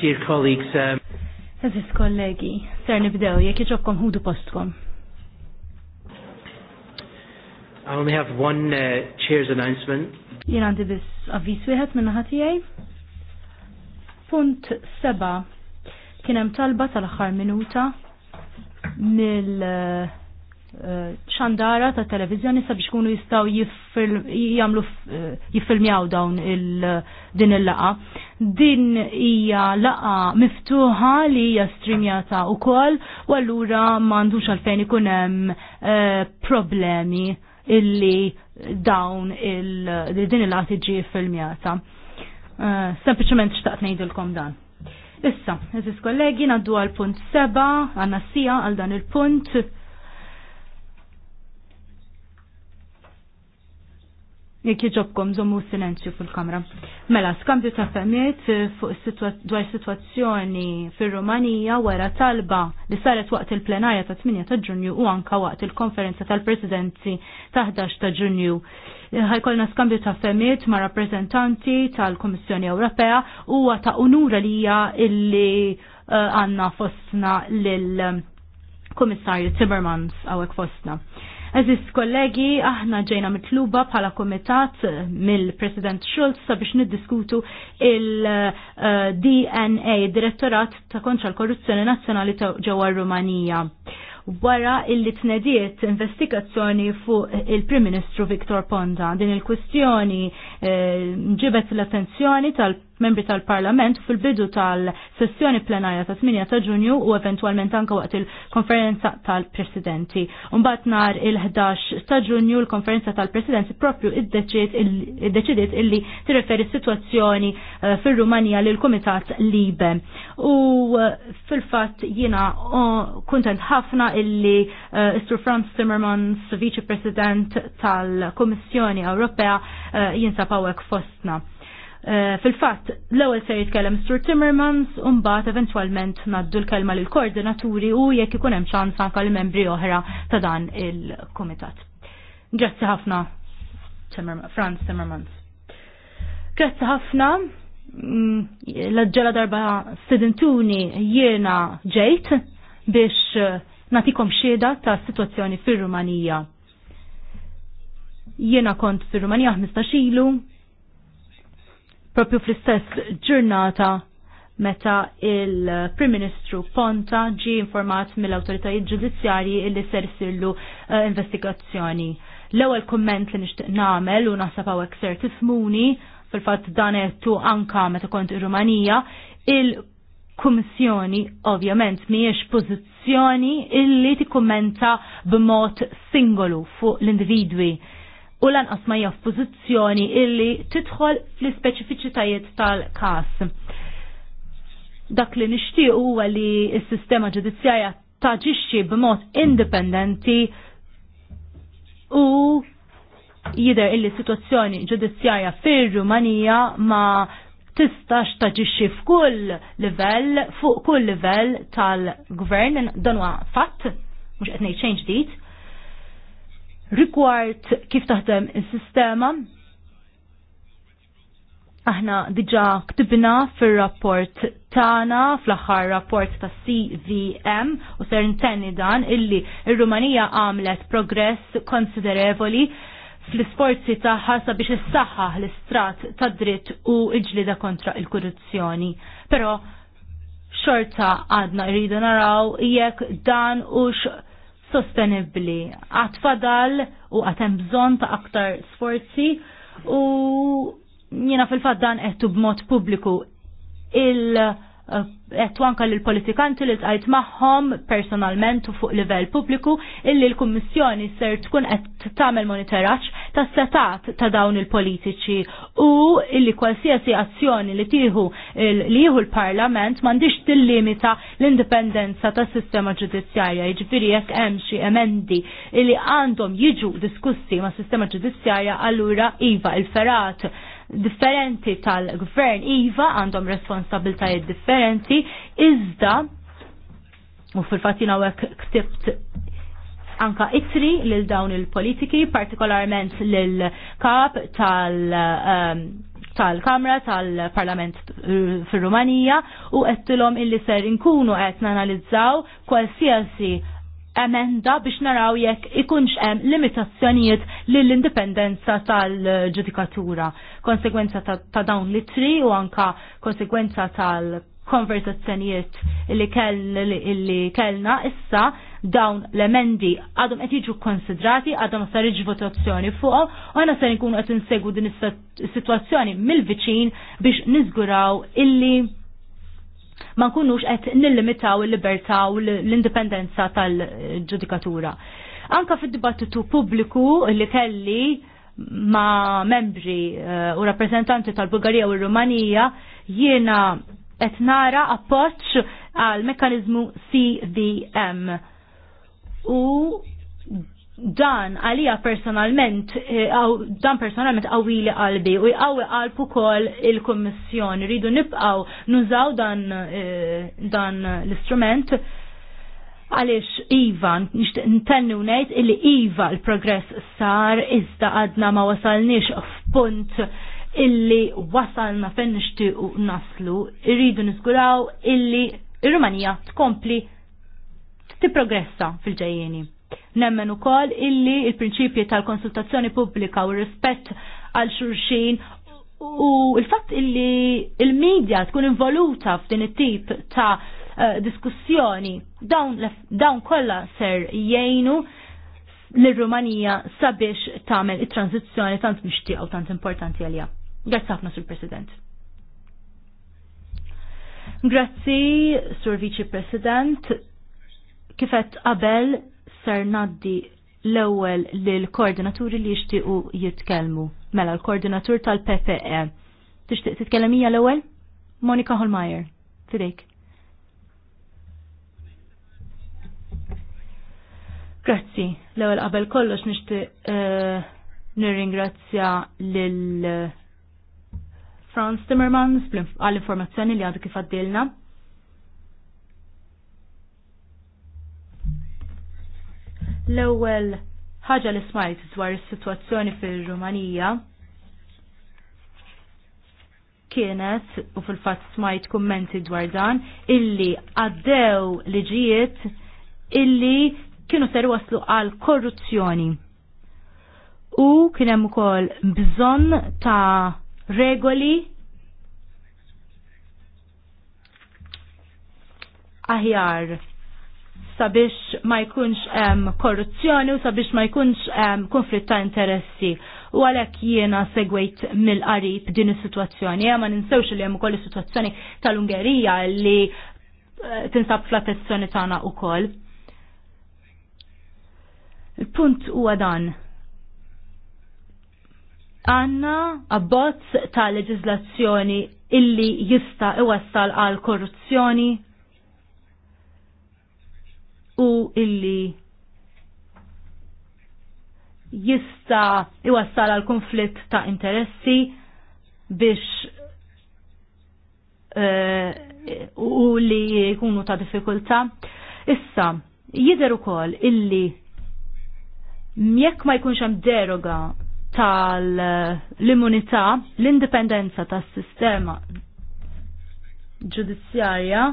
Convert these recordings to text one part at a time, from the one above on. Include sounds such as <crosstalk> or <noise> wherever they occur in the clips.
Dear colleagues, um... Aziz kollegi, ser nibdew, jek iġobkom hudu postkom. I only have one uh, chair's announcement. Jien għandi biss avviż wieħed minn naħa tiegħi. Punt seba' kien hemm talba tal-aħħar minuta mill uh, ċandara ta' televizjoni sabiex kunu jistaw jamlu jiffilmjaw dawn din il-laqa. Din hija laqa miftuħa li hija streamjata wkoll u allura m'għandux għalfejn ikun hemm eh, problemi illi dawn din il-laqa tiġi jiffilmjata. Eh, sempliċement xtaqt ngħidilkom dan. Issa, eżis kollegi, naddu għal punt seba, għanna sija għal dan il-punt. Jekk jiġobkom zommu silenzju fil-kamra. Mela, skambju ta' femiet eh, dwar situazzjoni fil-Romanija wara talba li saret waqt il-plenarja ta' 8 ta' ġunju u anka waqt il-konferenza tal-presidenzi ta' 11 ta' ġunju. Eh, Ħajkolna skambju ta' femiet ma' rappresentanti tal-Komissjoni Ewropea u ta' unura li hija illi eh, għanna fostna lill komissarju Timmermans għawek fostna. Eżis kollegi, aħna ġejna mitluba bħala komitat mill-President Schulz sabiex niddiskutu il-DNA, Direttorat ta' kontra l-Korruzzjoni Nazzjonali ta' ġewwa Rumanija. Wara illi tnediet investigazzjoni fuq il-Prim Ministru Viktor Ponda. Din il-kwistjoni eh, ġibet l-attenzjoni tal- membri tal-Parlament fil-bidu tal-sessjoni plenarja ta' 8 ta' Ġunju u eventualment anka waqt il-konferenza tal-Presidenti. Umbat nar il-11 ta' Ġunju l-konferenza tal-Presidenti propju id-deċidiet illi tirreferi situazzjoni eh, fil-Rumanija l komitat Libe. U eh, fil-fat jina kontent ħafna illi eh, istru Franz Timmermans, Vice President tal-Komissjoni Ewropea, jinsa pawek fostna. Eh, fil-fatt, l-ewwel se jitkellem Stur Timmermans u mbagħad eventwalment naddu l-kelma lill koordinaturi u jekk ikun hemm ċans anke l-membri oħra ta' dan il-kumitat. Grazzi ħafna Franz Timmermans. Grazzi ħafna l-ġela mm, darba sedentuni jiena ġejt biex eh, natikom xieda ta' situazzjoni fir-Rumanija. Jiena kont fir-Rumanija 15 ilu, propju fl-istess ġurnata meta il-Prim Ministru Ponta ġi informat mill-autoritajiet ġudizzjarji illi ser sirlu uh, eh, investigazzjoni. L-ewwel komment li nixtieq nagħmel u naħseb hawnhekk ser tismuni fil-fatt dan qedtu anka meta kont ir-Rumanija, il-Kummissjoni ovvjament mhijiex pożizzjoni illi tikkummenta b'mod singolu fuq l-individwi u lanqas ma hija pożizzjoni illi tidħol fl-ispeċifiċitajiet tal-każ. Dak li nixtieq huwa li s-sistema ġudizzjarja taġixxi b'mod indipendenti u jider illi situazzjoni ġudizzjarja fir-Rumanija ma tistax taġixxi f'kull livell, fuq kull livell tal-gvern, dan huwa fatt, mhux qed ngħid xejn ġdid rigward kif taħdem is-sistema. Aħna diġa ktibna fir-rapport tagħna fl-aħħar rapport ta' CVM u ser intenni dan illi il rumanija għamlet progress konsiderevoli fl-isforzi tagħha sabiex issaħħaħ l-istrat tad dritt u l-ġlida kontra il-korruzzjoni. Però xorta għadna rridu naraw jekk dan u sostenibli. Għat fadal u għatem bżon ta' aktar sforzi u jina fil faddan dan għettu b'mod publiku il- għettu eh, anka l-politikanti li tqajt maħħom personalment u fuq livell publiku illi l-Kommissjoni ser tkun qed tagħmel monitoraġġ ta' setat ta' dawn il-politiċi u illi kwalsiasi azzjoni li tieħu li jieħu l-Parlament m'għandix tillimita l-indipendenza tas sistema ġudizzjarja. Jiġifieri jekk hemm xi emendi illi għandhom jiġu diskussi ma' sistema ġudizzjarja allura iva il-ferat differenti tal-gvern iva għandhom responsabiltajiet differenti iżda u fil-fatina għek ktibt anka itri lil dawn il-politiki, partikolarment lil kap tal- um, tal-Kamra tal-Parlament eh, fil-Rumanija u għettilom illi ser inkunu għet nanalizzaw kwalsiasi emenda biex naraw jekk ikunx hemm limitazzjonijiet lill indipendenza tal-ġudikatura. Konsegwenza ta', dawn li tri u anka konsegwenza tal-konversazzjonijiet li, li kellna issa dawn l-emendi għadhom qed jiġu konsidrati, għadhom sar iġi votazzjoni fuqhom u għana sar nkunu qed insegwu din is-sitwazzjoni mill-viċin biex niżguraw illi ma nkunux qed nillimitaw il-libertà u l-indipendenza tal-ġudikatura. Anka fid-dibattitu pubbliku li kelli ma membri uh, u rappresentanti tal-Bulgarija u r-Rumanija jiena qed nara appoġġ għal mekkaniżmu CVM u dan għalija personalment, eh, dan personalment għawili qalbi u jgħawi qalbu kol il-Kommissjoni. Rridu nibqaw nużaw dan, eh, dan l-istrument għalix Iva, nishtiq ntenni unajt illi Iva l-progress sar iżda għadna ma wasalniex f'punt illi wasalna fejn nixtiequ naslu, irridu niżguraw illi ir-Rumanija tkompli tipprogressa fil ġajjeni Nemmen ukoll illi il-prinċipji tal-konsultazzjoni pubblika u rispett għal xurxin u il-fatt illi il-medja tkun involuta f'din it-tip ta' eh, diskussjoni dawn, dawn kollha ser jgħinu l-Rumanija sabiex tagħmel it transizjoni tant mixtieqa u tant importanti għalija. Grazzi ħafna sur President. Grazzi, Sur Viċi President, kifet qabel ser naddi l-ewwel lil koordinaturi li jixtiequ jitkellmu. Mela l-koordinatur tal-PPE. Tixtieq titkellem hija l-ewwel? Monika Holmeyer, fidejk. Grazzi. L-ewwel qabel kollox nixtieq eh, nirringrazzja lil eh, Franz Timmermans għall-informazzjoni li għadu kif għaddilna. L-ewwel ħaġa li smajt dwar is-sitwazzjoni fir-Rumanija kienet u fil-fatt smajt kummenti dwar dan illi għaddew liġijiet illi kienu ser waslu għal korruzzjoni. U kien hemm ukoll bżonn ta' regoli aħjar sabiex ma jkunx korruzzjoni u sabiex ma jkunx konflitt ta' interessi. U għalhekk jiena segwejt mill-qarib din is-sitwazzjoni. Ja ma ninsewx li hemm ukoll is-sitwazzjoni tal-Ungerija li eh, tinsab fl-attenzjoni tagħna wkoll. Il-punt huwa dan. Għanna abbozz ta' leġislazzjoni illi jista' iwassal għal korruzzjoni u illi jista iwassal għal konflitt ta' interessi biex uh, u li jkunu ta' diffikulta. Issa, jider ukoll illi jekk ma jkunx hemm deroga tal-immunità, l-indipendenza tas-sistema ġudizzjarja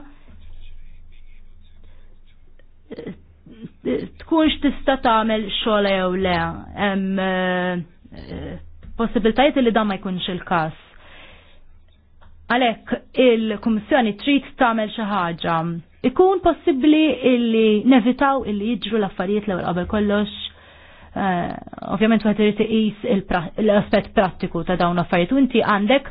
tkunx tista tagħmel xogħol jew le. Hemm eh, eh, possibiltajiet li dan ma jkunx il-każ. Għalhekk il-Kummissjoni trid tagħmel xi ħaġa. Ikun possibbli illi nevitaw illi jiġru l-affarijiet l-ewwel qabel kollox eh, ovvjament wieħed irid iqis l aspett prattiku ta' dawn l affarijiet. Inti għandek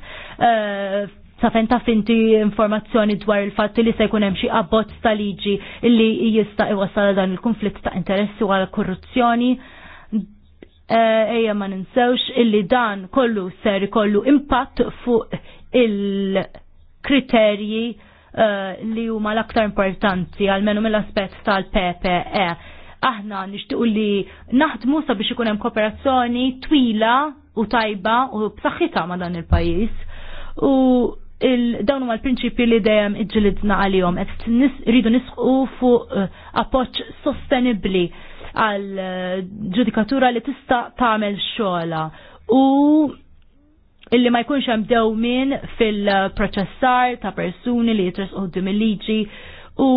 safen taf inti informazzjoni dwar il fat li se jkun hemm xi abbozz ta' liġi li jista' iwassal dan il-konflitt ta' interessi u għal korruzzjoni. Eh, ejja ma ninsewx illi dan kollu ser kollu impatt fuq il-kriterji eh, li huma l-aktar importanti għalmenu mill-aspett tal-PPE. Aħna nixtiequ li naħdmu sabiex ikun hemm kooperazzjoni twila u tajba u b'saħħitha ma' dan il-pajjiż. U dawn huma l prinċipi li dejjem iġġilidna għalihom qed rridu nisqu fuq eh, appoċ sostenibbli għal eh, ġudikatura li tista' tagħmel xogħla u illi ma jkunx hemm dewmin fil-proċessar ta' persuni li jitres qudiem il-liġi u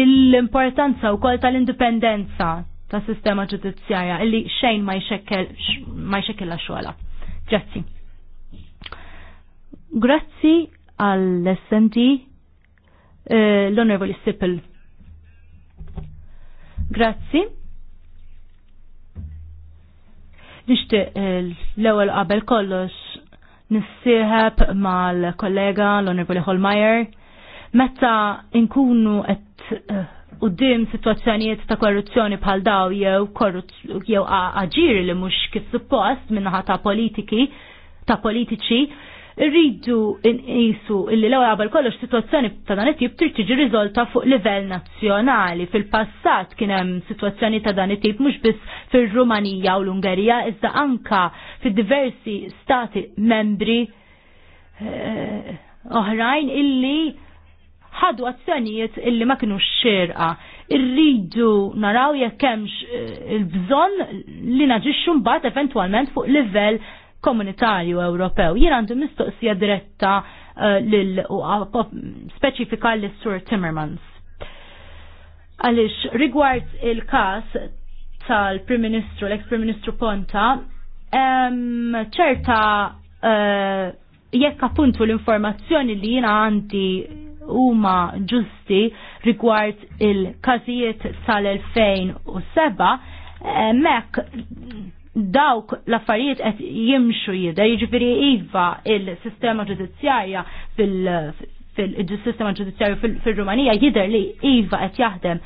l-importanza wkoll tal-indipendenza ta' sistema ġudizzjarja illi xejn ma jxekkel la jxekkilla xogħla. Grazzi. Grazzi għall-SND eh, l-Onorevoli Sippel. Grazzi. Nishtiq eh, l-ewel qabel kollox nissieħab mal-kollega l-Onorevoli Holmeyer. Meta inkunu qed eh, u dim situazzjonijiet ta' korruzzjoni bħal daw jew jew aġir li mhux kif suppost minnaħa ta' politiki ta' politiċi rridu nqisu illi l qabel kollox situazzjoni ta' dan it-tip trid tiġi riżolta fuq livell nazzjonali. Fil-passat kien hemm situazzjoni ta' dan it-tip mhux biss fir-Rumanija u l-Ungerija, iżda anka fid-diversi stati membri eh, oħrajn illi ħadu azzjonijiet illi ma kienu xirqa. Irridu naraw jekk hemmx eh, il-bżonn li naġixxu mbagħad eventwalment fuq livell komunitarju Ewropew. Jien għandu mistoqsija diretta eh, lil speċifika l sur Timmermans. Għalix, rigward il-kas tal-Prim Ministru, l-ex-Prim Ministru Ponta, ċerta eh, jekk appuntu l-informazzjoni li jina għandi huma ġusti rigward il-każijiet tal-2007, eh, mek dawk l-affarijiet qed jimxu jidher, jiġifieri iva il-sistema ġudizzjarja fil-sistema ġudizzjarju fil-Rumanija jidher li iva qed jaħdem.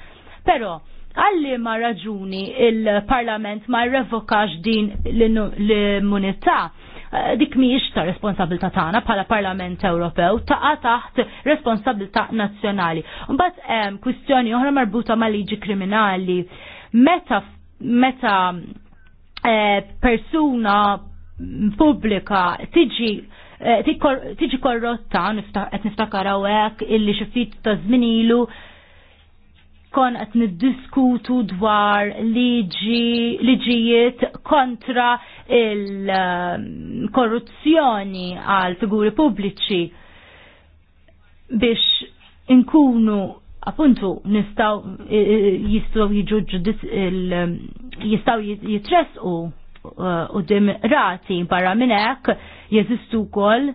Però għalli ma raġuni il-Parlament ma rrevokax din l-immunità eh, dik miex ta' responsabilta tagħna bħala Parlament Ewropew taqa' taħt responsabilta nazzjonali. Mbagħad hemm kwistjoni oħra marbuta ma' liġi kriminali. Meta meta Eh, persuna pubblika tiġi eh, tiġi korrotta, qed niftakar għawek illi xi ftit ta' żminilu kon qed niddiskutu dwar liġi liġijiet kontra il-korruzzjoni eh, għal figuri pubbliċi biex inkunu appuntu nistaw e, e, jistaw jiġu jistaw jitres u dim rati barra minnek jesistu kol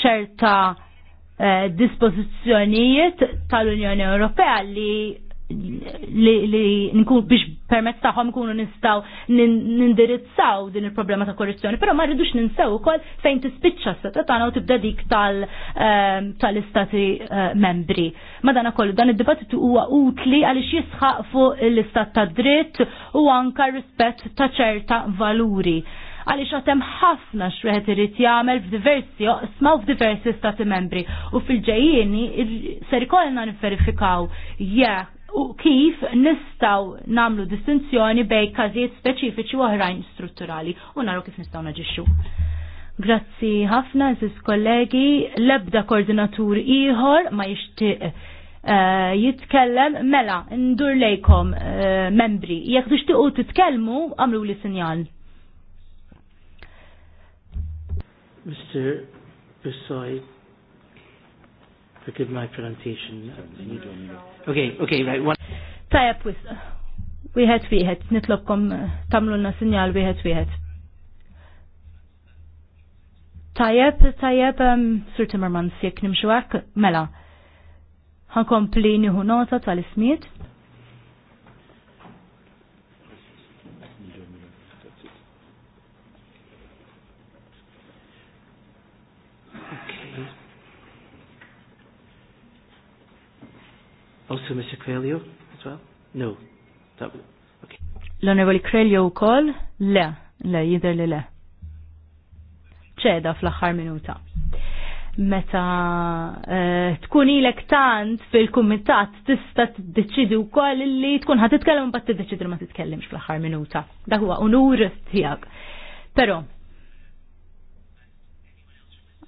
ċerta eh, dispozizjonijiet tal-Unjoni Ewropea li li, li nkun biex permezz tagħhom nkunu nistgħu nindirizzaw din il-problema ta' korruzzjoni, però ma rridux ninsew ukoll fejn tispiċċa s-seta tagħna u tibda dik ehm, tal-istati eh, membri. Madana dan id-dibattitu huwa utli għaliex jisħaq fuq l-istat ta' dritt u anka rispett ta' ċerta valuri għaliex għatem ħafna xreħet irrit jagħmel f'diversi oqsma u f'diversi stati membri u fil ġejjini ser ikollna nifferifikaw jekk u kif nistaw namlu distinzjoni bej każijiet speċifiċi u oħrajn strutturali u naru kif nistaw naġixxu. Grazzi ħafna, ziz kollegi, lebda koordinatur ieħor ma jixtieq eh, jitkellem mela ndur lejkom eh, membri jekk tixtiequ titkellmu għamlu li sinjal. Mr. Beside forgive my pronunciation. Okay, okay, right. One. Tajab, wieħed wieħed, nitlobkom eh, tamlunna sinjal wieħed wieħed. Tajab, tajab, Sur Timmermans, jek nimxu mela. Ħankompli nieħu nota tal-ismiet. Also Mr. Crelio as well? No. That, okay. L-Onorevoli Crelio u Le, le, jider li le. ċeda fl-axar minuta. Meta eh, tkun ilek tant fil-kumitat tista t-deċidi u koll li tkun ħat titkellem bat t-deċidi ma titkellimx fl-axar minuta. Da huwa unur tijak. Pero,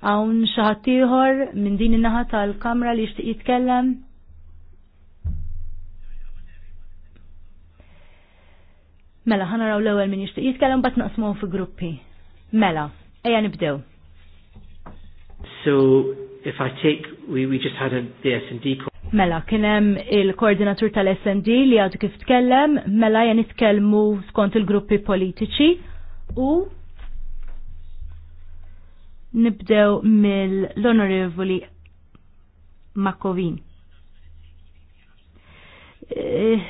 għawn xaħatiħor minn din in-naħa tal-kamra li jishtiq jitkellem? Mela, ħana raw l-ewel min jishtiq jitkellem bat naqsmuhom fi gruppi. Mela, eja nibdew. So, if I take, we, we just had a, the S&D Mela, kienem il-koordinatur tal-SND li għadu kif tkellem, mela jen nitkellmu skont il-gruppi politiċi u nibdew mill-Onorevoli Makovin. Eh,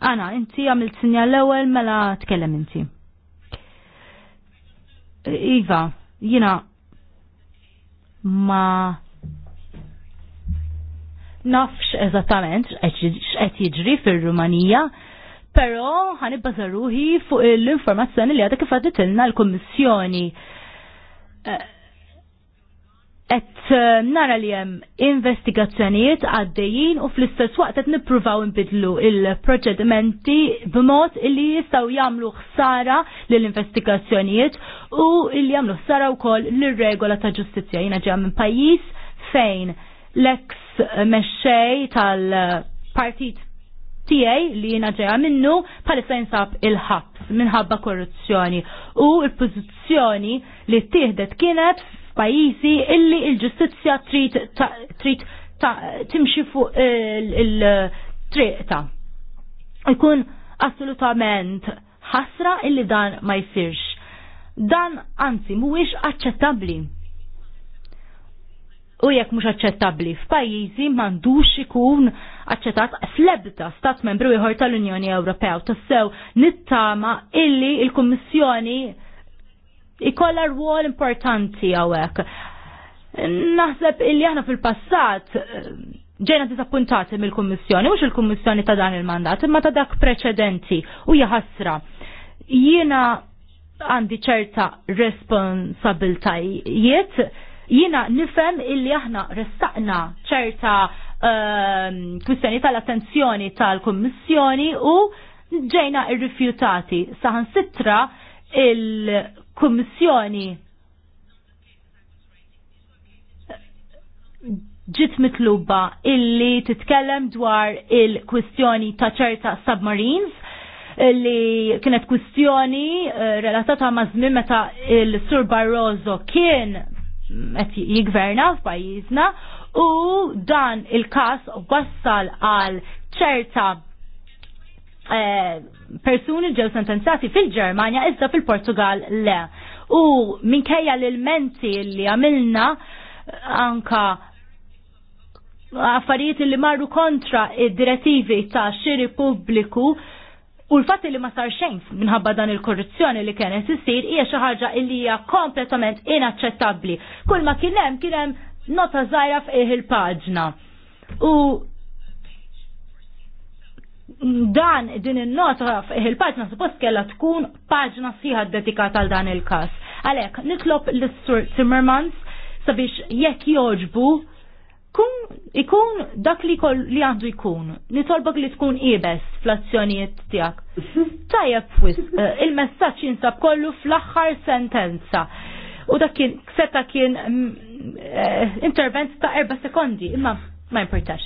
Ana, inti għamilt sinjal l-ewel mela tkellem inti. Iva, jina ma nafx eżattament x'qed jiġri fir-Rumanija, però ħanibbaża ruħi fuq l-informazzjoni li għadha kif għaditilna l-Kummissjoni. Uh, qed eh, nara li hemm investigazzjonijiet għaddejjin u fl-istess waqt qed nippruvaw inbidlu il-proċedimenti b'mod li jistgħu jagħmlu ħsara lill-investigazzjonijiet u li jagħmlu ħsara wkoll lir-regola ta' ġustizzja. Jiena ġew minn pajjiż fejn l ex mexxej tal-partit tiegħi li jiena ġejja minnu palissa jinsab il-ħabs minħabba korruzzjoni u l-pożizzjoni li tieħdet kienet f'pajjiżi illi il-ġustizzja trid timxi fuq il-triqta. Ikun assolutament ħasra illi dan ma jsirx. Dan anzi mhuwiex aċċettabbli. U jekk mhux aċċettabbli f'pajjiżi m'għandux ikun aċċettat fl-ebda stat membru ieħor tal-Unjoni Ewropea u tassew nittama illi il-Kummissjoni il kummissjoni ikolla rwol importanti għawek. Naħseb illi aħna fil-passat eh, ġejna disappuntati mill-Kummissjoni, mhux il-Kummissjoni ta' dan il-mandat, imma ta' dak preċedenti u jaħasra. Jiena għandi ċerta responsabiltajiet, jiena nifhem illi aħna restaqna ċerta ehm, kwistjoni tal-attenzjoni tal-Kummissjoni u ġejna irrifjutati. Saħan sitra il kummissjoni ġit mitluba illi titkellem dwar il-kwistjoni ta' ċerta submarines li kienet kwistjoni eh, relatata ma' żmien meta il-Sur Barroso kien qed jigverna f'pajjiżna u dan il-każ wassal għal ċerta Eh, persuni ġew sentenzati fil-Ġermanja iżda fil-Portugal le. U minkejja l-menti li għamilna anka affarijiet li marru kontra id-direttivi ta' xiri pubbliku u l-fatt li ma sar xejn minħabba dan il-korruzzjoni li kienet issir hija xi ħaġa li hija kompletament inaċċettabbli. Kull ma kien hemm kien hemm nota żgħira fih il-paġna. U dan din il-nota il-paġna suppost kella tkun paġna sħiħa dedikata għal dan il-kas. Għalek, nitlob l-Sur Timmermans sabiex jekk joġbu kun ikun dak li kol li għandu ikun. Nitolbok li tkun ibes fl-azzjonijiet tijak. Tajab fwis, eh, il-messagġ jinsab kollu fl-axħar sentenza. U dak kien, kien mm, eh, intervent ta' erba sekondi, imma ma' importax.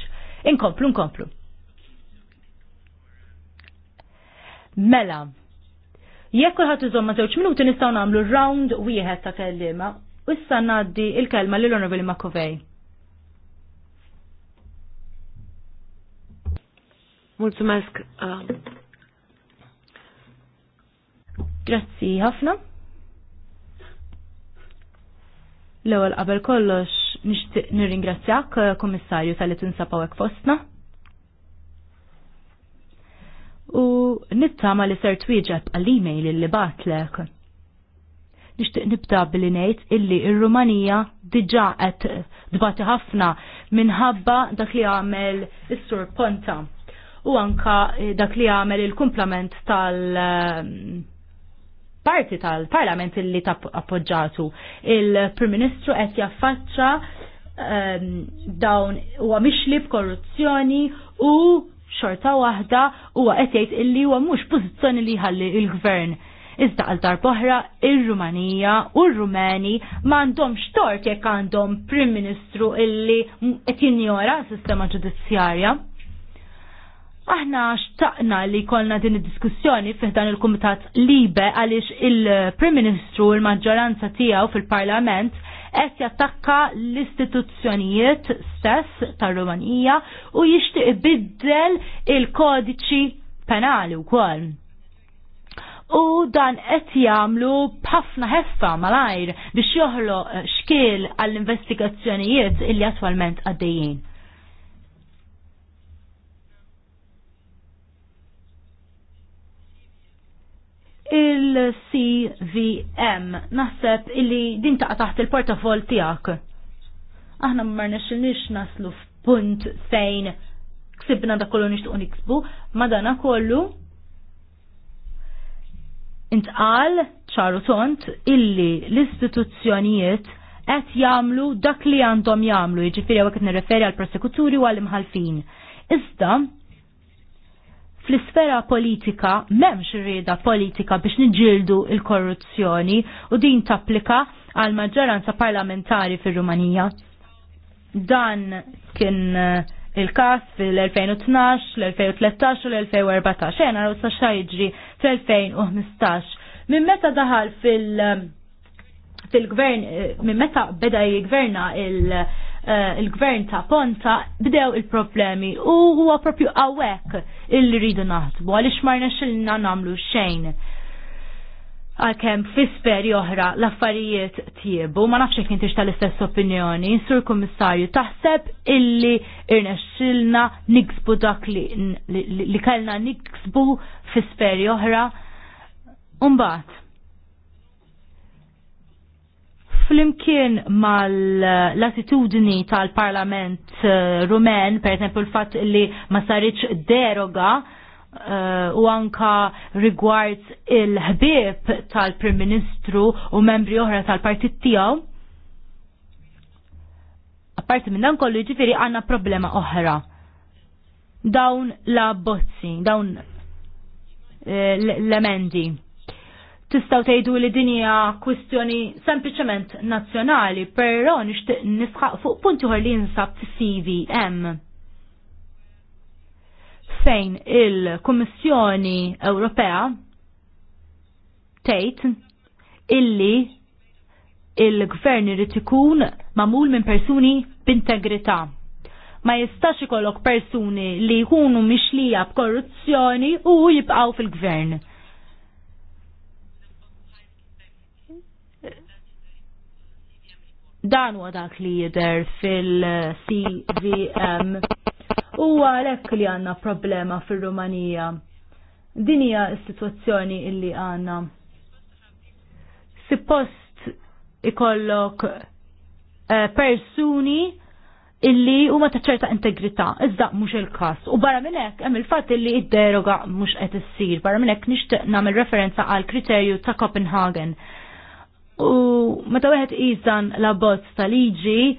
Inkomplu, inkomplu. Mela, jekk kulħadd ma' żewġ minuti nistgħu nagħmlu round wieħed ta' u Issa ngħaddi il-kelma lil Honorable Makovej. Mulzumesk. Uh, Grazzi ħafna. L-ewwel qabel kollox nixtieq nirringrazzjak, uh, Kummissarju, tal-li tinsab hawnhekk fostna u nittama li ser twieġeb għall-email li batlek. Nixtieq nibda billi ngħid illi il rumanija diġà qed dbati ħafna minħabba dak li għamel is-Sur Ponta u anka dak li għamel il-kumplament tal- ehm, parti tal-parlament illi appoġġatu Il-Prim Ministru qed jaffaċċa um, dawn huwa mixli b'korruzzjoni u xorta waħda huwa qed jgħid illi huwa mhux pożizzjoni li ħalli l-gvern. Iżda għal poħra, ir-Rumanija u r-Rumeni m'għandhomx xtort jek għandhom Prim Ministru illi qed jinjora s-sistema ġudizzjarja. Aħna xtaqna li kolna din id-diskussjoni fiħdan il-Kumitat Libe għaliex il-Prim Ministru il-maġġoranza tiegħu fil-Parlament qed jattakka l-istituzzjonijiet stess tar-Rumanija u jixtieq ibiddel il-kodiċi penali wkoll. U dan qed jagħmlu b'ħafna ħeffa malajr biex joħloq xkiel għall-investigazzjonijiet illi attwalment għaddejjin. il-CVM. Naħseb illi din taqa taħt il-portafol tijak. Aħna marnex il-nix naslu f'punt fejn ksibna da kollu nixtuq niksbu, madana kollu intqal ċaru tont illi l-istituzzjonijiet qed jagħmlu dak li għandhom jagħmlu, jiġifieri għek nirreferi għal prosekuturi u għall imħalfin. Iżda, fl-isfera politika memx rieda politika biex niġildu il-korruzzjoni u din tapplika għal maġġoranza parlamentari fir-Rumanija. Dan kien eh, il-kas fil-2012, l-2013 u l-2014, xena raw sa xajġri fil-2015. Minn meta daħal fil- eh, fil-gvern, eh, minn meta beda jgverna il- Eh, il-gvern ta' Ponta bdew il-problemi u huwa propju għawek illi rridu naħsbu għaliex marna xilna namlu xejn. Għalkemm fisperi oħra l-affarijiet tiebu, ma nafx kien tix tal-istess opinjoni, sur kummissarju taħseb illi irnexxilna niksbu dak li, li, li kellna niksbu fisperi oħra. Umbat, flimkien mal-latitudni tal-Parlament eh, Rumen, per esempio l-fat li ma sarriċ deroga uh, u anka rigward il-ħbib tal-Prim Ministru u membri oħra tal-partit tiegħu. Apparti minn dan kollu ġifiri għandna problema oħra. Dawn la bozzi, dawn eh, l-emendi tistaw tgħidu li dinja kwistjoni sempliċement nazzjonali, però nixtieq nisħaq fuq punti ħor li jinsab fis-CVM fejn il-Kummissjoni Ewropea tgħid illi il-gvern irid ikun mamul minn persuni b'integrità. Ma jistax ikollok persuni li jkunu mixlija b'korruzzjoni u jibqgħu fil-gvern Dan huwa dak li jidher fil-CVM. U għalhekk li għandna problema fir-Rumanija. Din hija s-sitwazzjoni illi għandna. Suppost ikollok eh, persuni illi huma ta' ċerta integrità, iżda mhux il-każ. U barra minn hekk hemm il-fatt illi id-deroga mhux qed issir, barra minn hekk nixtieq nagħmel referenza għal kriterju ta' Copenhagen U meta wieħed iżan la bozz tal-liġi,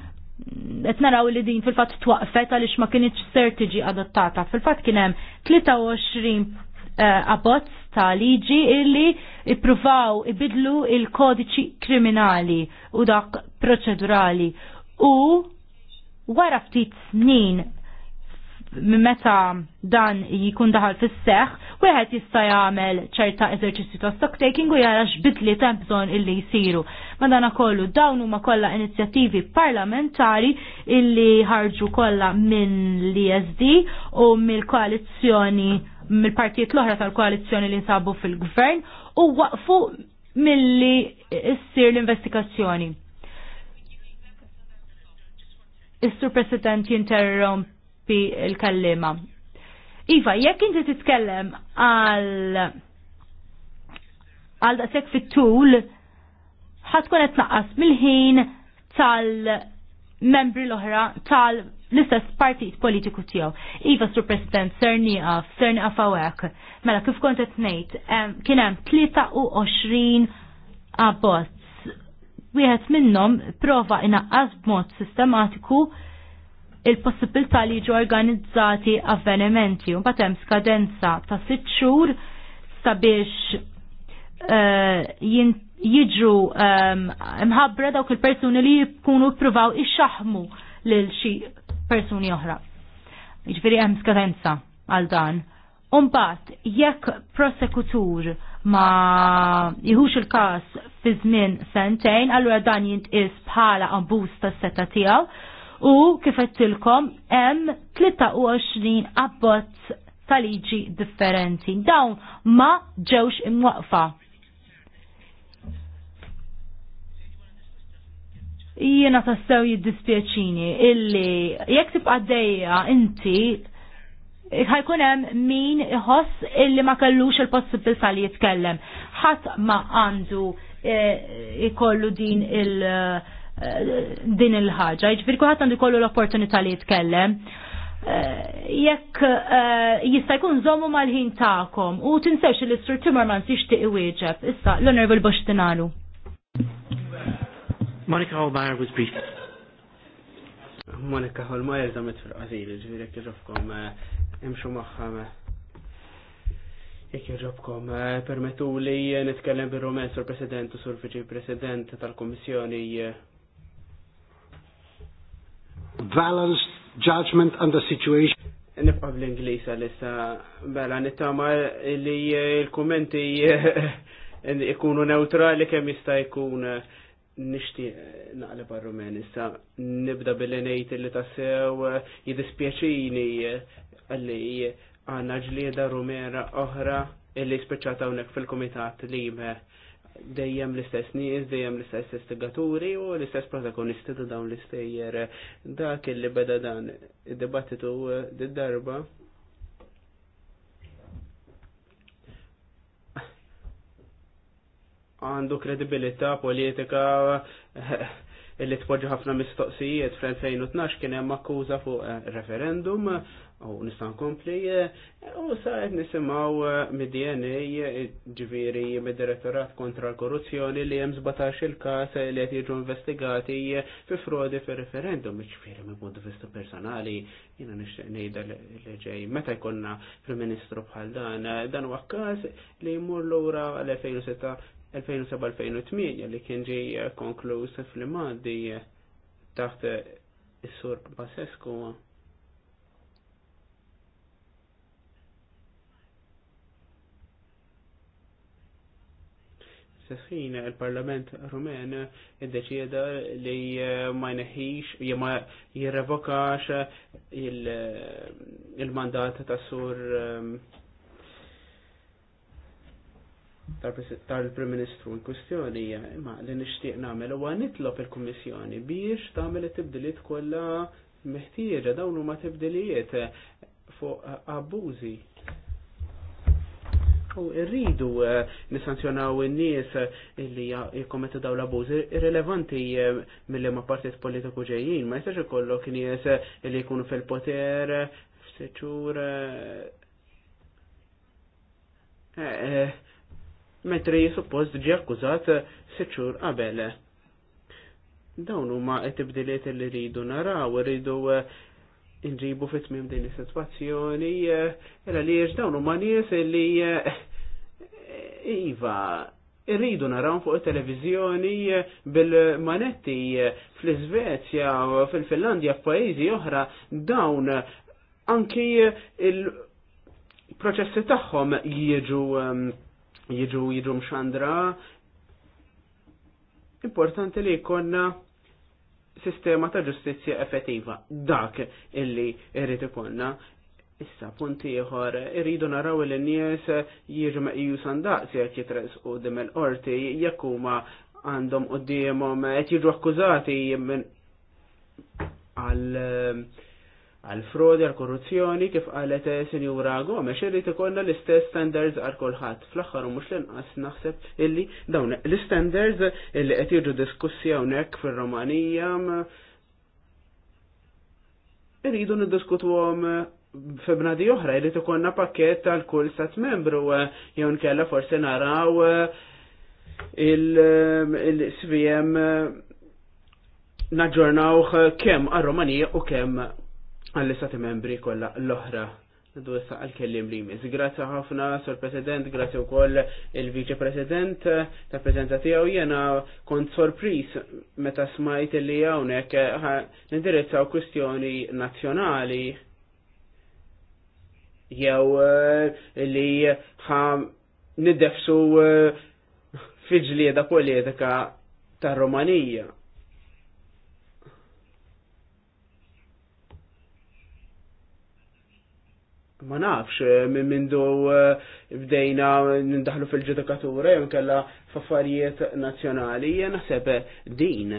qed naraw li din fil-fatt twaqfet għaliex ma kinitx ser tiġi adottata. Fil-fatt kien hemm 23 eh, abbozz ta' liġi illi ippruvaw ibidlu il-kodiċi kriminali u dak proċedurali. U wara ftit snin meta dan jikun daħal fis-seħ, wieħed jista' jagħmel ċerta eżerċizzju ta' stock taking u jara x'bidli ta' bżonn illi jsiru. Madana kollu dawn huma kollha inizjattivi parlamentari illi ħarġu kollha minn l-ISD u mill-koalizzjoni mill-partijiet l-oħra tal-koalizzjoni li nsabu fil-gvern u waqfu milli issir l-investigazzjoni. Is-Sur President jinterromp bi l kallima Iva, jekk inti titkellem għal għal daqsek fit-tul ħatkun qed naqqas mill-ħin tal-membri l-oħra tal-istess partit politiku tiegħu. Iva, Sur President, ser nieqaf, ser nieqaf hawnhekk. Mela kif kont qed ngħid, kien hemm 23 abbozz. Wieħed minnhom prova inaqqas b'mod sistematiku il-possibilità li ġu organizzati avvenimenti. mbagħad batem skadenza ta' sitt xhur sabiex eh, jiġu ehm, mħabbra dawk il-persuni li jkunu pruvaw ixaħmu lil xi persuni oħra. Jiġifieri hemm skadenza għal dan. Umbat, jekk prosekutur ma jħux il-kas fi żmien sentejn, allura dan jintqis bħala abbuż tas-seta tiegħu u kif qedtilkom hemm 23 abbozz ta' liġi differenti. Dawn ma ġewx imwaqfa. Jiena tassew jiddispjaċini illi jekk tibqa' dejja inti ħajkun hemm min iħoss illi ma kellux il possibil li jitkellem. Ħadd ma għandu eh, ikollu din il- Eh, din il-ħaġa. Ġifiri kuħat għandu kollu l-opportunità li jitkellem. Eh, jekk eh, jista' jkun żommu mal-ħin tagħkom u tinsewx li Sir Timmermans jixtieq wieġeb Issa l-Onorevol Boċtinalu. Monica Holmeyer was brief. Monica Holmeyer zamet fil-qazil, jekk jġobkom imxu magħha. Jek jirrobkom, permetu li nitkellem bil romen Sur President u Sur Viċi President tal-Komissjoni balanced judgment on the situation. Nibqa' bl-Inglisa lissa bella nittama li l-kommenti <laughs> ikunu neutrali kemm jista' jkun nixtieq naqleb għar-Rumen issa nibda billi ngħid li tassew jiddispjaċini għalli għandna ġlieda rumera oħra illi speċata hawnhekk fil-kumitat li dejjem l-istess nies, dejjem l-istess istigaturi u l-istess protagonisti ta' dawn l-istejjer. Dak li beda dan id-dibattitu d-darba. Għandu kredibilità politika illi tpoġġi ħafna mistoqsijiet fl-2012 kien hemm akkuża fuq referendum u nistan kompli, eh, u sa nisimaw eh, mid-DNA eh, ġviri mid-Direttorat kontra l-Korruzzjoni li jem 17 il kas li għet jiġu investigati fi frodi fi referendum ġviri minn punt vista personali jiena nixtieq ngħidha li ġej meta jkollna fil ministru bħal dan dan huwa każ li jmur l-ura l-2006 2007-2008 li kien ġej konkluż fil-madi taħt is-sur Basescu Sesħin il-Parlament Rumen id-deċieda li ma jneħħix, ma jirrevokax il-mandat ta' sur um, tal-Prim Ministru l-kustjoni imma li nixtieq nagħmel u nitlob il-Kummissjoni biex tagħmel it-tibdiliet kollha meħtieġa dawn huma tibdilijiet fuq abbużi u rridu eh, nisanzjonaw in-nies eh, li jikkommettu daw l-abuż irrelevanti eh, mill ma partit politiku ġejjin, ma jistax ikollok nies li jkunu fil-poter, f'seċur. Mentri suppost ġi akkużat seċur qabel. Dawn huma t-tibdiliet li rridu naraw, rridu inġibu fit mim din is-sitwazzjoni era eh, li dawn huma nies li eh, eh, iva irridu naraw fuq it televizjoni bil-manetti fl-Iżvezja, fil-Finlandja, f'pajjiżi oħra dawn anki il-proċessi tagħhom jiġu jiġu jiġu mxandra. Importanti li jkollna sistema ta' ġustizzja effettiva. Dak illi irrid ikollna. Issa, punti ieħor, irridu naraw li n-nies jiġu meqiju sandaqs jekk jitresqu dim il-qorti jekk huma għandhom qudiemhom qed jiġu akkużati minn għal għal-frodi, għal-korruzzjoni, kif għalet Sinjura Gomes, irrid ikollna l-istess standards għal kulħadd. Fl-aħħar mhux l-inqas naħseb illi dawn l-standards illi qed jiġu diskussi hawnhekk fir-Romanija irridu niddiskutuhom f'bnadi oħra, irrid ikollna pakkett tal kull stat membru jew nkella forsi naraw il-sviem naġġornaw kemm għar-Romanija u kemm għall-istati membri kollha l-oħra. Nadu issa għal-kellim li jmiss. Grazzi ħafna, Sor President, grazzi wkoll il vice President ta' prezenza tiegħu jiena kont sorpris meta smajt li hawnhekk nindirizzaw kustjoni nazzjonali jew eh, li ħa niddefsu eh, fiġlieda politika tar Romanija. ma nafx eh, minn mindu bdejna eh, nindaħlu fil-ġudikatura jom kalla f'affarijiet nazzjonali jena naħseb din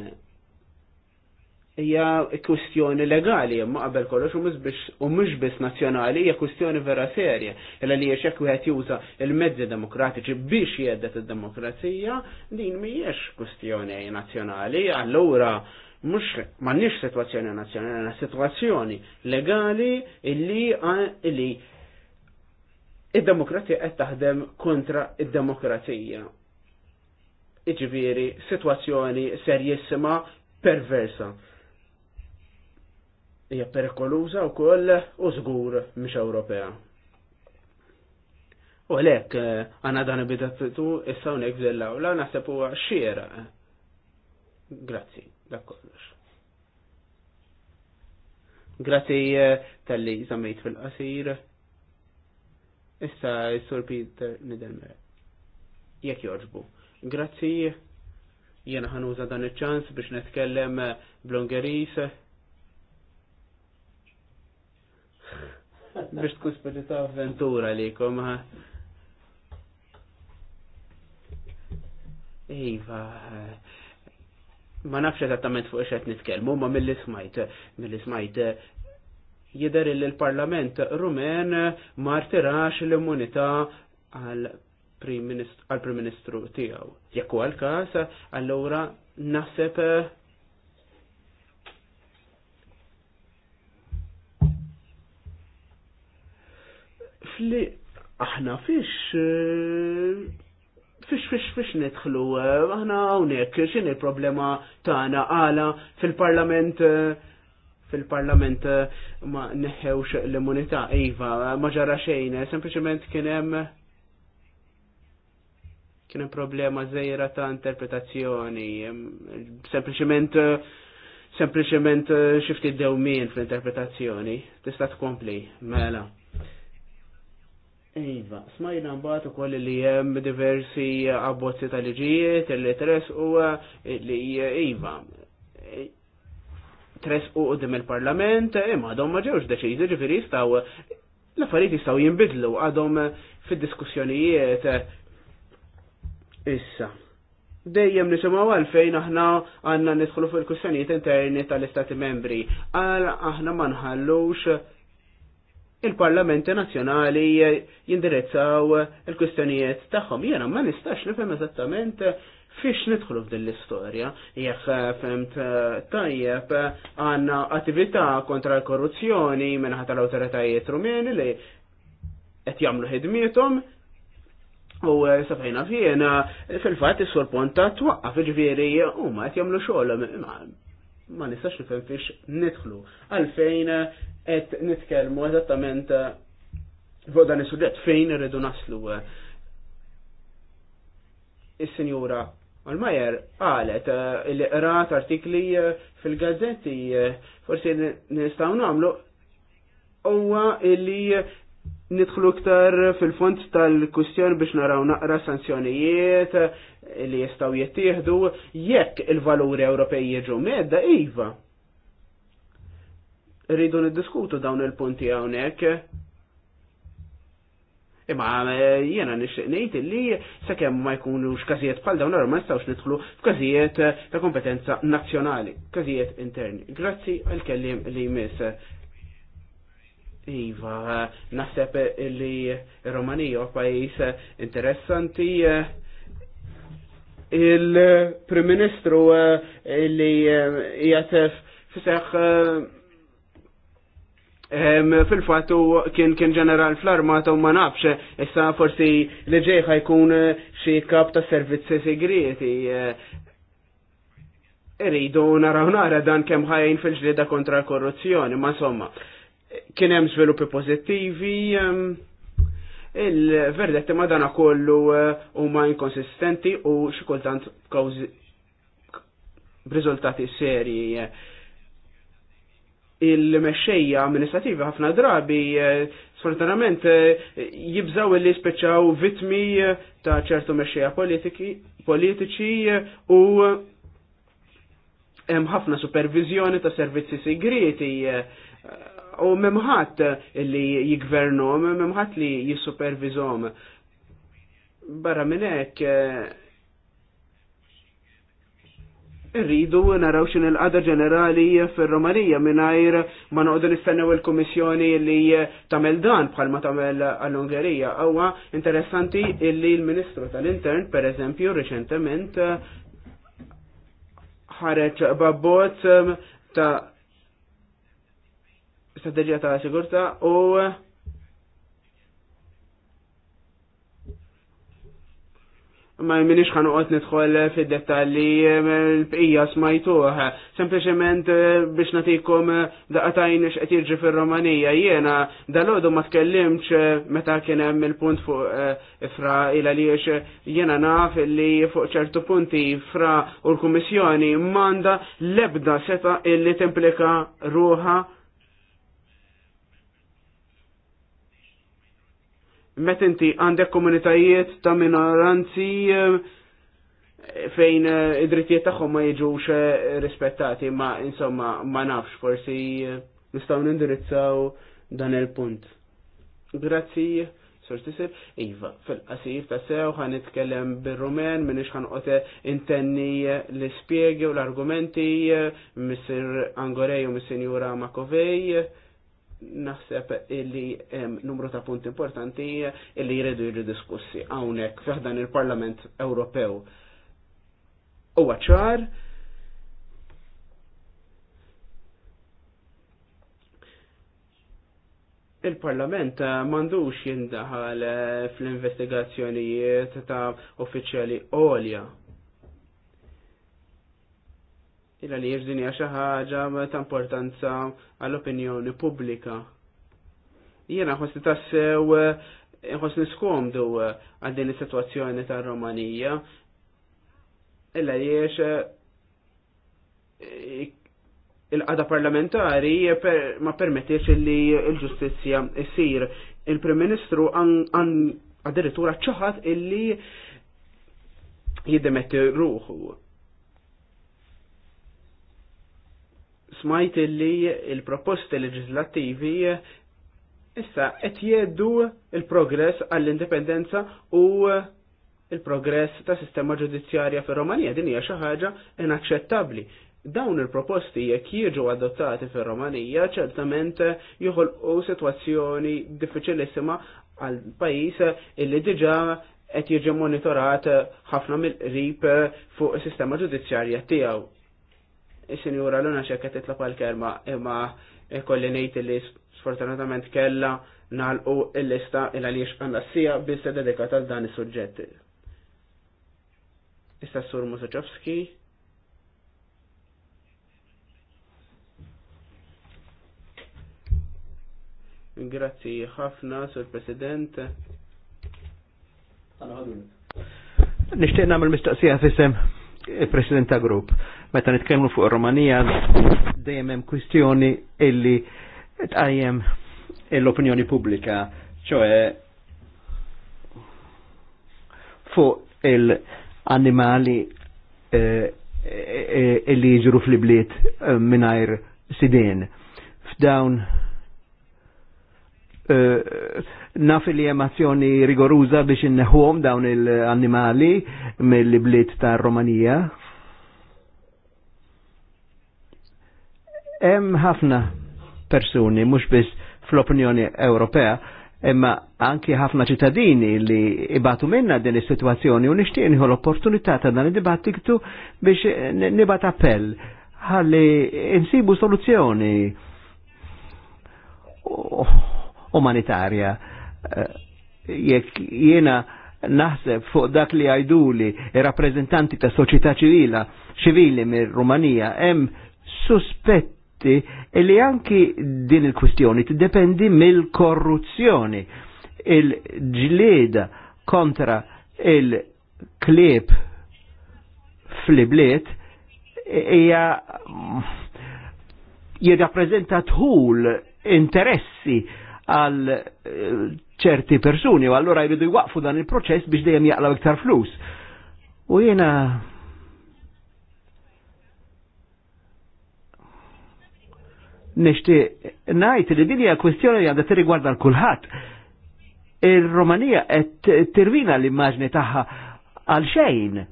hija kwistjoni legali ma qabel kollox u mux biss nazzjonali hija kwistjoni vera serja illa li hekk wieħed juża il-mezzi demokratiċi biex jeddet id-demokrazija din mhijiex kustjoni nazzjonali allura mux nix situazzjoni nazjonali, għanna situazzjoni legali illi illi id-demokrazija qed taħdem kontra id-demokrazija. Iġviri, situazzjoni serjissima perversa. Hija perikoluża wkoll u żgur mhix Ewropea. U għalhekk eh, għandna dan tu issa hawnhekk żellawla naħseb huwa xiera. Grazzi. Dak kollox. Grazzi eh, tal-li zammejt fil-qasir. Issa, s-sur Peter Nidelmer. Jek jorġbu. Grazzi, jena ħanuża dan il-ċans biex netkellem eh, bl-Ungeris. <laughs> biex tkun spedita avventura li kom. Eh. Iva, ma nafx eżattament fuq ix nitkellmu, ma mill smajt mill smajt jidher li l-Parlament Rumen ma rtirax l-immunità għal prim ministru tiegħu. Jekk huwa l-każ, allura naħseb fli aħna fiex fix fix fix nidħlu, eh, aħna hawnhekk x'inhi problema tagħna għala fil-Parlament eh, fil-Parlament eh, ma neħewx l-immunità iva, ma ġara xejn, sempliċement kien hemm kien hemm problema żejra ta' interpretazzjoni, sempliċement sempliċement xifti dewmien fl-interpretazzjoni, tista' tkompli, mela. Iva, smajna mbagħad ukoll li hemm diversi abbozzi tal liġijiet li tres u eh, li eh, iva. Eh, tres u qudiem il-Parlament imma għadhom ma ġewx deċiżi ġifieri jistgħu l-affarijiet jistgħu jinbidlu għadhom fid-diskussjonijiet issa. Dejjem nisimgħu għalfejn aħna għandna nidħlu fil kussjonijiet interni tal-Istati Membri. Għal aħna ma nħallux il-parlamenti nazjonali jindirizzaw il-kwistjonijiet tagħhom. Jiena ma nistax nifhem eżattament fiex nidħlu f'din l-istorja, jekk femt tajjeb għandna attività kontra l-korruzzjoni minħata l-awtoritajiet rumeni li qed jagħmlu ħidmietom u safajna fjena fil-fatt is-sur Ponta twaqqaf u huma qed jagħmlu xogħol ma nistax nifhem fiex nidħlu għalfejn qed nitkellmu eżattament eh, fuq dan is-suġġett fejn irridu naslu. Eh. Is-Sinjura Olmajer qalet eh, li qrat artikli fil-gazzetti forsi nistgħu nagħmlu huwa li nidħlu iktar fil-fond tal-kustjon biex naraw naqra sanzjonijiet li jistgħu jittieħdu jekk il-valuri Ewropej jiġu medda iva rridu niddiskutu dawn il-punti hawnhekk. Imma eh, jiena nixtieq ngħid illi sakemm ma jkunux każijiet bħal dawn ma nistgħux nidħlu f'każijiet ta' kompetenza nazzjonali, każijiet interni. Grazzi għal kellim li jmiss. Iva, naħseb illi Romanija pajjiż interessanti il-Prim Ministru eh, illi eh, jgħatef fiseħ fil-fat u kien kien ġeneral fl-armata u ma nafx, issa forsi li ġejħa jkun eh, xi kap ta' servizzi segreti. Eh, iridu naraw nara dan kemm ħajjin fil-ġlieda kontra korruzzjoni, ma somma. Kien hemm żviluppi pożittivi, il-verdetti ma dana kollu eh, huma inkonsistenti u xi kultant b'riżultati serji il-mexxejja amministrativi ħafna drabi eh, sfortunatament eh, jibżaw li speċaw vitmi eh, ta' ċertu mexxejja politiċi u hemm ħafna supervizjoni ta' servizzi segreti u memħat li jigvernom, memħat li jissupervizom. Barra minn hekk rridu naraw xin il-qada ġenerali fil-Romanija minnajr ma noqdu nistennew il-Komissjoni li tamel dan bħalma tamel għall-Ungerija. Għawa interessanti illi il-Ministru tal-Intern, per eżempju, reċentement ħareċ babbot ta' strategija ta' sigurta u ma minix ħan uqot nidħol fil-detalli l-bqija smajtuħ. Sempliciment eh, biex natikum eh, daqatajn xqed jiġi fil-Romanija jiena dal ħodu ma tkellimx eh, meta kien hemm il-punt fuq fra ila li jiena naf li fuq ċertu punti fra u l-Kummissjoni manda lebda seta illi templika ruħa met inti għandek komunitajiet ta' minoranzi eh, fejn eh, id-drittijiet tagħhom ma jiġux eh, rispettati, ma insomma ma nafx forsi nistgħu nindirizzaw dan il-punt. Grazzi, sur tisir, Iva, fil-qasif ta' sew ħan nitkellem bir rumen minn ixħan qote intenni l-spiegi u l-argumenti Mr. Angorej u Jura Makovej naħseb illi numru ta' punti importanti illi jridu jridu diskussi hawnhekk f'dan il-Parlament Ewropew. Huwa ċar il-Parlament mandux jindaħal fl-investigazzjonijiet ta' uffiċjali olja illa li din hija xi ħaġa ta' importanza għall-opinjoni pubblika. Jiena ħossi tassew ħosni skomdu għal din is-sitwazzjoni tar-Romanija illa jiex il-qada parlamentari ma permettiex li l-ġustizja issir. Il-Prim Ministru għaddirittura addirittura ċaħat illi jiddemetti ruħu. smajt li il-proposti leġislattivi issa qed jeddu il-progress għall-indipendenza u il-progress ta' sistema ġudizzjarja fir-Romanija din hija xi ħaġa inaċċettabbli. Dawn il-proposti jekk jiġu adottati fir-Romanija ċertament joħolqu sitwazzjoni diffiċilissima għal pajjiż illi diġà qed jiġi monitorat ħafna mill-qrib fuq is-sistema ġudizzjarja tiegħu is senjura l-una xekka titlaq pal kerma imma kolli nejt li sfortunatament kella nalqu il-lista il-għaliex għannassija se dedikata għal-dan is-suġġetti. Issa s-sur Musaċovski. Grazzi ħafna, Sur President. Nishtiq namel mistoqsija fissem il-President ta' grupp meta nitkellmu fuq ir-Romanija dejjem hemm kwistjoni illi tqajjem l-opinjoni pubblika, ċoe fuq il-annimali eh, eh, eh, illi jiġru fl-ibliet mingħajr sidin. F'dawn naf li hemm azzjoni rigoruża biex inneħuhom dawn il-annimali mill-bliet tar-Romanija Hemm ħafna persuni, mhux biss fl-opinjoni Ewropea, imma anki ħafna ċittadini li ibatu minna din is-sitwazzjoni u nixtieq l-opportunità ta' dan id-dibattitu biex nibat appell ħalli insibu soluzzjoni umanitarja. Jekk jiena naħseb fuq dak li għajduli rappresentanti ta' soċjetà ċivila ċivili mir rumanija hemm suspett e li anki din il ti dependi mill-korruzzjoni il gileda kontra il-klib fl-ibliet hija rappresenta tħul interessi għal eh, ċerti persuni u allura jridu jwaqfu dan il-proċess biex dejjem jaqlaw iktar flus. U jena nixtieq najt li dinja hija kwestjoni li għandha tirrigwarda l kulħat il romanija qed tirvina l-immaġni taħħa għal xejn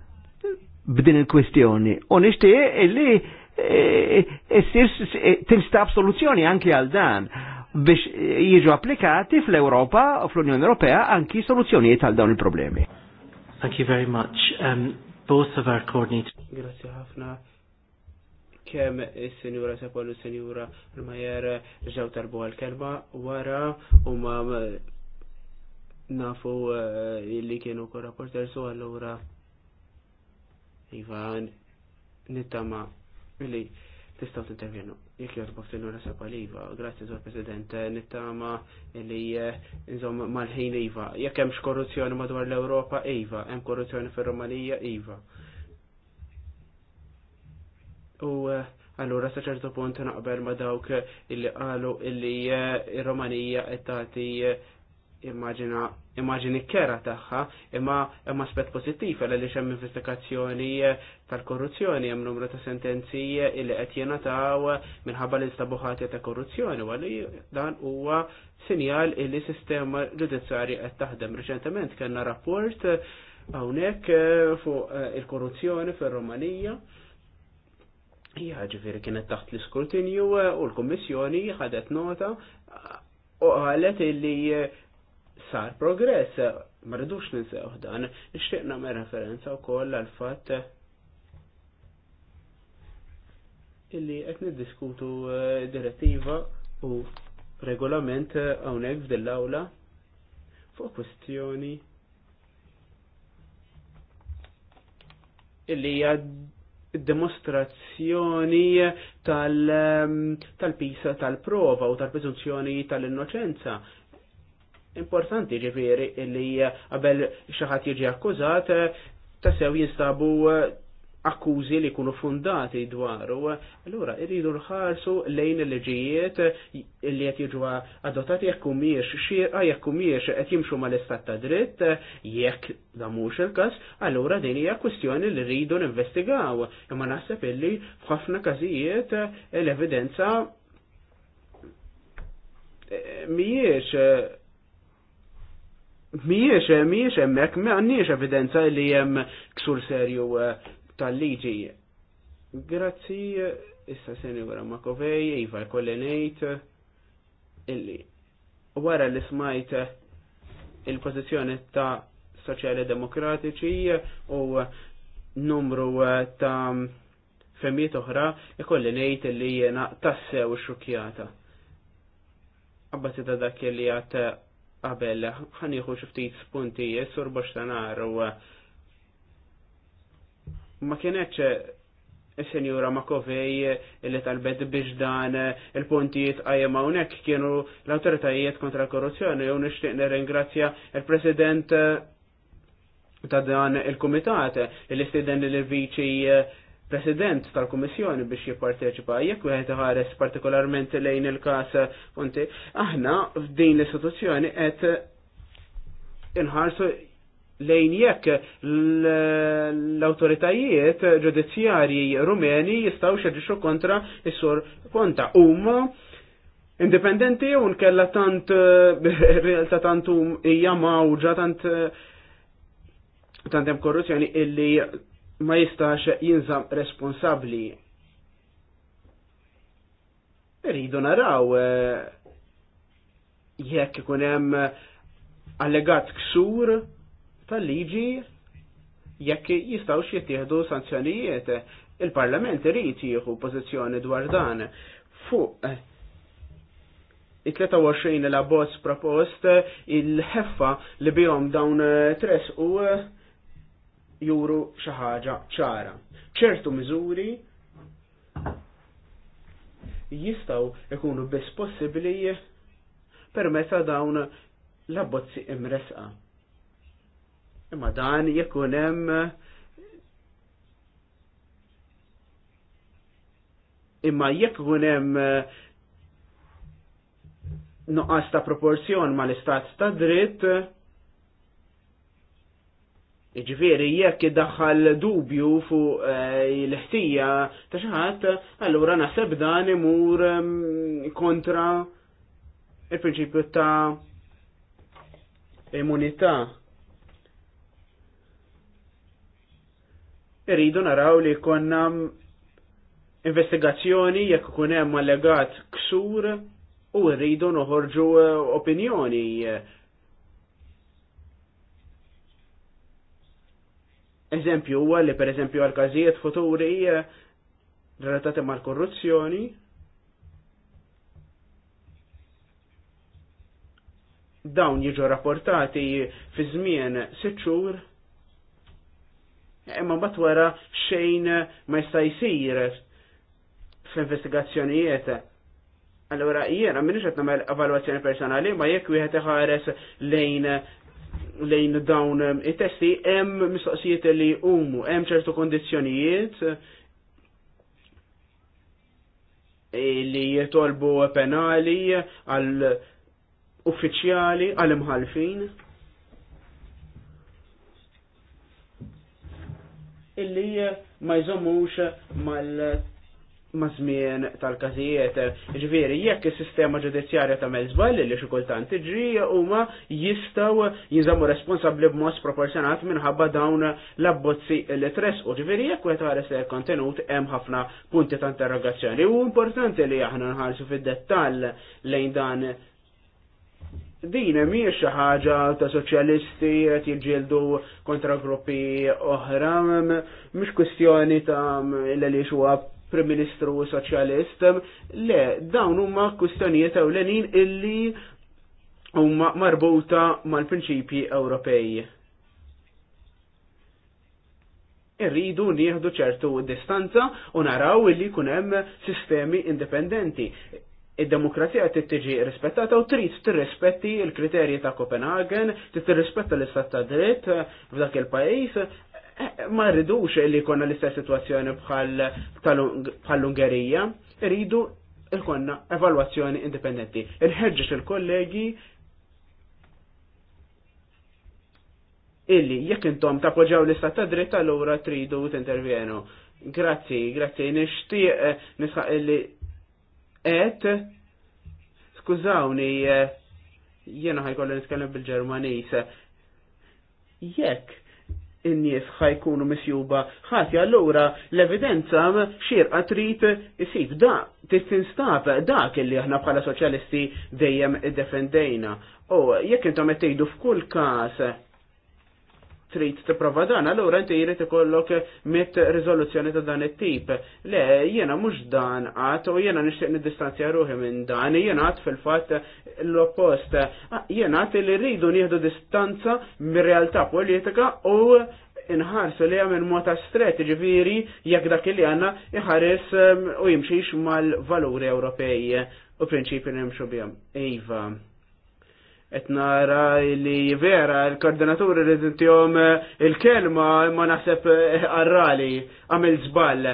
b'din il-kwestjoni u nixtieq illi eh, issir tinstab soluzzjoni anki għal dan biex jiġu applikati fl-Europa u fl-Unjoni Ewropea anki soluzzjonijiet għal dawn il-problemi. Thank you very much. Um, both of our coordinators. Grazie ħafna kemm is-senjura Sepol u s-senjura Majer ġew tarbu għal-kelma wara u ma nafu eh, li kienu kora porter su għallura Ivan nittama li tistaw t-intervjenu. Jek jorbof senjura Sepol Iva, Grazie, zur President, nittama li eh, nżom malħin ħin Iva. Jek hemm korruzzjoni madwar l-Europa Iva, hemm korruzzjoni fil romalija Iva. U eh, allura sa ċertu punt naqbel ma dawk illi qalu illi eh, il romanija qed tagħti eh, immaġina immaġini kera tagħha, imma imma aspett pożittiv għal li hemm investigazzjoni tal-korruzzjoni hemm numru ta' sentenzi illi qed jingħataw minħabba l-istabuħati ta' korruzzjoni għalli dan huwa sinjal illi sistema ġudizzjarji qed taħdem. Reċentement kellna rapport hawnhekk fuq il-korruzzjoni fir-Romanija hija kienet taħt l-iskrutinju eh, u l-Kummissjoni ħadet nota u qalet illi eh, sar progress ma rridux ninsew dan nixtieq nagħmel referenza wkoll għal fatt eh, illi qed niddiskutu direttiva u regolament hawnhekk f'dil-awla fuq kwestjoni illi għad dimostrazzjoni tal-pisa ehm, tal-prova u tal-prezunzjoni tal-innoċenza. Importanti ġifiri li qabel xaħat jiġi akkużat tasew jinstabu akkużi li kunu fundati dwaru, allura irridu nħarsu lejn il-leġijiet li qed jiġu adottati jekk humiex xierqa jekk humiex qed jimxu mal-istat ta' dritt, jekk da mhux il-każ, allura din hija kwestjoni li rridu ninvestigaw. Imma naħseb illi f'ħafna każijiet l-evidenza eh, mhijiex Miex, miex, emmek, ma evidenza li jem ksur serju eh, tal-liġi. Grazzi, issa seni wara Makovej, Iva Kollenejt, illi wara li smajt il-pozizjoni ta' soċjali demokratiċi u numru ta' femmiet oħra, ikolli nejt li jena tassew xukjata. Abbati ta' dak li għat qabel, ħaniħu xiftit spunti, jessur tanar u ma kienetx eh, il-senjura Makovej eh, li talbet biex dan eh, il-puntijiet għajema unek kienu l-autoritajiet kontra korruzzjoni u nishtiq ringrazzja il-president ta' dan il komitate li stiden li l-viċi president tal-Komissjoni biex jipparteċipa, jekk wieħed ħares partikolarment lejn il-każ punti, aħna f'din l-istituzzjoni qed inħarsu lejn jekk l-autoritajiet ġudizzjarji rumeni jistaw xedġiċu kontra is-sur Ponta. Umma indipendenti u nkella tant eh, realtà tant hija mawġa tant eh, tantem hemm korruzzjoni illi ma jistax jinżam responsabbli. Rridu naraw eh, jekk ikun hemm allegat ksur tal-liġi jekk jistaw jittieħdu sanzjonijiet. Il-Parlament irid jieħu pożizzjoni dwar dan fuq eh, it-23 la bozz propost il-ħeffa li bihom dawn eh, tres u eh, juru xaħġa ċara. ċertu miżuri jistaw ikunu biss possibli permezz dawn l-abbozzi imresqa. Imma dan jekun hemm imma jekk ikun hemm eh, nuqqas ta' proporzjon mal-istat ta' dritt, Iġveri, jekk iddaħħal dubju fuq eh, l-ħtija ta' xaħat, allura naħseb dan imur mm, kontra il-prinċipju ta' immunità. irridu naraw li konna investigazzjoni jekk ikun hemm allegat ksur u rridu noħorġu eh, opinjoni. Eżempju huwa li pereżempju għal każijiet futuri eh, relatati mal-korruzzjoni, dawn jiġu rapportati fi żmien sitt xhur imma mbagħad wara xejn ma jista' jsir fl-investigazzjonijiet. Allora jiena m'iniex qed nagħmel evalwazzjoni personali, ma jekk wieħed iħares lejn lejn dawn it-testi hemm mistoqsijiet li huma hemm ċertu kondizzjonijiet li jitolbu penali għal uffiċjali għal imħalfin. illi ma jżommux mal mażmien tal-każijiet. Ġifieri, jekk is-sistema ġudizzjarja tagħmel żball li xi kultant tiġri huma jistgħu jinżammu responsabbli b'mod sproporzjonat minħabba dawn l-abbozzi li u. Ġifieri, jekk wieħed ħares lejn kontenut hemm ħafna punti ta' interrogazzjoni. U importanti li aħna nħarsu fid-dettall lejn dan din mhijiex xi ħaġa ta' soċjalisti qed jiġġieldu kontra gruppi oħra, mhux kwistjoni ta' li huwa Prim Ministru Soċjalist, le, dawn huma kwistjonijiet ewlenin illi huma marbuta mal-prinċipji Ewropej. Irridu nieħdu ċertu distanza u naraw illi kunem hemm sistemi indipendenti id-demokrazija trid tiġi rispettata u trid tirrispetti l-kriterji ta' Copenhagen, trid tirrispetta l-istat ta' dritt f'dak il-pajjiż, eh, ma rridux li konna l-istess situazzjoni bħall-Ungerija, rridu il-konna evalwazzjoni indipendenti. Irħeġġeġ il-kollegi illi jekk intom tappoġġaw l-istat ta' dritt allura tridu tintervjenu. Grazzi, grazzi, nixtieq eh, nisħaq illi et skużawni eh, jena ħajkollu niskellem bil-Ġermanis. Jekk in-nies ħajkunu misjuba ħati allura l-evidenza xirqa trid isib da tistinstab dak illi aħna bħala soċjalisti dejjem defendejna. U jekk intom qed tgħidu f'kull każ trid tipprova dan, allura inti jrid ikollok mit riżoluzzjoni ta' dan it-tip. Le, jiena mhux dan għad u jiena nixtieq niddistanzja ruħi minn dan, jiena għad fil-fatt l-oppost. Ah, jiena għad li rridu nieħdu distanza mir-realtà politika u inħarsu li għamil mota stret, ġifiri, jekk dak li għanna iħares um, u jimxiex mal-valuri Ewropej u prinċipi nimxu bjem. Iva etnara nara li vera il-koordinaturi rizintijom il-kelma imma naħseb eh, għarrali għamil zbal.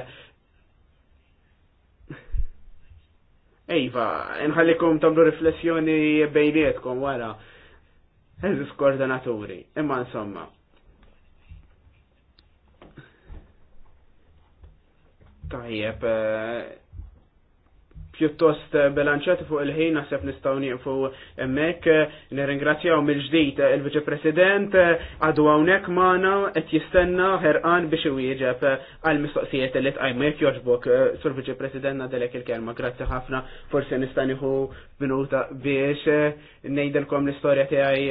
Ejva, nħallikom tamlu riflessjoni bejnietkom wara. Eżis koordinaturi, imma insomma. Tajjeb, eh, pjuttost eh, belanċati fuq il-ħin naħseb nistgħu nieqfu hemmhekk eh, nirringrazzjaw mill-ġdid eh, il-Viċe-President għadu hawnhekk magħna qed jistenna ħerqan biex iwieġeb għal mistoqsijiet li tqajmek jogħġbok sur Viċe-President nadelek il-kelma. Grazzi ħafna forsi nista' nieħu minuta biex ngħidilkom l-istorja tiegħi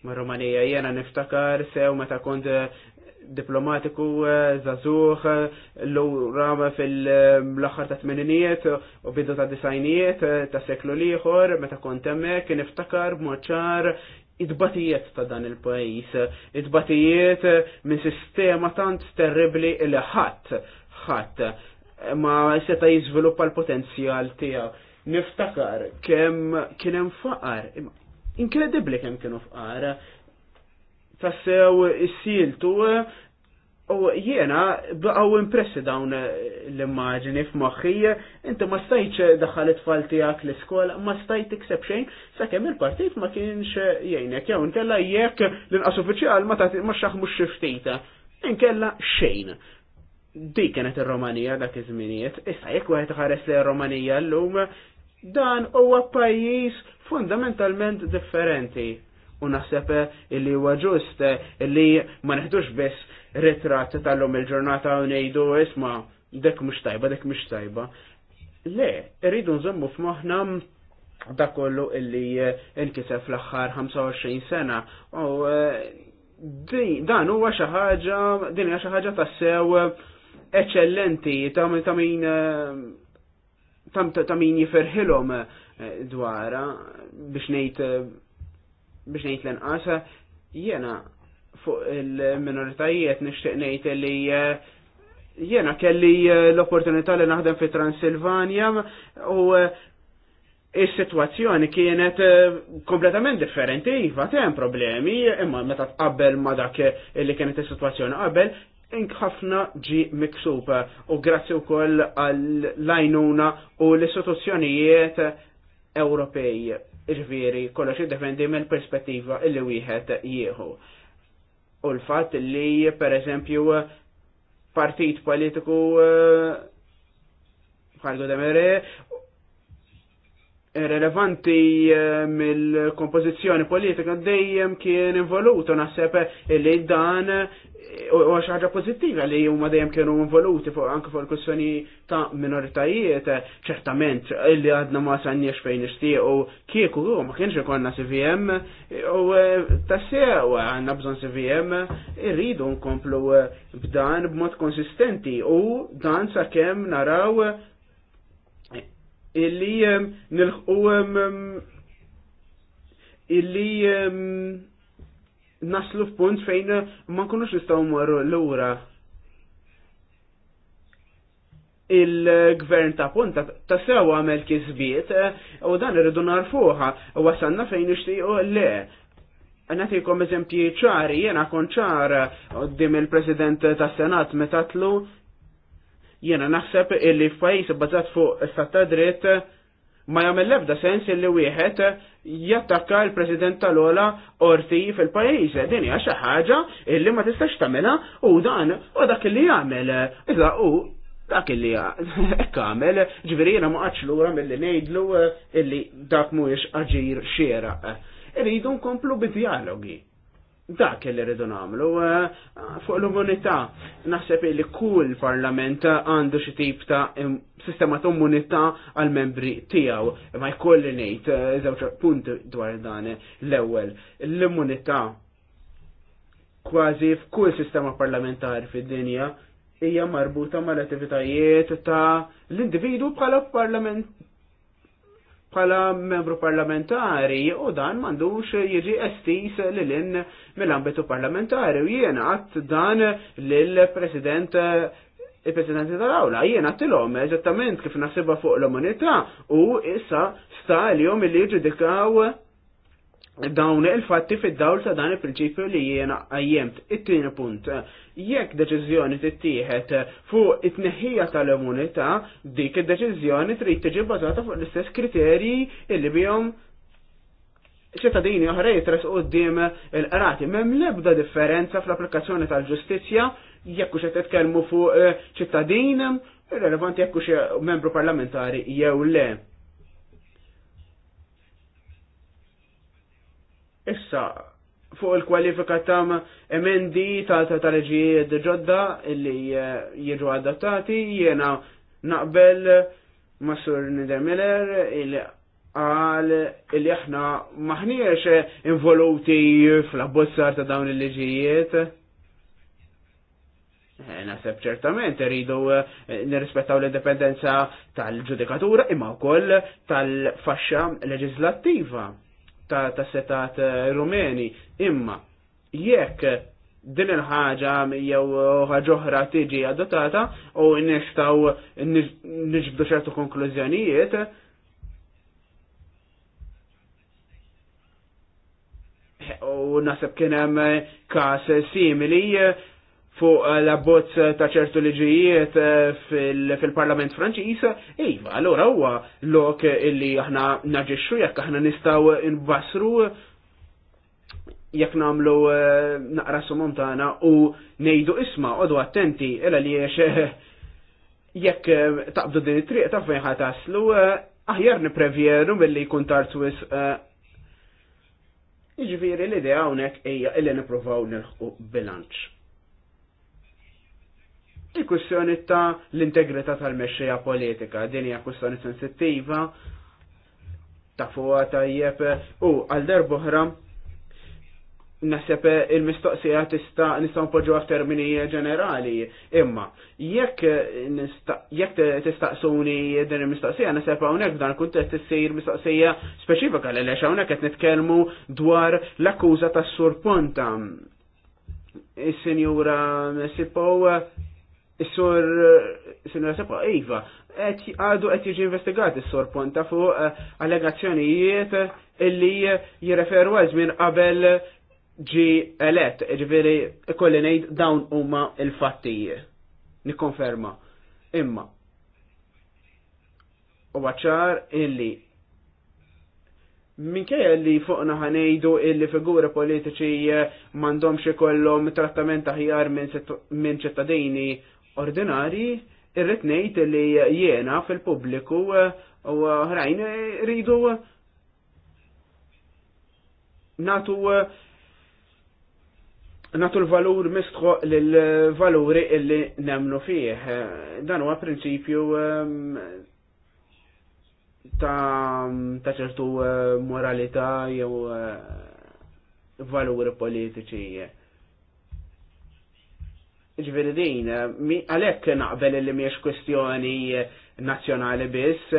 ma' Romanija jena niftakar sew meta kont diplomatiku eh, zazuħ eh, l-rama fil eh, laħħar ta' tmeninijiet u bidu ta' disajnijiet ta' seklu liħor meta kont hemmhekk kien iftakar b'moċar id ta' dan il-pajis, idbatijiet batijiet minn sistema tant terribli li ħadd ħadd ma seta jiżviluppa l-potenzjal tiegħu. Niftakar kemm kien hemm faqar, inkredibbli kemm kienu faqar, tassew is-siltu u jiena baqgħu impressi dawn l-immaġini f'moħħi, inti ma stajtx daħal it-tfal tiegħek l-iskola, ma stajt tikseb xejn sakemm il-partit ma kienx jgħinek jew inkella jekk l-inqas uffiċjal ma tagħti ma xaħmu x-xiftita. Inkella xejn. Dik kienet ir-Romanija dak iż-żminijiet, issa jekk wieħed ħares li romanija llum dan huwa pajjiż fundamentalment differenti u naħseb eh, illi huwa ġust eh, illi ma neħdux biss ritratt tal-lum il-ġurnata u ngħidu isma' dek mhux tajba, dek mhux tajba. Le, irridu nżommu f'moħħna dakollu kollu illi eh, inkiseb fl-aħħar 25 sena u dan huwa xi ħaġa din hija xi ħaġa tassew eċċellenti ta' min ta' min jiferħilhom dwara biex ngħid biex ngħid l-inqas jiena fuq il-minoritajiet nixtieq ngħid li eh, jiena kelli eh, l-opportunità li naħdem fi transilvania u eh, Is-sitwazzjoni kienet kompletament differenti, iva hemm problemi, imma meta tqabbel ma dak li kienet is-sitwazzjoni qabel, ink ħafna ġi miksub u grazzi wkoll għall lajnuna u l-istituzzjonijiet Ewropej Ġviri, kollox jiddependi mill perspettiva illi wieħed jieħu. U l-fatt li, per eżempju, partit politiku bħal eh, Godemere relevanti eh, mill kompozizjoni politika dejjem kien involut involuto naħseb illi dan u għax ħaġa pozittiva li huma dejjem kienu involuti fuq anke fuq il-kwistjoni ta' minoritajiet, ċertament illi għadna ma sanniex fejn nixtiequ kieku ma kienx ikollna CVM u e, tassew għandna bżonn CVM irridu nkomplu e, b'dan b'mod konsistenti u dan sakemm naraw e, illi nilħqu illi naslu f'punt fejn ma nkunux nistgħu morru lura. Il-gvern ta' punta ta' sew għamel kisbiet eh, u dan irridu narfuha u wasanna fejn ixtiequ le. Natikom eżempji ċari, jena kon ċar għoddim il-President ta' Senat metatlu, jena naħseb illi f'pajis bazzat fuq s-satta dritt ma jagħmel l-ebda sens li wieħed jattakka l-President tal-ola orti fil-pajjiż. Din hija xi ħaġa illi ma tistax tagħmilha u dan u dak li jagħmel. Iżda u dak illi <laughs> hekk għamel, ġifieri jiena ma qatx lura milli ngħidlu eh, illi dak mhuwiex aġir xiera. Irridu nkomplu bi dialogi dak kelli rridu nagħmlu eh, fuq l-immunità naħseb li kull parlament għandu xi tip ta' sistema ta' immunità għal membri tiegħu ma jkolli ngħid eh, żewġ punti dwar dan l-ewwel l-immunità kważi f'kull sistema parlamentari fid-dinja hija marbuta mal-attivitajiet ta' l-individu bħala parlament bħala membru parlamentari u dan mandux jiġi estis lil-in mill-ambitu parlamentari u jiena għat dan lill-president il-presidenti tal-awla, jiena għattilom eżattament kif nasibba fuq l umanita u issa sta l-jom li ġudikaw dawn il-fatti fid-dawl ta' dan il-prinċipju li jiena għajjemt. It-tieni punt, jekk deċiżjoni tittieħed fuq it tneħħija tal-immunità, dik id-deċiżjoni trid tiġi bbażata fuq l-istess kriterji illi bihom ċittadini oħra jitres d-dim il-qrati. Mem lebda differenza fl-applikazzjoni tal-ġustizja jekk hux qed titkellmu fuq ċittadin, irrelevanti jekk hux membru parlamentari jew le. Issa, fuq il-kwalifika ta' emendi ta' leġijiet ġodda illi eh, jiġu adattati jiena naqbel Masur Nider Miller illi għal illi aħna maħniex involuti fl-abbozzar ta' dawn il-leġijiet. Eh, Naseb ċertament rridu eh, nirrispettaw l-indipendenza tal-ġudikatura imma wkoll tal-faxxa leġislattiva ta', ta setat eh, rumeni. Imma jekk din il-ħaġa jew ħaġoħra tiġi adottata u nistgħu niġbdu ċertu konklużjonijiet, u nasib kien hemm każ simili fuq eh, l-abbozz ta' ċertu liġijiet eh, fil-Parlament Franċiż, iva, allora huwa lok illi aħna naġixxu jekk aħna nistgħu nbassru jekk nagħmlu eh, naqra sumontana u ngħidu isma' għodu attenti illa li jekk taqbdu din it-triq ta' fejn ħataslu aħjar niprevjeru milli jkun tard Iġviri l-idea hawnhekk hija illi nippruvaw nilħqu bilanċ il-kwistjoni ta' l-integrità tal mexxija politika. Din hija kwistjoni sensittiva ta' fuqa tajjeb u għal darbohra naħseb il-mistoqsija tista' nistgħu npoġġu f'termini ġenerali. Imma jekk jekk tistaqsuni din il-mistoqsija naħseb hawnhekk f'dan kuntest issir mistoqsija speċifika għaliex hawnhekk qed nitkellmu dwar l-akkuża tas-surponta. Is-Sinjura Sipow Is-sor Sinra eh, Sepa Iva, għadu qed jiġi investigat is-sor Ponta fuq eh, allegazzjonijiet illi jirreferu għal żmien qabel ġi elett, ġifieri ikolli ngħid dawn huma l-fatti. Nikkonferma. Imma huwa ċar illi minkejja li fuqna ħanejdu illi figuri politiċi mandomx ikollhom trattament aħjar minn ċittadini ordinari, irrit ngħid li jiena fil-pubbliku eh, u ħrajn rridu eh, natu eh, natu l-valur mistħu l-valuri illi nemnu fih. Dan huwa prinċipju ta' ċertu moralità jew valuri politiċi. Ġveri din, għalhekk naqbel li miex kwestjoni nazzjonali biss,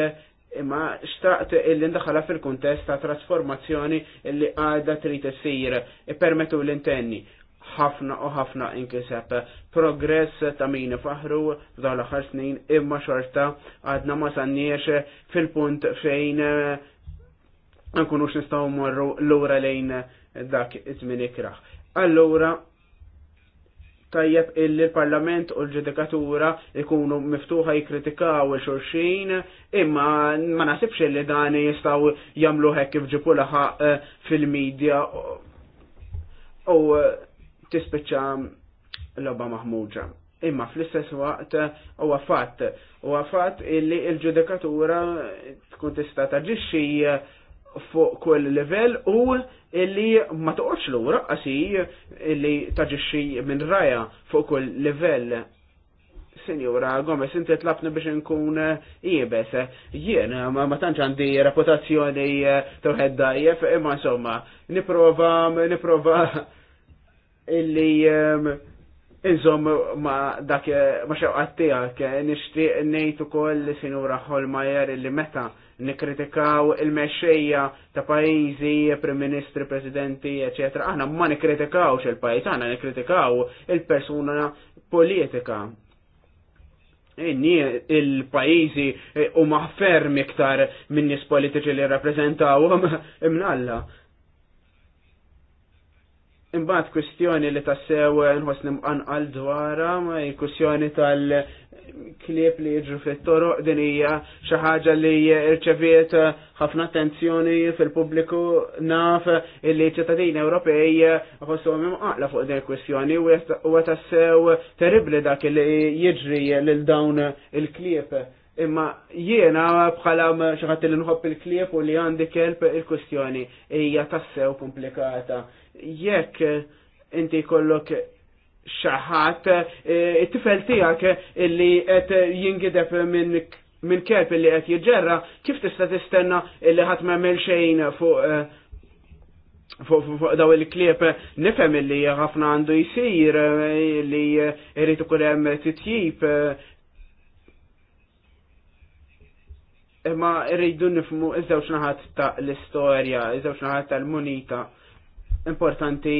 imma xtaqt illi ndaħala fil-kuntest ta' trasformazzjoni illi għadda trid issir e permetu l-intenni ħafna u ħafna inkiseb progress ta' min faħru f'dawn l-aħħar snin imma xorta għadna ma sanniex fil-punt fejn nkunux nistgħu morru lura lejn dak iż-żmien ikrah. Allura tajjeb illi l-Parlament u l-ġudikatura ikunu miftuħa jikritikaw xulxin, imma ma nasibx illi dan jistaw jamlu hekk bġipu laħa eh, fil-medja u eh, tispiċċa l-oba maħmuġa. Imma fl-istess waqt u għafat, u għafat illi l-ġudikatura tkun tista taġiċi eh, fuq kull level u illi ma toqgħodx lura qasi illi taġixxi minn raja fuq kull level. Sinjura Gomez, inti tlabni biex nkun jibes. Jien, ma tantx għandi reputazzjoni eh, tawħed dajjef, imma insomma, niprova, niprova illi ehm, Inżom ma dak ma xewqat tiegħek nixtieq ngħid ukoll sinjura Holmajer illi meta nikritikaw il-mexxejja ta' pajjiżi, prim-ministri, presidenti, eċetera. Aħna ma nikkritikawx il-pajjiż, aħna nikkritikaw il-persuna politika. Inni il-pajjiżi huma fermi iktar minn nies politiċi li rrappreżentawhom imnalla. Imbagħad kwestjoni li tassew għal dwara, ma kwestjoni tal-klieb li jiġru fit-toroq din hija xi ħaġa li rċeviet ħafna attenzjoni fil-pubbliku naf illi ċittadini Ewropej ħossuhom imqaqla fuq din il-kwestjoni u tassew terribli dak li jiġri lil dawn il-klieb. Imma jiena bħala xi ħadd li nħobb il-klieb u li għandi kelb il-kwestjoni hija tassew komplikata jekk inti kollok xaħat, e, it-tifel tijak illi għet jingideb minn min kelb illi għet jġerra, kif tista tistenna illi ħat ma xejn e, fuq fuq daw il-klieb nifhem illi ħafna għandu jisir e, li jrid ikun hemm titjib imma rridu nifmu iż-żewġ naħat ta' l-istorja, iż-żewġ naħat tal-munita importanti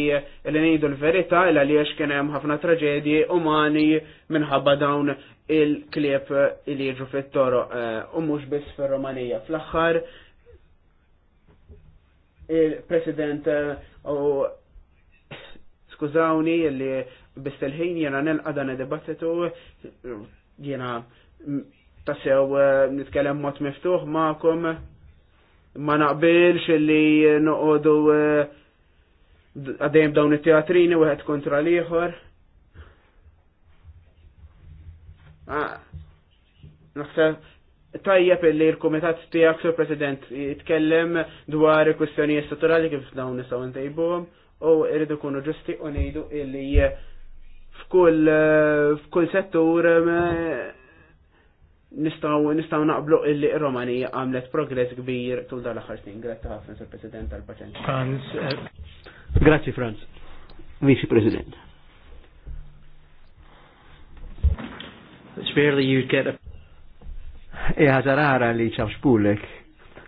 li ngħidu l-verità il għaliex kien hemm ħafna traġedji umani minħabba dawn il-klieb li jiġu fit-toroq eh, u mhux biss fir-Romanija. Fl-aħħar il-President eh, u skużawni li ħin jena nelqa dan id-dibattitu jena tassew eh, nitkellem mod miftuħ ma'kom ma naqbilx li noqogħdu uh, għaddejjem dawn it-teatrini wieħed kontra l-ieħor. tajjeb illi l-kumitat tiegħek sur President jitkellem dwar kwistjonijiet strutturali kif dawn nistgħu ntejbuhom u irridu kunu ġusti u ngħidu illi f'kull f'kull settur eh, nistaw naqblu illi Romanija għamlet progress kbir tul dal aħħar snin. Grazzi ħafna sur President tal-Paċenza. Grazie Franz, Vice President. It's rarely you get a... E li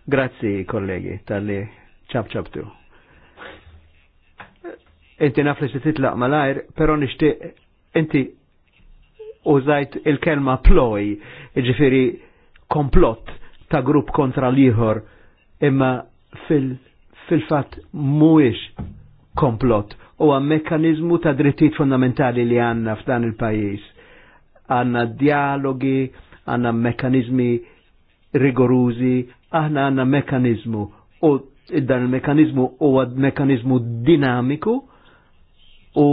Grazzi kollegi tal-li ċabċabtu. Inti naf li titlaq malajr, pero nishti, inti użajt il-kelma ploj, ġifiri komplott ta' grupp kontra liħor, imma fil-fat fil, komplott u għam mekanizmu ta' drittijiet fundamentali li għanna f'dan il-pajis. Għanna dialogi, għanna mekkanizmi rigorużi, aħna għanna mekanizmu u dan il-mekkanizmu u għad mekanizmu dinamiku u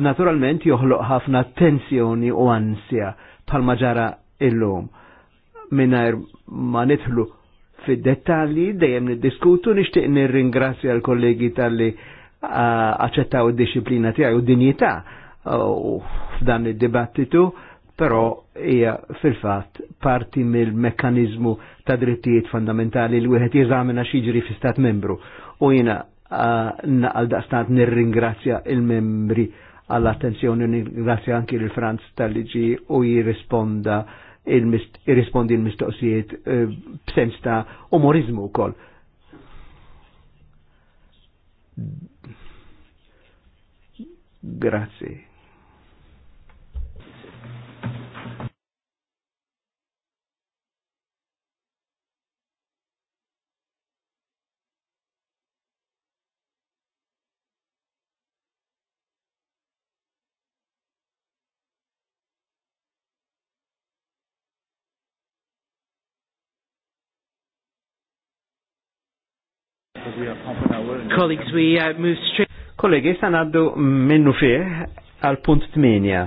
naturalment joħloq ħafna tensjoni u ansja bħalma maġara illum minnajr ma nitħlu fid dettalji dejjem niddiskutu nixtieq nirringrazzja l-kollegi tal-li aċċettaw id-disciplina tiegħi u d-dinjità uh, f'dan id-dibattitu, però hija fil-fatt parti mill-mekkanizmu ta' drittijiet fundamentali li wieħed jeżamina xiġri fi stat membru. U jiena uh, naqal daqstant nirringrazzja il-membri għall-attenzjoni, nirringrazzja anki l-Franz tal-liġi u jirrisponda jirrispondi l-mistoqsijiet uh, b'sens ta' umorizmu wkoll Grazie. Colleagues, we uh, move straight. Kollegi, sa naddu minnu fih għal punt 8,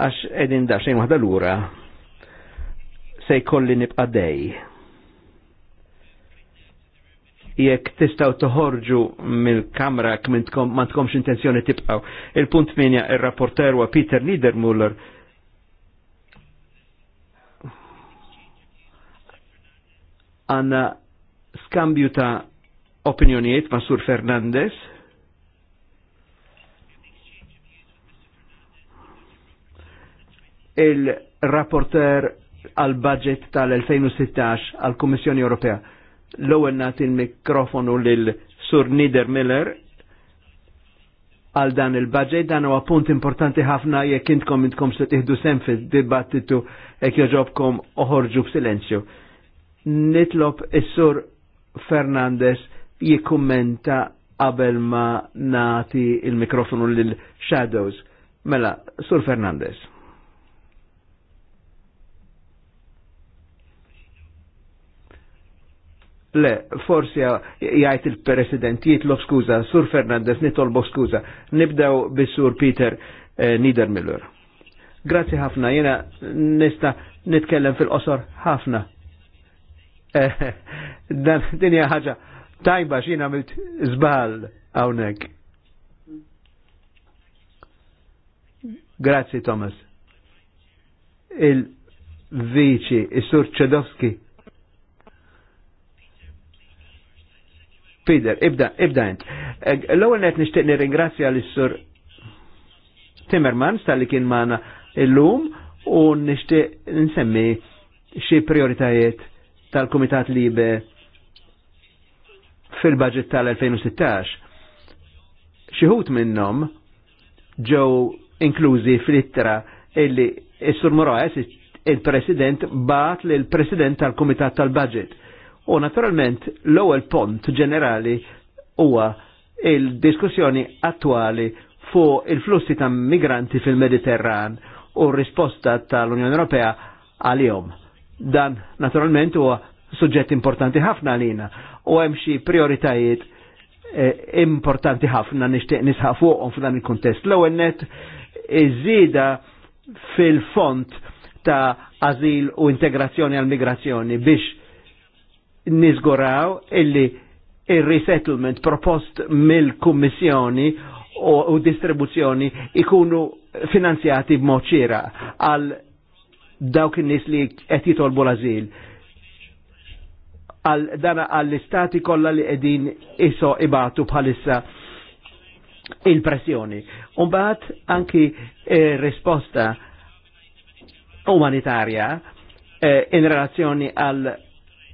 għax edin da xejn wahda l-ura, se jkolli nibqa dej. Jekk tistaw toħorġu mill-kamra kmintkom ma tkomx intenzjoni tibqaw. Il-punt 8 il-rapporter wa Peter Niedermuller għanna skambju ta' opinjonijiet ma' Sur Fernandez il-rapporter għal budget tal-2016 għal Kommissjoni Ewropea. L-ewwel nagħti il-mikrofonu lil Sur Nieder Miller għal dan il-budget, dan huwa punt importanti ħafna jekk intkom intkom se tieħdu sem fid-dibattitu jekk joġobkom oħorġu b'silenzju. Nitlob is-Sur Fernandez jikkummenta qabel ma nati il-mikrofonu lil Shadows. Mela, Sur Fernandez. Le, forsi jgħajt il-president jitlob skuza, Sur Fernandez nitolbok skuza. Nibdew bis-Sur Peter eh, Niedermiller. Grazie ħafna, jena nista nitkellem fil-qosor ħafna. Eh, <laughs> dan dinja ħaġa tajba xina għamilt zbal għawnek. Grazie Thomas. il vici il-Sur Ċedowski, Peter, ibda, ibda jent. L-ewwel qed nixtieq nirringrazzja lis sur Timmermans tal-li kien l-lum u nixtieq nsemmi xi prioritajiet tal-Kumitat Libe fil-budget tal-2016. Xi minnom minnhom ġew inklużi fl-ittra illi is-Sur Moraes il-President bat lill president tal-Kumitat tal-Budget U naturalment l-ewwel pont ġenerali huwa il-diskussjoni attwali fuq il-flussi ta' migranti fil-Mediterran u risposta tal-Unjoni Ewropea għalihom. Dan naturalment huwa suġġett importanti ħafna għalina u hemm xi prioritajiet eh, importanti ħafna nixtieq nisħaq fuqhom f'dan il-kuntest. L-ewwel net iż-żieda fil-font ta' azil u integrazzjoni għal migrazzjoni biex nizguraw illi il-resettlement propost mill kommissjoni u u distribuzzjoni ikunu finanzjati b'mod ċira għal dawk in-nies li qed jitolbu l-azil. Għal dana għall-istati kollha li qegħdin iso ibatu bħalissa il-pressjoni. Umbagħad anki eh, risposta umanitarja eh, in relazzjoni għal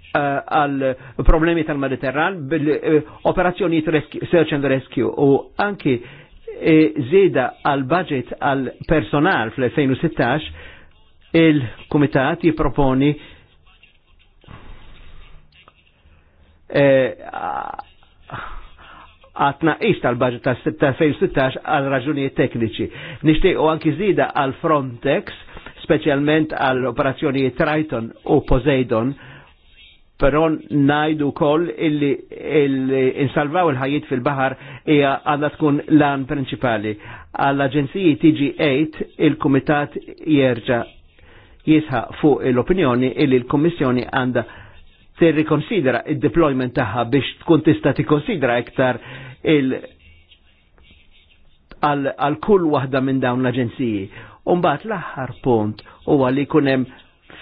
Eh, għal problemi tal-Mediterran bil eh, operazzjoni search and rescue u anki eh, zida għal budget għal personal fl-2016 il-Kumitat jiproponi għatna e, ix tal-budget tal-2016 għal raġunijiet tekniċi. Nishtiq u anki zida għal Frontex, specialment għal operazzjoni Triton u Poseidon, pero najdu koll illi, insalvaw il-ħajiet fil-bahar hija għadha tkun lan prinċipali. Għall-Aġenziji TG8 il-Kumitat jerġa' jisħa fuq l-opinjoni illi l-Kummissjoni għandha tirrikonsidra id-deployment tagħha biex tkun tista' tikkonsidra iktar il- għal kull waħda minn dawn l-aġenziji. Umbat l-aħħar punt huwa li jkun hemm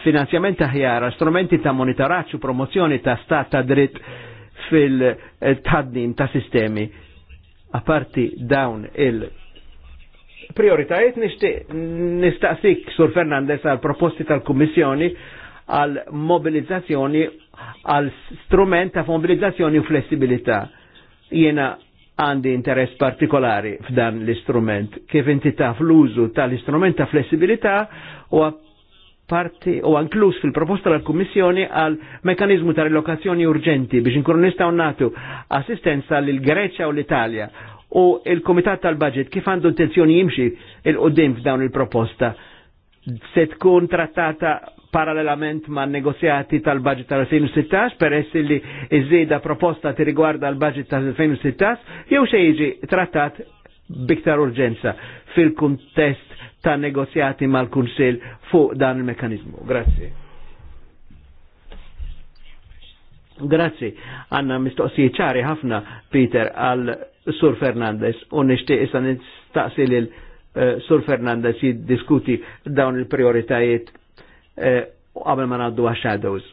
finanzjament aħjar, strumenti ta' monitoraċ u promozzjoni ta' stat ta' dritt fil-tħaddim ta' sistemi. parti dawn il- prioritajiet nistaqsik Sur Fernandez għal proposti tal-Kummissjoni għal mobilizzazzjoni għal strument ta' mobilizzazzjoni u flessibilità. Jena għandi interess partikolari f'dan l-istrument. Kif inti taf l-użu tal-istrument ta' flessibilità u parti u anklus fil-proposta tal-Kummissjoni għal mekanizmu ta' rilokazzjoni urġenti biex inkunu nistgħu nagħtu assistenza lil Greċja u l-Italja u il-Komitat tal-Budget kif għandu intenzjoni jimxi il qudiem f'dawn il-proposta se tkun trattata parallelament ma' negozjati tal-budget tal-2016 essi li iżida proposta ti riguarda l-budget tal-2016 jew se jiġi trattat biktar urġenza fil-kuntest ta' negozjati mal-Kunsil fuq dan il-mekanizmu. Grazie. Grazzi, għanna mistoqsijiet ċari ħafna, Peter, għal Sur Fernandez, u nishtiq issa nistaqsi lil eh, Sur Fernandez jiddiskuti dawn il-prioritajiet eh, qabel ma ngħaddu għax-shadows.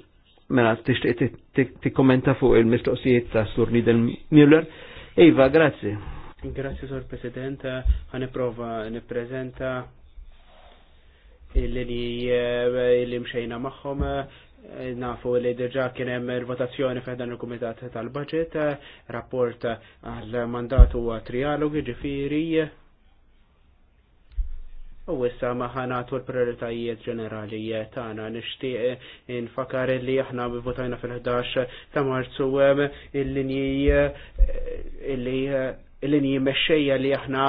Mela tixtieq tikkommenta fuq il-mistoqsijiet ta' Sur Nidel Müller. Iva, grazzi. Grazzi, Sor President, prova ħaniprofa prezenta il li eh, mxejna magħhom eh, nafu li deġa kien hemm votazzjoni f'dan il-Kumitat tal budget eh, rapport għal mandatu huwa trialogi ġifieri. U issa maħanatu l-prioritajiet ġenerali tagħna nixtieq infakar li aħna votajna fil-11 ta' Marzu il-linji il-linji mexxejja li aħna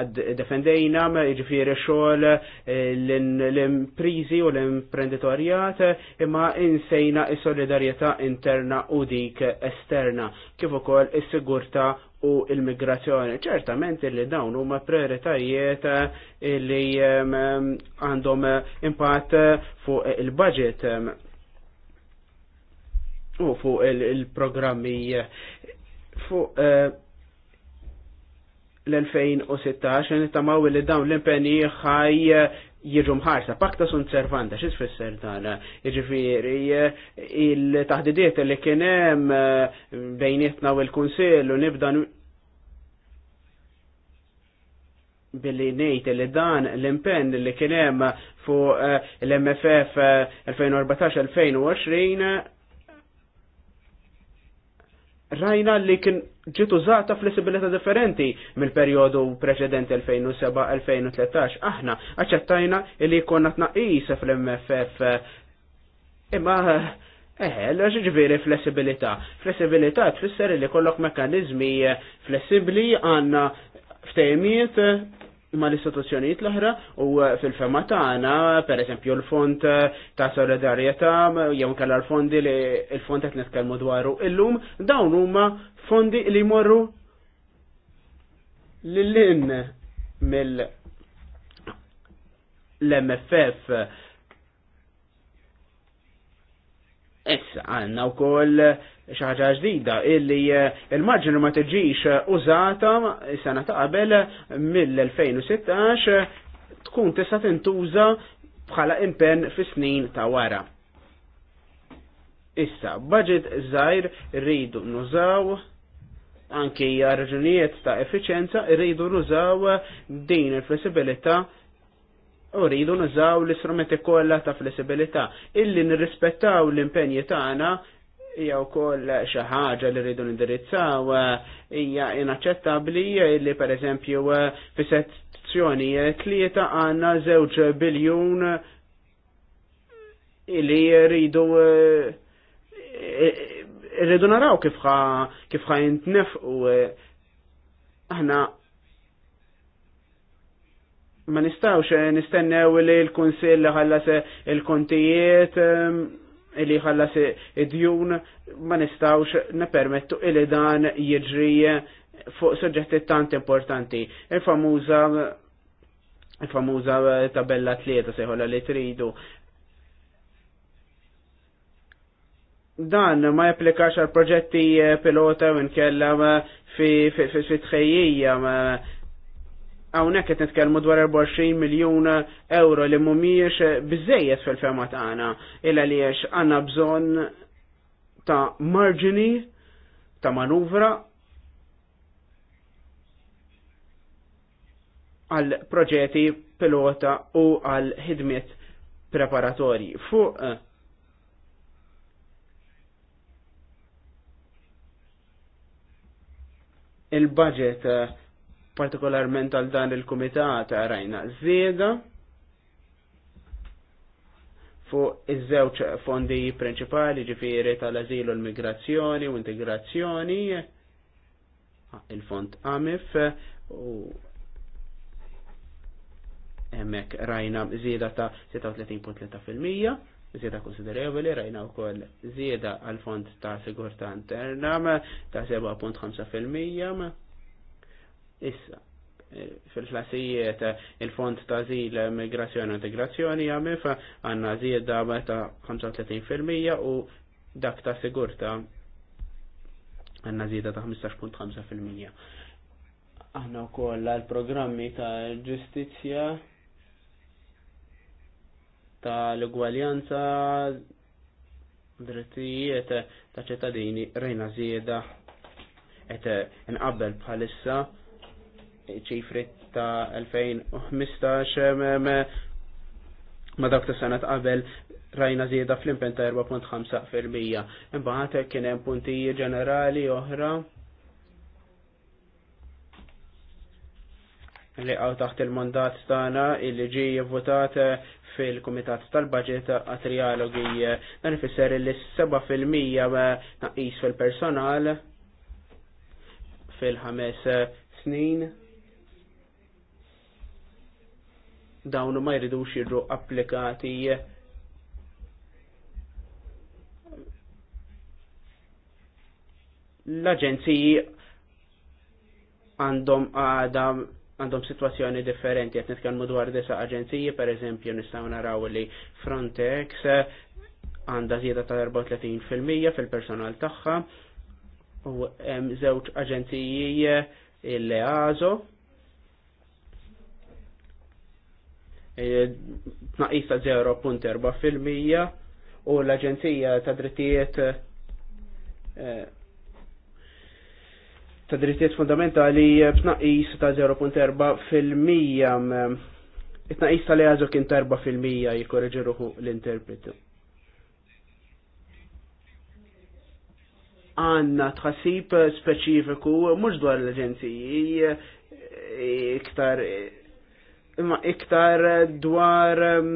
għad defendejna ġifiri xoħl eh, l-imprizi u l-imprenditorjat imma insejna il-solidarieta interna u dik esterna kif ukoll is-sigurta u il-migrazzjoni. ċertament li dawn huma prioritajiet li ehm, għandhom impatt fuq il-budget ehm, u fuq il-programmi fuq eh, l-2016 nittamaw li dawn l-impenni ħaj jirġu mħarsa, pakta sunt servanta, xis fisser dan, iġifiri, il-taħdidiet li kienem eh, bejnietna u l-Kunsil u nibdan billi nejt li dan l-impenn li kienem fuq eh, l-MFF eh, 2014-2020 rajna li kien ġiet użata flessibilità differenti mill-perjodu preċedenti 2007-2013. Aħna aċċettajna li jkollna tnaqqis fl-MFF. Imma Eh, l-għax flessibilità. Flessibilità tfisser li kollok mekanizmi flessibli għanna ftejmiet ma l-istituzzjonijiet l-oħra u eh, fil-fema tagħna, pereżempju l-fond eh, ta' solidarjetà jew kellha l-fondi li l-fond qed nitkellmu dwaru illum dawn huma fondi li jmorru lil-lin mill l-MFF Issa għanna u koll xaħġa ġdida illi eh, il-marġinu ma tiġix eh, użata sena ta' qabel eh, mill-2016 tkun tista' tintuża bħala impenn fi snin ta' wara. Issa, budget żgħir rridu nużaw anki raġunijiet ta' effiċenza rridu nużaw din il-flessibilità u rridu nużaw l-istrumenti kollha ta' flessibilità illi nirrispettaw l-impenji tagħna hija wkoll xi ħaġa li rridu nindirizzaw hija inaċċettabbli li pereżempju eh, fi sezzjoni tlieta għandna żewġ biljun li rridu eh, eh, rridu naraw kif ħa kif ħa jintnefqu aħna ma nistawx nistennew li l-kunsill ħallas il-kontijiet li ħallas id-djun ma nistawx nepermettu illi dan jiġri fuq soġġetti tant importanti. Il-famuża il-famuża tabella tlieta seħola li tridu. Dan ma japplikax għal proġetti pilota minn kella fi, fi, fi, fi tħejjija Hawnhekk qed nitkellmu dwar 24 miljun euro li mhumiex biżejjed fil-fema tagħna illa li għax għandna bżonn ta' marġini ta' manuvra għal proġetti pilota u għal ħidmiet preparatorji. Fuq eh, il-budget uh, partikolarment għal dan il-kumitat rajna żieda fuq iż-żewġ fondi prinċipali ġifieri tal-azilu l-migrazzjoni u integrazzjoni il-fond AMIF u hemmhekk rajna żieda ta' 36.3% Zieda konsiderevoli, rajna u koll zieda għal fond ta' sigurta interna ta' 7.5% Issa, eh, fil flasijiet eh, il-Fond ta' Zil eh, Migrazzjoni u Integrazzjoni għandna għanna zieda ta' 35% u dak ta' sigurta għanna zieda ta' 15.5%. Aħna u koll għal-programmi ta' ġustizja ta' l-ugwaljanza drittijiet ta' ċittadini rejna zieda et nqabbel bħalissa ċifri ta' 2015 ma dak ta' sena qabel rajna zieda fl-impen ta' 4.5%. Imbagħad kien hemm punti ġenerali oħra li għaw taħt il-mandat tagħna illi ġi votat fil-Kumitat tal-Budget għat-trialogi. Dan ifisser li 7% naqis fil-personal fil-ħames snin dawn ma jridux xirru applikati l-aġenziji għandhom għadam għandhom situazzjoni differenti, għet nitkellmu dwar disa aġenziji, per eżempju, nistaw naraw li Frontex għandha zjeda ta' 34% fil-personal tagħha u hemm żewġ aġenziji il-EASO E, tnaqisa ta' 0.4 fil-mija u l-Aġenzija ta' Drittijiet e, ta' drittijiet fundamentali b'tnaqis ta' 0.4 fil-mija it-naqis li għazu kien ta' 4 fil-mija jikorreġiruħu l-interpretu. Għanna tħassib speċifiku mux dwar l aġenzija e, iktar imma iktar dwar um,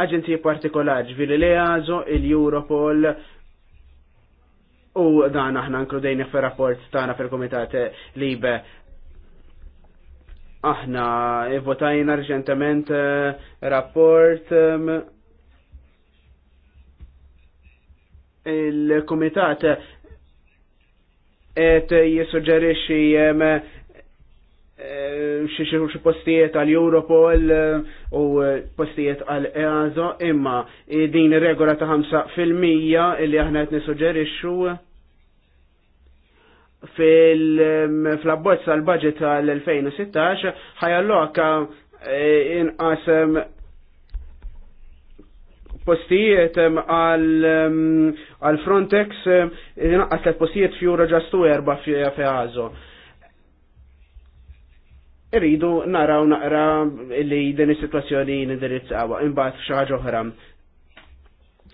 aġenti partikolari, ġviri li għazo il-Europol u dan aħna nkludejna fir rapport tagħna fil-Kumitat Libe. Aħna votajna reċentement eh, rapport um, il-Kumitat et jissuġġerixxi um, Eh, xiexiexu postijiet għal Europol eh, u eh, postijiet għal EASO imma din regola ta' 5% illi aħna qed nisuġġerixxu fil-abbozz għal budget għal 2016 ħajalloka inqasem postijiet għal Frontex inqas tliet postijiet fi Eurojust u erba' fi EASO irridu naraw naqra li din is-sitwazzjoni nindirizzawa imbagħad xi ħaġa oħra.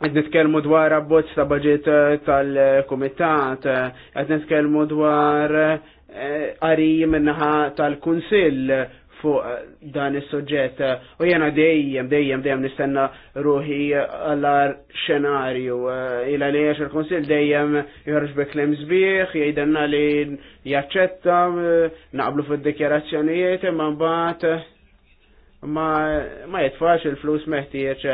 Qed nitkellmu dwar abbozz ta' baġit eh, tal-kumitat, eh, qed nitkellmu dwar eh, qari minnaħa tal-Kunsill fuq eh, dan is-soġġett eh, u jena dejjem dejjem dejjem nistenna ruħi eh, għallar xenarju ila li għax il-Konsil dejjem bek beklem sbieħ jgħidanna li jaċċetta naqblu fid-dikjarazzjonijiet imma mbagħad ma ma jitfax il-flus meħtieġ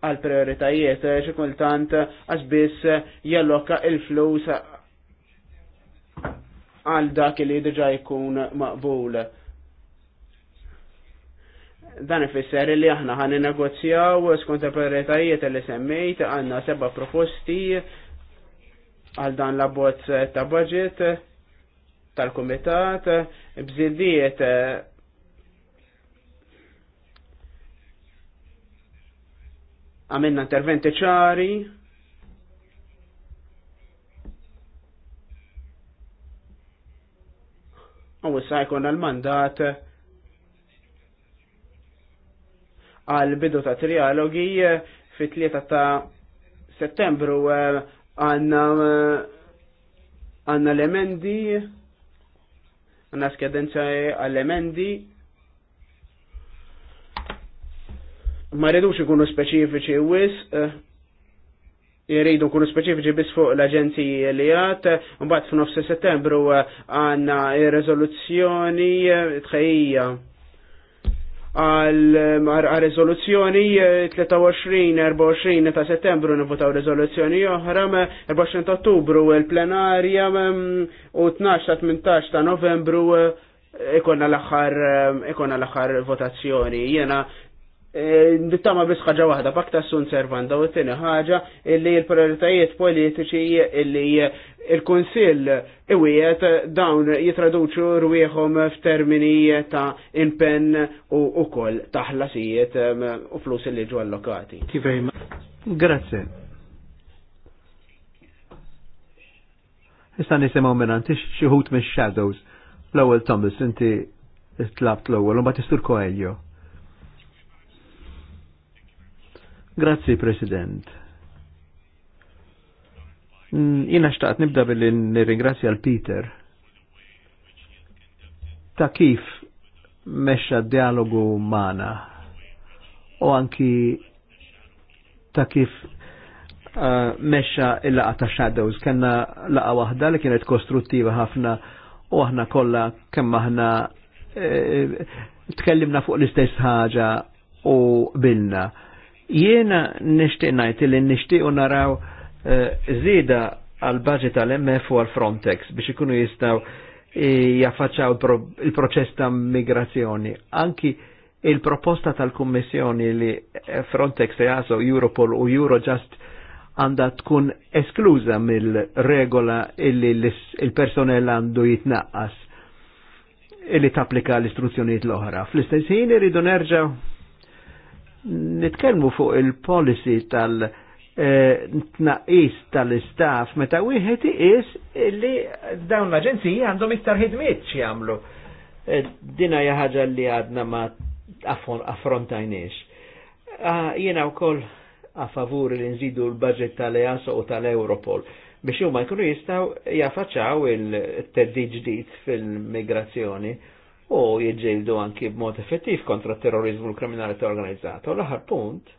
għal prioritajiet xi kultant għax biss jalloka il-flus għal dak li diġa jkun maqbul dan ifisser li aħna ħan negozjaw skont il-prioritajiet li semmejt għandna seba proposti għal dan l bozz ta' budget tal-kumitat bżiddiet għamilna interventi ċari u issa jkun l-mandat għal bidu ta' trialogi eh, fit-3 ta' settembru eh, għanna eh, għanna l-emendi għanna skedenza għall-emendi ma rridux ikunu speċifiċi wis jiridu kunu speċifiċi bis fuq l-aġenziji li għat, mbagħad f'nofs settembru għanna ir-rezoluzzjoni tħejja Eh, għal rezoluzzjoni 23-24 eh, ta' settembru nivotaw rezoluzzjoni oħra 24 ta' ottubru il-plenarja eh, mm, u 12 ta' 18 ta' novembru l ikonna l-axar votazzjoni. Jena E, nittama bis ħaġa wahda, bakta sun servanda u t-tini ħaġa illi l-prioritajiet politiċi illi il-Konsil iwiet dawn jitraduċu rwieħom f'termini ta' impenn u koll ta' ħlasijiet u flus illi ġu allokati. Grazie. Issa nisimaw minnant xieħut minn Shadows l-ewel Thomas inti tlabt l-ewel u ma istur Coelho. Grazzi, President. Mm, jina xtaqt nibda billi nirringrazzja l-Peter ta' kif meċa dialogu mana u anki ta' kif uh, meċa il-laqa ta' shadows kanna laqa wahda li kienet kostruttiva ħafna u aħna kolla kemm aħna e, tkellimna fuq l-istess ħaġa u bilna Jiena nishtiq ngħid li nixtiequ naraw zida eh, għal budget għal mf u għal Frontex biex ikunu jistgħu eh, jaffaċċaw il-proċess ta' migrazzjoni. Anki il-proposta tal-Kummissjoni li Frontex, EASO, Europol u Eurojust għanda tkun esklusa mill-regola illi il-personell għandu jitnaqqas illi tapplika l-istruzzjonijiet l-oħra. Fl-istess ħin irridu nerġaw nitkellmu fuq il-policy tal- eh, tnaqis tal-istaff meta wieħed is li dawn l-aġenziji għandhom iktar ħidmiet xi jagħmlu. Eh, dina hija ħaġa li għadna ma affrontajniex. Ah, jiena wkoll a favur li nżidu l-budget tal-EASO u tal-Europol biex huma jkunu jistgħu jaffaċċaw il teddi ġdid fil-migrazzjoni u jġildu anki b'mod effettiv kontra terrorizmu u kriminalità organizzata. U l-aħħar punt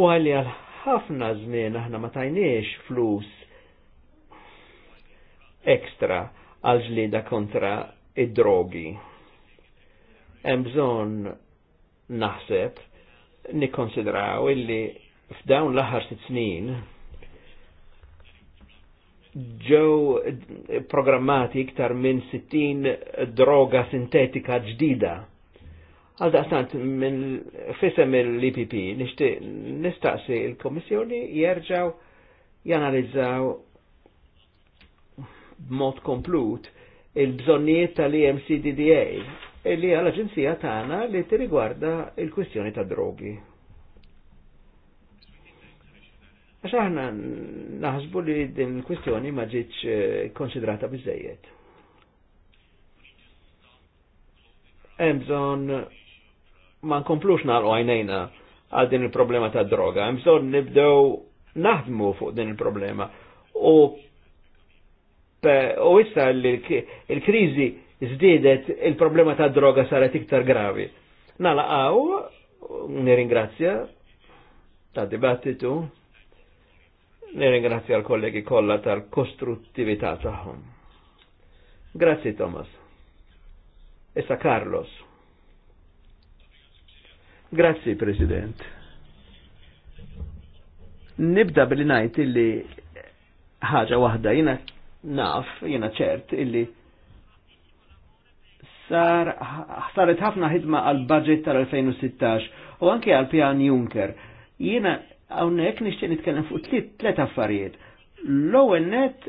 u għalli għal ħafna żmien aħna ma tajniex flus ekstra għal ġlida kontra id-drogi. Hemm bżonn naħseb nikonsidraw illi f'dawn l-aħħar sitt snin ġew programmati iktar minn 60 droga sintetika ġdida. Għal daqstant, minn fisem l-IPP, nistaqsi il-Komissjoni jerġaw janalizzaw mod komplut il-bżonniet tal-EMCDDA li għal-Aġenzija tagħna li tirigwarda il-kwistjoni ta' drogi. Għax aħna naħsbu li din il-kwistjoni ma ġietx eh, konsidrata bizzejiet. Emżon ma nkomplux narqu għajnejna għal din il-problema ta' droga, hemm bżonn nibdew naħdmu fuq din il-problema. U u issa il-kriżi zdidet il-problema ta' droga saret iktar gravi. Nalaqaw, niringrazzja ta' dibattitu Nirringrazzja l-kollegi kollha tal-kostruttività tagħhom. Grazzi Thomas. Issa Carlos. Grazzi President. Nibda billi ngħid illi ħaġa waħda jiena naf, jiena ċert illi sar saret ħafna ħidma għal budget tal-2016 u anke għal pjan Juncker. Jiena Hawnhekk nixtieq nitkellem fuq tliet affarijiet. L-ewwel net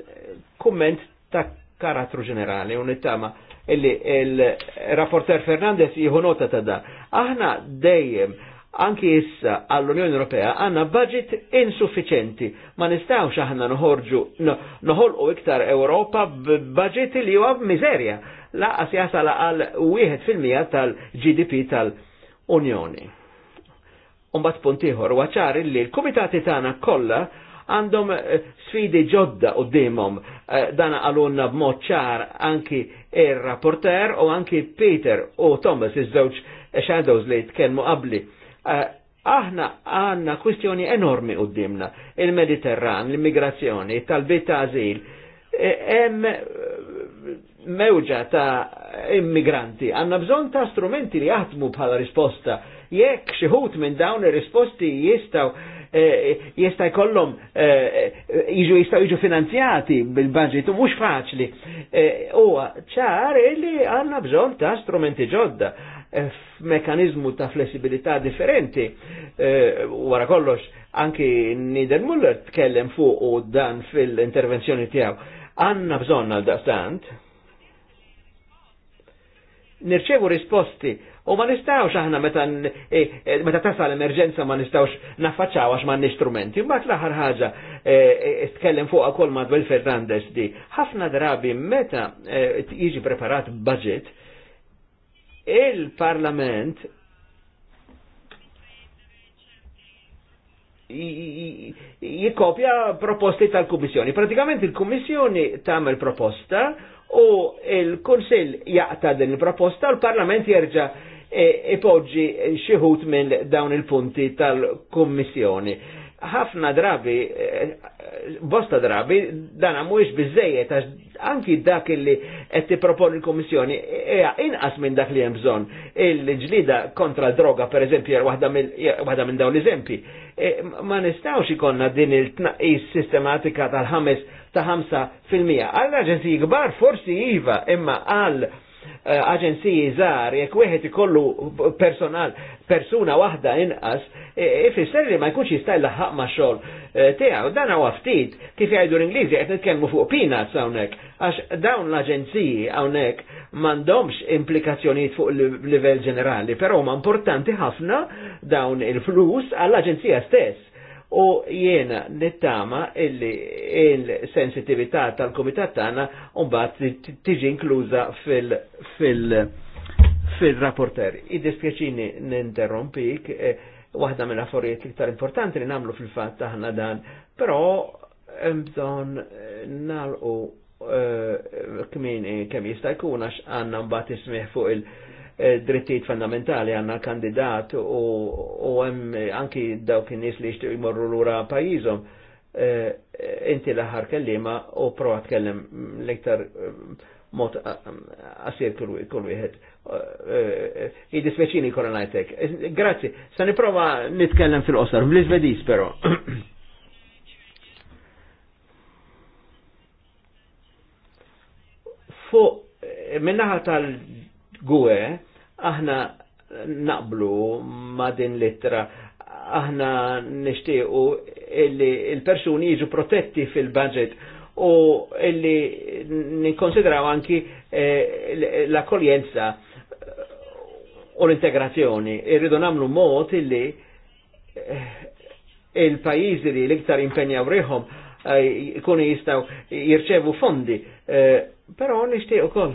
kumment ta' karattru ġenerali u nittama illi il-rapporter Fernandez jieħu nota ta' da. Aħna dejjem anki issa għall-Unjoni Ewropea għanna budget insuffiċenti. Ma nistawx aħna nħorġu, noħolqu iktar Ewropa b'budget li huwa mizerja. Laqas jasal għal 1% tal-GDP tal-Unjoni. Umbat puntiħor, waċar li l-komitati tana kolla għandhom eh, sfidi ġodda u dimom eh, dana għalunna b'mod ċar anki il-rapporter u anki Peter u Thomas iż-żewġ shadows li tkellmu qabli. Eh, aħna għanna kwistjoni enormi u dimna, il-Mediterran, l-immigrazzjoni, tal-bit ta' azil, hemm mewġa ta' immigranti, għanna bżon ta' strumenti li jaħdmu bħala risposta Jekk xi ħut minn dawn ir-risposti jistgħu eh, jista' jkollhom eh, jiġu jistgħu jiġu finanzjati bil baġit u mhux faċli. Eh, huwa ċar li għandna bżonn ta' strumenti ġodda f'mekanizmu ta' flessibilità differenti. Wara kollox anki Nieder Muller tkellem fuq u dan fil-intervenzjoni tiegħu. Għandna bżonn għal dastant. nirċevu risposti U ma nistawx aħna meta e, e, meta tasal emerġenza ma nistawx naffaċċaw għax m'għandniex strumenti. Mbagħad l-aħħar ħaġa e, tkellem fuqha wkoll Madwell Fernandez di. Ħafna drabi meta jiġi preparat budget il-Parlament jikopja proposti tal-Kummissjoni. Pratikament il-Kummissjoni tagħmel proposta u il-Kunsill jaqta din il-proposta u l-Parlament jerġa' E, ipoġġi xieħut minn dawn il-punti tal-Kommissjoni. Ħafna drabi, e, e, bosta drabi, dan mhuwiex biżejjed għax anki dak li qed tipproponi l kommissjoni hija inqas minn dak li hemm bżonn. Il-ġlida kontra droga per eżempju, waħda minn dawn l-eżempji. Ma nistgħux ikonna din il-tnaqqis sistematika tal-ħames ta' 5 fil-mija. Għall-aġenziji kbar forsi iva, imma għal Eh, aġenziji żgħar jekk wieħed ikollu personal persuna waħda inqas, e, ifisser li ma jkunx jista' laħħaq ma' xogħol eh, tiegħu. Dan huwa ftit kif jgħidu l-Ingliżi qed nitkellmu fuq peanuts hawnhekk, għax dawn l-aġenziji hawnhekk m'għandhomx implikazzjonijiet fuq livell ġenerali, però huma importanti ħafna dawn il-flus għall-aġenzija stess u jiena nittama illi il-sensitività tal-komitat tagħna unbat tiġi inkluża fil- fil fil-rapporter. Id-dispjaċini ninterrompik, e, waħda minna forjiet iktar importanti li namlu fil-fatt taħna dan, però bżon e, nalqu e, kmin kemm jista' jkun għax għandna mbagħad ismih fuq il- Eh, drittijiet fondamentali għanna kandidat u hemm eh, anki dawk in-nies li jixtiequ jmorru lura pajjiżhom. Eh, inti l kellima u prova tkellem l-iktar mod għasir kull wieħed. Jidispeċini kora koronajtek. Grazzi, sa niprofa nitkellem fil-qosar, bl-izvedis però. <coughs> Fuq minnaħa tal-gwe, Aħna naqblu ma din littra, aħna nishtiqu illi il-persuni jiġu protetti fil-budget u illi nikonsidraw anki eh, l-akkoljenza u l-integrazzjoni. Irridu namlu mod illi eh, il-pajizi li l-iktar impenjaw riħom eh, kuni jistaw jirċevu fondi. Pero nishtiq kol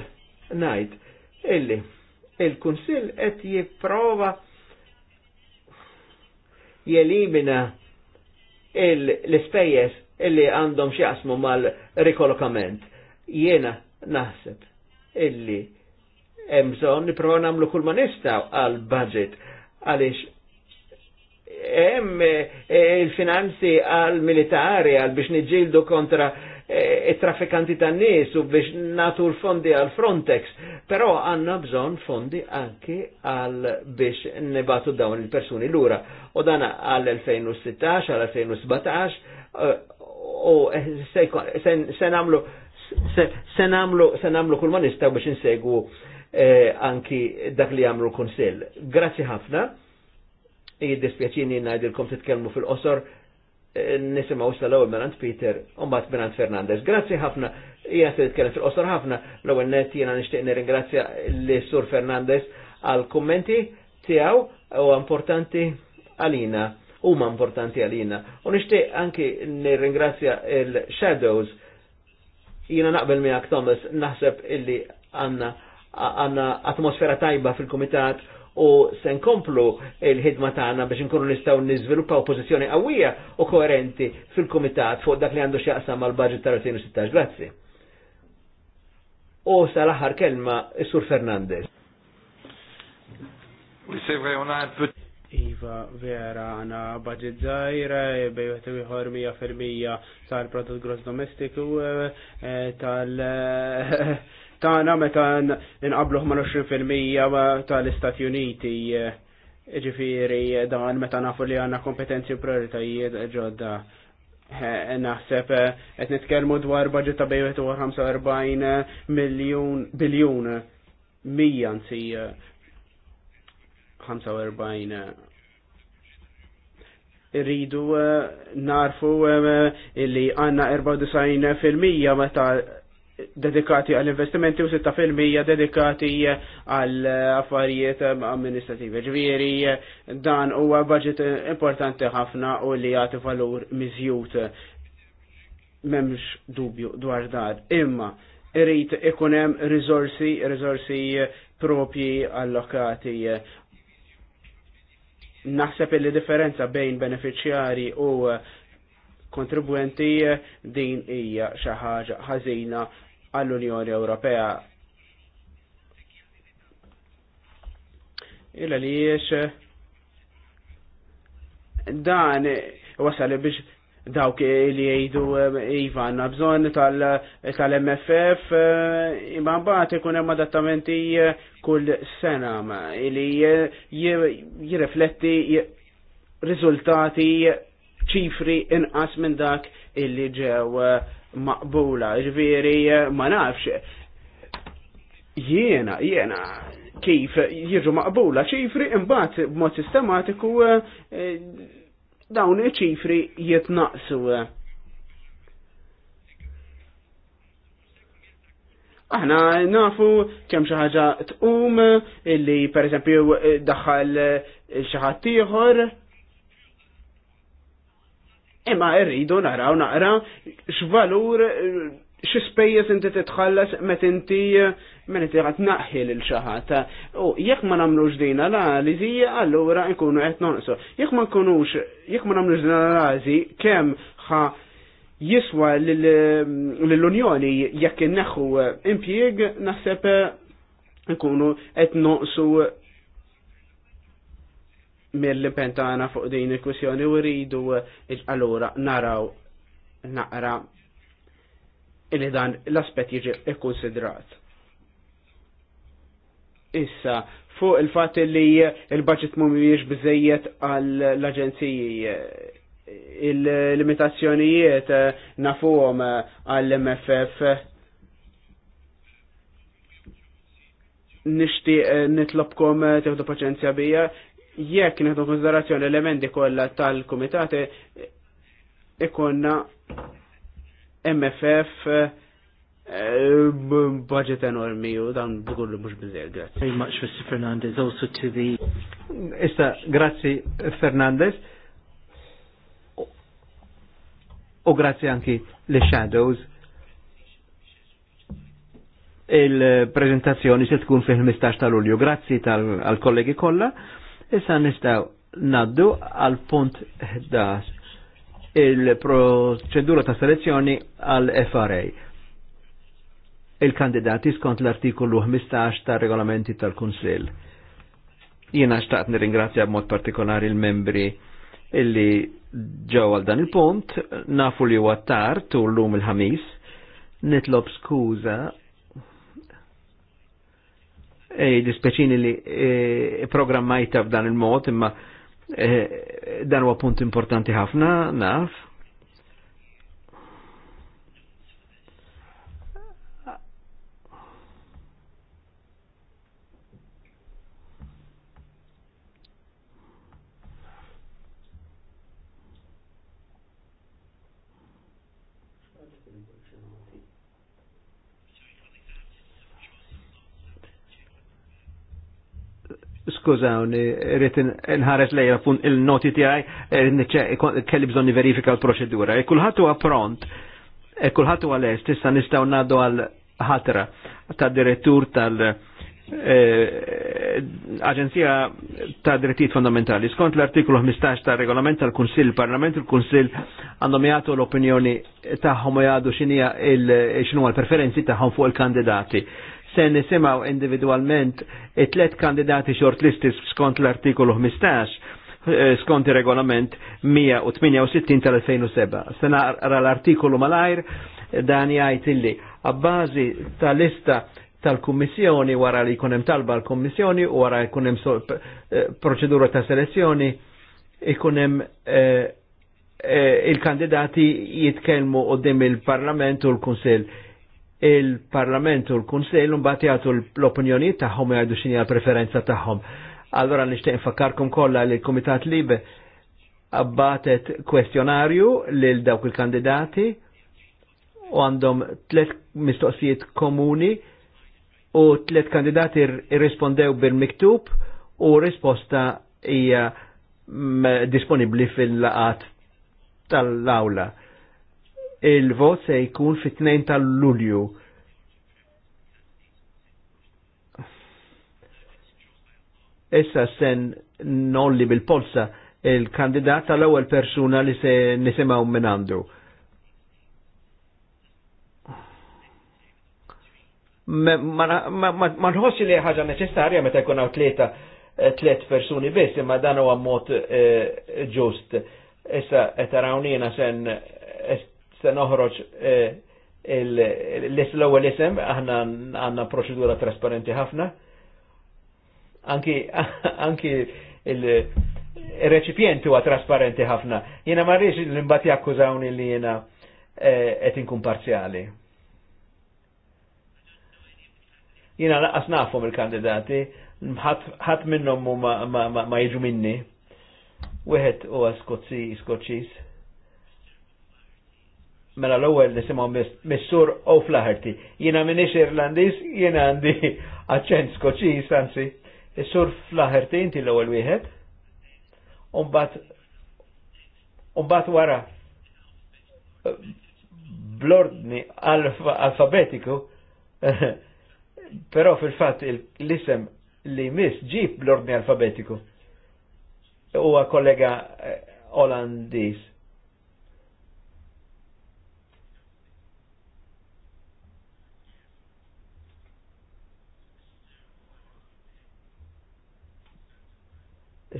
najt illi il-Kunsill qed jipprova jelimina l-ispejjeż illi għandhom xjaqsmu mal-rikolokament. Jiena naħseb illi hemm bżonn nipprova nagħmlu kull ma nistgħu għal budget għaliex hemm eh, il-finanzi għal militari għal biex niġġieldu kontra Eh, traffikanti tan nies u biex natu l-fondi għal Frontex, però għanna bżon fondi anki għal biex nebatu dawn il-persuni l-ura. U dan għal 2016, għal 2017, eh, u sen eh, għamlu sen għamlu se għamlu kull ma biex insegwu anki dak li għamlu l-Kunsill. Grazzi ħafna, id-dispjaċini najdilkom titkelmu fil-qosor, nisimaw sal-ewwel minant Peter u mbagħad minant Fernandez. Grazie ħafna, hija se nitkellem fil-qosor ħafna. L-ewwel net jiena nixtieq ringrazja l Sur Fernandez għal kommenti tijaw u importanti għalina, u ma importanti għalina. U nixtieq anki nir-ringrazja l shadows jiena naqbel miegħek Thomas naħseb illi għandna għanna atmosfera tajba fil-komitat u se nkomplu il-ħidma tagħna biex nkunu nistgħu niżviluppaw pożizzjoni qawwija u koerenti fil-kumitat fuq dak li għandu x'jaqsam mal-budget tal-2016. Grazzi. U sal-aħħar kelma is-Sur Fernandez. Iva, vera, għana budget zaħira, bejwet uħor 100% tal-prodott gross domestiku, eh, tal- <laughs> Tana meta inqabluh ma' 20% tal-Istati Uniti. Ġifieri dan meta nafu li għandna kompetenzi u prioritajiet ġodda. Naħseb qed nitkellmu dwar budget ta' bejwet 45 miljun biljun mija nsi 45 irridu eh, narfu eh, illi għanna 94% meta dedikati għall-investimenti u 6% dedikati għall affarijiet amministrativi. Ġviri, dan huwa budget importanti ħafna u li jagħti valur mizjut. M'hemmx dubju dwar dar. Imma irrit ikun hemm risorsi, propji allokati. Naħseb li differenza bejn beneficjari u kontribwenti din hija xi ħaġa ħażina għall-Unjoni Ewropea. Illa li jiex dan wasal biex dawk li jgħidu Ivan, bżonn tal-MFF imma mbagħad ikun hemm adattamenti kull sena li jirrifletti riżultati ċifri inqas minn dak illi ġew maqbula, ġviri ma nafx. Jiena, jiena, kif jiġu maqbula ċifri, imbat b'mod sistematiku eh, dawn iċ-ċifri jitnaqsu. Aħna nafu kemm xi ħaġa tqum illi pereżempju daħal xi ħadd ieħor imma rridu naraw naqra x'valur spejjeż inti titħallas meta inti meta inti qed naħħil il xaħat. U jekk ma nagħmlux din analiżi allura nkunu qed nonqsu. Jekk ma nkunux jekk ma nagħmlux din analiżi kemm ħa jiswa l-Unjoni jekk inneħħu impjieg naħseb nkunu qed noqsu mill-pentana fuq din il-kwissjoni u rridu allura naraw naqra illi dan l-aspet jiġi ikkonsidrat. Issa, fuq il-fat li il-budget mumiex bizzejiet għall-aġenziji il-limitazzjonijiet nafuhom għall-MFF nishti nitlobkom teħdu paċenzja bija jekk nieħdu konsiderazzjoni l-elementi kollha tal-kumitati ikonna MFF eh, budget enormi u dan bgullu mhux biżejjed, grazzi. Very much Mr. Fernandez also to the Issa, grazzi Fernandez. U grazzi anki le Shadows il-prezentazzjoni se tkun fil-15 tal-Ulju. Grazzi tal-kollegi kollha. Issa nistaw naddu għal punt 11 il-proċedura ta' selezzjoni għal FRA. Il-kandidati skont l-artikolu 15 ta' regolamenti tal-Kunsil. Jena xtaqt nirringrazzja b'mod partikolari l membri illi ġew għal dan il-punt, nafu li huwa tard u llum il-ħamis, nitlob skuża E, dispeċini li e, programmajta f'dan il-mod, imma e, dan huwa punt importanti ħafna, naf, Skużawni, rrit nħares lejja fun il-noti tiegħi, eh, kelli bżonni verifika l-proċedura. E kulħadd huwa pront, e kulħadd huwa lest, tista' nistgħu ngħaddu għal ħatra ta' direttur tal- eh, Aġenzija ta' Drittijiet Fundamentali. Skont l-artiklu 15 ta' regolament tal-Kunsill, il-Parlament, il-Kunsill għandhom jagħtu l-opinjoni tagħhom u jgħadu x'inija x'inhu l-preferenzi tagħhom fuq il-kandidati. il kandidati se nisimaw individualment it-tlet kandidati shortlistis skont l-artikolu 15 eh, skont il-regolament 168 tal-2007. Sena naqra l-artikolu malajr dan jgħid illi għabbażi tal-lista tal-Kummissjoni wara li jkun hemm talba l-Kummissjoni u wara jkun hemm so, eh, proċedura ta' selezzjoni ikun hemm eh, eh, il-kandidati jitkellmu dim il-Parlament u l-Kunsill il-Parlament u l-Kunsejl mbagħad jagħtu l-opinjoni tagħhom jgħidu x'inhi l-preferenza tagħhom. Allora nixtieq infakkarkom kollha li l-Kumitat Libe abbatet kwestjonarju lil dawk il-kandidati u għandhom tliet mistoqsijiet komuni u tliet kandidati irrispondew bil-miktub u risposta hija disponibbli fil-laqat tal-awla il-vot se jkun fit-2 tal-Lulju. Issa sen nolli bil-polsa il-kandidat tal-ewwel persuna li se nisimgħu minn għandu. ma nħossi li ħaġa neċessarja meta jkun hawn tlieta eh, tliet persuni biss, imma dan huwa mod eh, ġust. Issa qed rawnina sen se noħroġ eh, l-ewwel isem aħna għandna proċedura trasparenti ħafna. Anki <laughs> anki il-reċipjent huwa trasparenti ħafna. Jiena ma rridx l-imbagħad jakkużawni li jiena eh, qed inkun parzjali. Jiena laqas nafhom il-kandidati, ħadd minnhom ma jiġu minni. Wieħed huwa Skozzi, Skoċċiż mela l-ewwel nisimgħu Missur o Flaherty. Jiena minix Irlandiż, jiena għandi aċċent <laughs> skoċċiż anzi. Is-Sur Flaherty inti l-ewwel wieħed. Umbagħad umbagħad wara blordni alfabetiku, <laughs> però fil-fatt l-isem li miss ġib blordni alfabetiku. Huwa kollega eh, Olandiż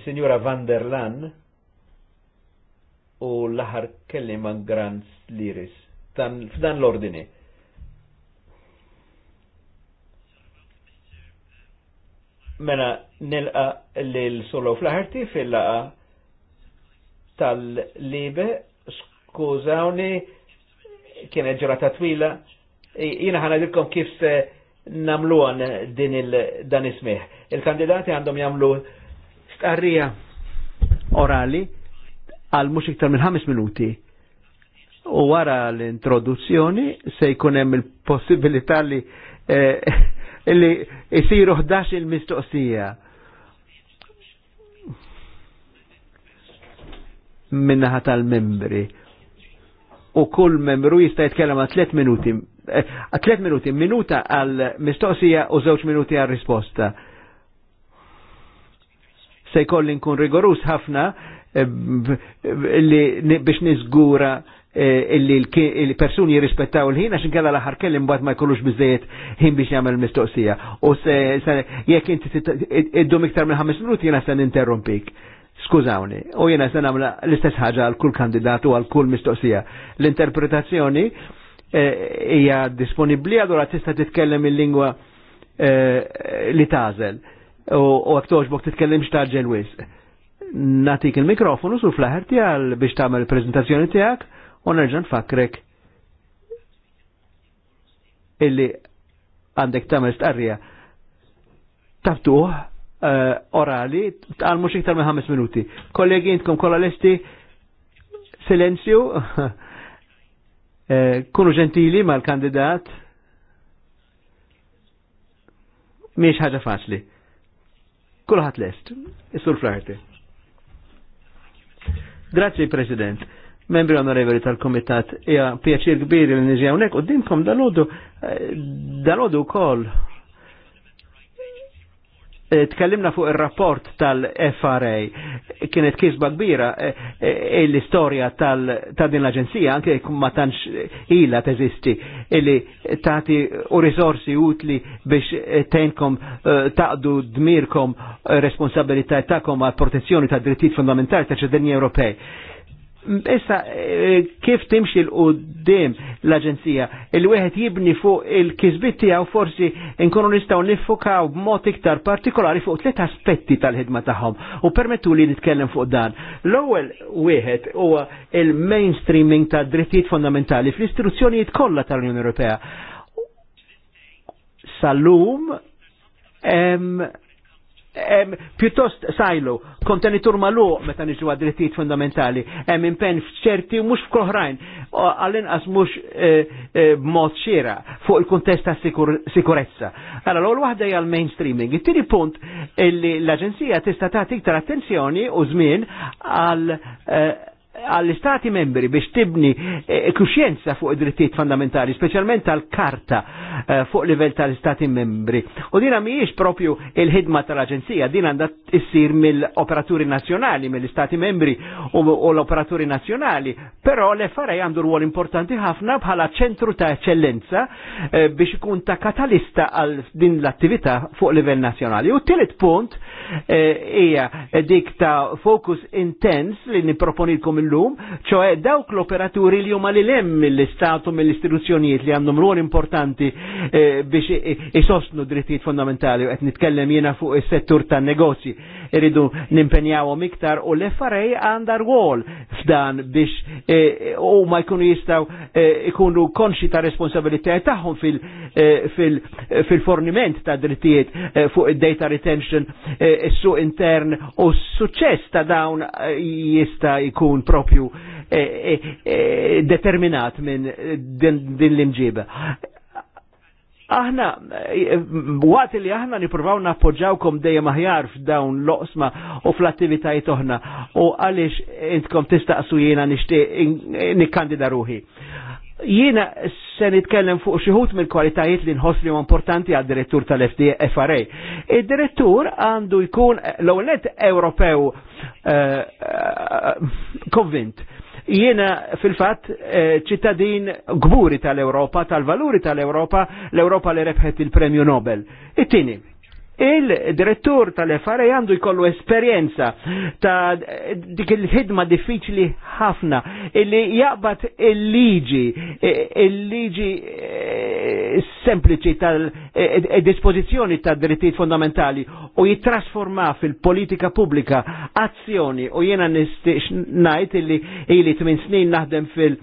Signora van der Lan u l-aħar kellima Grant Liris. F'dan l-ordini. Mela nilqa l-solo fl-ħarti fil-laqa tal-libe, skużawni, kienet ġurata twila, jina ħana dirkom kif se namlu din il-dan ismiħ. Il-kandidati għandhom jamlu Starrija orali għal mux iktar minn 5 minuti. U wara l-introduzzjoni se jkun hemm il-possibilità li eh, <laughs> li jisiru 11 il-mistoqsija. minnaħa tal-membri. U kull membru jista' jitkellem għal 3 minuti. Eh, għal 3 minuti, minuta għal mistoqsija u 2 minuti għal risposta se jkolli nkun rigorus ħafna eh, biex nizgura eh, illi l-persuni jirrispettaw l-ħin għax inkella l-aħħar kellim mbagħad ma jkollux biżejjed ħin biex jagħmel mistoqsija. U se jekk inti iddum iktar minn ħames minuti jiena se interrompik. Skużawni, u jiena se għamla l-istess ħaġa għal kull kandidat u għal kull mistoqsija. L-interpretazzjoni eh, hija disponibbli allura tista' titkellem il-lingwa li tażel u għak bok titkellimx taġġel wis. Natik il-mikrofonu sur fl-ħar tijal biex tamel prezentazzjoni tijak u nerġan fakrek illi għandek tamel starrija taftuħ eh, orali għal mux iktar minn 5 minuti. Kollegi intkom kolla lesti silenzju, <laughs> eh, kunu ġentili mal-kandidat, miex ħaġa faċli. Kulħadd lest. Is-Sur Flaherty. Grazzi President. Membri onorevoli tal-Komitat, ja pjaċir kbir u dinkom dal qudiemkom eh, dal dalodu kol, Eh, tkellimna fuq il-rapport tal-FRA, kienet kisba kbira eh, eh, l-istoria ta' din l-Aġenzija, anke ma tantx ila teżisti, illi tagħti u risorsi utli biex tenkom taqdu dmirkom responsabilità ta'kom għal protezzjoni ta' drittijiet fundamentali ta' ċedenji Ewropej Issa, eh, kif timxi l-qoddim l-Aġenzija, il-wieħed jibni fuq il-kizbit tiegħu forsi nkunu nistgħu niffukaw b'mod iktar partikolari fuq tliet aspetti tal-ħidma tagħhom u permettu li nitkellem fuq dan. L-ewwel wieħed huwa il-mainstreaming ta' drittijiet fondamentali fl-istruzzjonijiet kollha tal-Unjoni Ewropea. Sallum pjuttost sajlu, kontenitur malu meta nġu għadrittijiet fundamentali, hemm impenn f'ċerti mhux f'koħrajn, għallin inqas mhux e, e, b'mod xiera fuq il-kuntest ta' sikurezza. Allora l għol wahda jgħal mainstreaming it tini punt li l-Aġenzija tista' tagħti iktar attenzjoni u żmien għal e, għall-istati membri biex tibni eh, kuxjenza fuq id-drittijiet fondamentali, specialment tal-karta eh, fuq livell tal-istati membri. U dina miex propju il-ħidma tal-Aġenzija, din għandha issir mill-operaturi nazjonali, mill-istati membri u, l-operaturi nazjonali, però le farej għandu ruol importanti ħafna bħala ċentru ta' eccellenza eh, biex ikun ta' katalista għal din l-attività fuq livell nazjonali. U t-tielet punt hija dik ta' focus intens li niproponilkom illum, ċoħe dawk l-operaturi li huma li lem mill-istatu mill-istituzzjonijiet li għandhom ruol importanti biex isostnu drittijiet fondamentali u qed nitkellem jiena fuq is-settur tan-negozji irridu nimpenjawhom iktar u l-FRA għandha għol f'dan biex eh, eh, u ma jkunu jistaw eh, ikunu konxi ta' responsabilitet tagħhom fil-forniment ta' drittijiet fuq id-data retention is-suq intern u s-suċċess ta' dawn jista' jkun propju determinat minn din l-imġiba aħna, eh, eh, waqt li aħna nipruvaw nappoġġawkom dejjem aħjar f'dawn l-oqsma u fl-attivitajiet oħna u għaliex intkom tistaqsu jiena nixtieq nikkandida ruħi. Jiena se nitkellem fuq xi ħut mill kwalitajiet li nħoss li importanti għad direttur tal-FRA. Id-direttur għandu jkun l-ewlet Ewropew eh, konvint. Uh, uh, Jiena fil-fatt eh, ċittadin gburi tal-Europa, tal-valuri tal-Europa, l-Europa li rebħet il-Premju Nobel. It-tieni, il-direttur tal-FRA għandu jkollu esperienza ta' dik il-ħidma diffiċli ħafna illi jaqbad il-liġi il-liġi eh, sempliċi tal-dispozizjoni eh, ta' drittijiet fondamentali u jitrasforma fil-politika pubblika azzjoni u jena nistix najt illi ili 8 snin naħdem fil-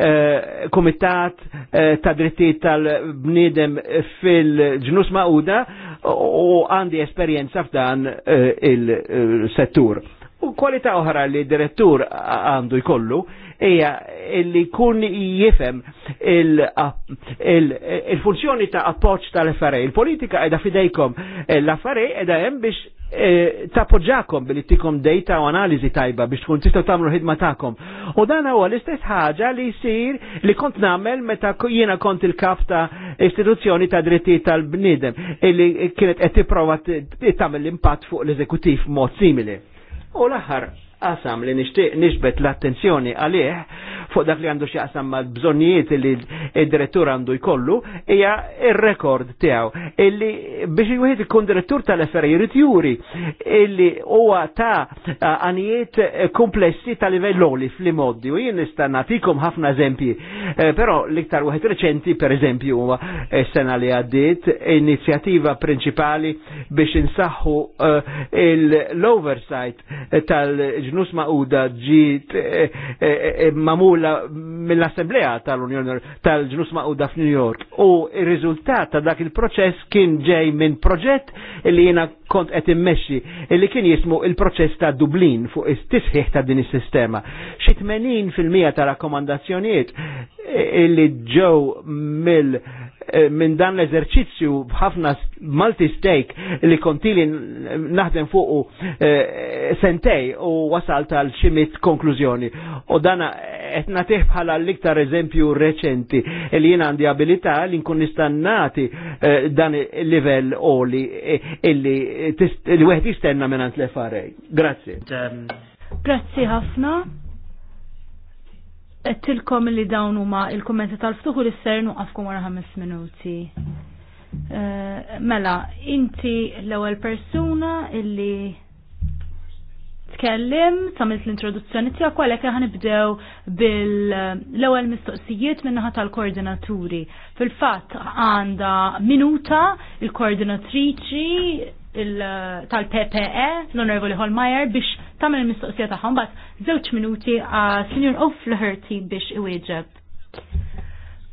Eh, komitat eh, ta' drittijiet tal-bniedem fil-ġnus ma'uda u għandi esperjenza f'dan eh, il-settur. U kwalità oħra li direttur għandu jkollu hija li kun jifem il-funzjoni ta' appoċ tal-affarej. Il-politika edha fidejkom l-affarej edha hemm biex E, tappoġġakom billi tikom data u analizi tajba biex tkun tistgħu tagħmlu ħidma tagħkom. U dan huwa l-istess ħaġa li jsir li kont nagħmel meta jiena kont il kaf ta' istituzzjoni ta' drittijiet tal-bniedem illi kienet qed tipprova tagħmel l-impatt fuq l-eżekutiv mod simili. U l-aħħar qasam li nixtieq nixbet l-attenzjoni għalih fuq dak li għandu qasam mal-bżonnijiet li id-direttur għandu jkollu hija ir-rekord tiegħu illi biex wieħed ikun direttur tal-affarijiet rituri juri illi huwa ta' għanijiet komplessi ta' livell oli fl-modi u jien nista' nagħtikom ħafna eżempji. Eh, però l-iktar wieħed reċenti pereżempju huwa s-sena li għaddiet inizjattiva prinċipali biex insaħħu eh, l-oversight tal- ġnus maquda ġiet eh, eh, eh, mamula mill-Assemblea tal-Unjoni tal-ġnus maquda f'New York u r-riżultat ta' dak il-proċess kien ġej minn proġett li jiena kont qed immexxi li kien jismu il-proċess ta' Dublin fuq is-tisħiħ ta' din is-sistema. Xi 80% ta' rakkomandazzjonijiet illi ġew mill- Eh, minn dan l-eżerċizzju bħafna multi-stake li kontili naħdem fuq eh, sentej u wasal tal ximit konklużjoni. U dana etna eh, bħala l-iktar eżempju reċenti li jina għandi abilita li nkun nistannati dan il-level u li li wieħed jistenna minn l-farej. Grazie. Grazie ħafna tilkom li dawn huma il-kommenti tal-ftuħ u li s-ser nuqafkom wara ħames minuti. Eh, mela, inti l-ewwel persuna illi tkellem, tagħmel l-introduzzjoni tiegħek għalhekk ħanibdew bil-ewwel mistoqsijiet min-naħa tal-koordinaturi. Fil-fatt għandha minuta il-koordinatriċi tal-PPE, l-Onorevoli Holmeyer, biex tamil il-mistoqsija taħħom, bat zewċ minuti għal Senior O'Flaherty biex iwieġeb.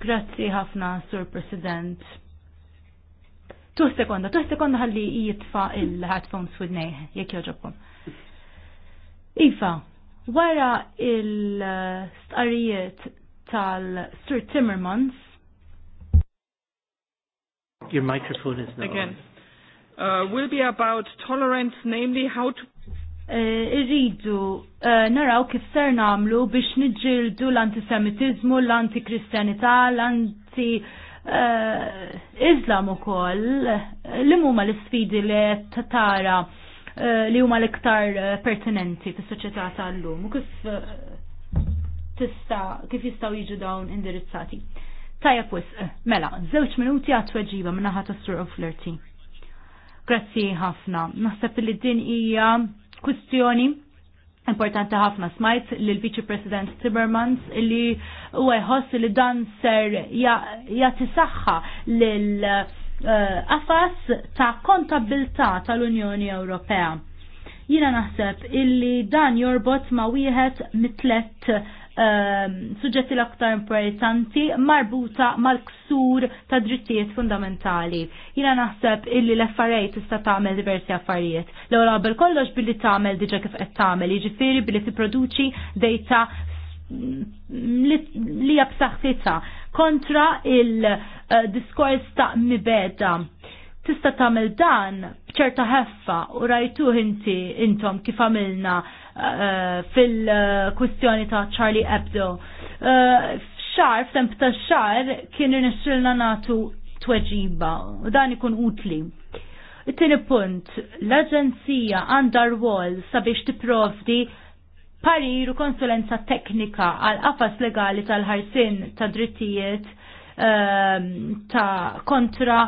Grazzi ħafna, Sur President. Tuħ sekonda, tuħ sekonda ħalli jitfa il-headphones fudnej, jek joġobkom. Iva, wara il-starijiet tal-Sir Timmermans. Your microphone is not Again. on. Uh, will be about tolerance, namely how to eh, irridu eh, naraw kif ser namlu biex niġildu l-antisemitizmu, l-antikristjanità, l-anti eh, Islam ukoll li huma l-isfidi li qed tara li huma l-iktar pertinenti fis-soċjetà tal-lum u kif tista' kif jistgħu jiġu dawn indirizzati. Tajja wisq, mela, żewġ minuti għat tweġiba minnaħa tas-sur of flirting. Grazzi ħafna. Naħseb li din hija kwistjoni importanti ħafna smajt lill viċi President Timmermans li huwa jħoss li dan ser jagħti saħħa lil eh, qafas ta' kontabilta tal-Unjoni Ewropea. Jina naħseb illi dan jorbot ma' wieħed mitlet Ehm, suġġetti l-aktar importanti marbuta mal-ksur ta' drittijiet fundamentali. Jina naħseb illi l-FRA tista' tagħmel diversi affarijiet. L-ewwel qabel kollox billi tagħmel diġà kif qed tagħmel, jiġifieri billi tipproduċi data mm, li hija b'saħħitha kontra il-diskors eh, ta' mibeda tista' tagħmel dan bċerta ħeffa u rajtuh inti intom kif għamilna uh, fil-kwistjoni ta' Charlie Hebdo. Uh, eh, xar, f'temp ta' xar, kien nisrilna nagħtu tweġiba u dan ikun utli. It-tieni punt, l-Aġenzija għandha rwol sabiex tipprovdi parir u konsulenza teknika għal qafas legali tal-ħarsin ta' drittijiet ta' kontra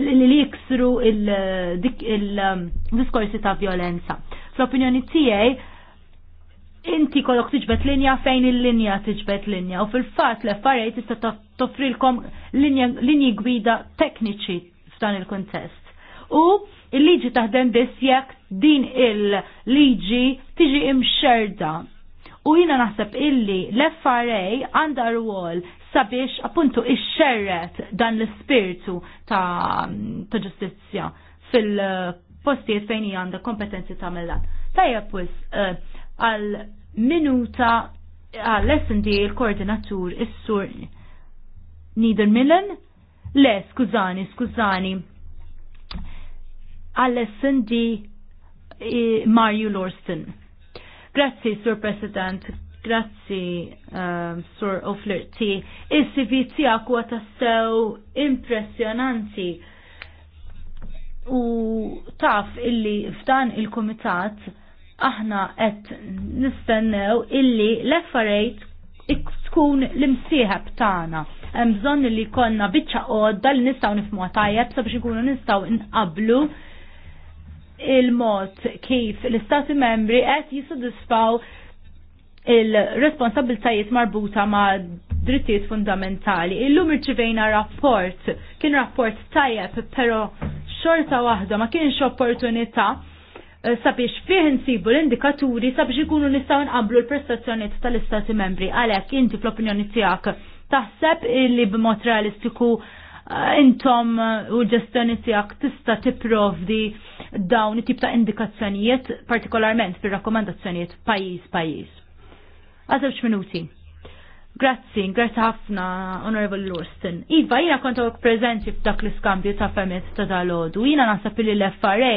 li jiksru il-diskorsi um, ta' violenza. Fl-opinjoni tiegħi inti kolok tiġbet linja fejn il-linja tiġbet linja u fil-fat l-affarej tista toffrilkom linji gwida tekniċi f'dan il-kontest. U il-liġi taħdem biss jekk din il-liġi tiġi imxerda. U jina naħseb illi l-FRA għandha rwol sabiex appuntu ixxerret dan l-spiritu ta', ta ġustizzja fil-postijiet fejn hija għandha kompetenzi ta' mellan. Tajjeb wis eh, għal minuta għal di il-koordinatur is-sur Niedermillen? Le, skużani, skużani. Għal di eh, Marju Lorsten. Grazzi, Sur President. Grazzi, um, Sur O'Flirty. Is-CV tiegħek huwa tassew impressjonanti u taf illi f'dan il-kumitat aħna qed nistennew illi l-affarejt tkun l-imsieħeb tagħna. Hemm bżonn li konna biċċa għodda li nistgħu nifhmuha tajjeb sabiex ikunu nistgħu inqablu il-mod kif l-Istati membri qed jisodisfaw il-responsabiltajiet marbuta ma' drittijiet fundamentali. Illum irċivejna rapport, kien rapport tajjeb, pero xorta waħda ma kienx opportunità eh, sabiex fih nsibu l-indikaturi sabiex ikunu nistgħu nqablu l-prestazzjoniet tal-istati membri. Għalhekk inti fl-opinjoni tiegħek taħseb illi b'mod realistiku eh, intom eh, u ġestjoni tiegħek tista' tipprovdi dawn it-tip ta' indikazzjonijiet partikolarment fir-rakkomandazzjonijiet pajjiż pajjiż. Għazewċ minuti. Grazzi, grazzi ħafna, Honorable Lurston. Iva, jina konta prezenti f'dak l-iskambju ta' femmet ta' dal-ħodu. Jina nasab li l-FRA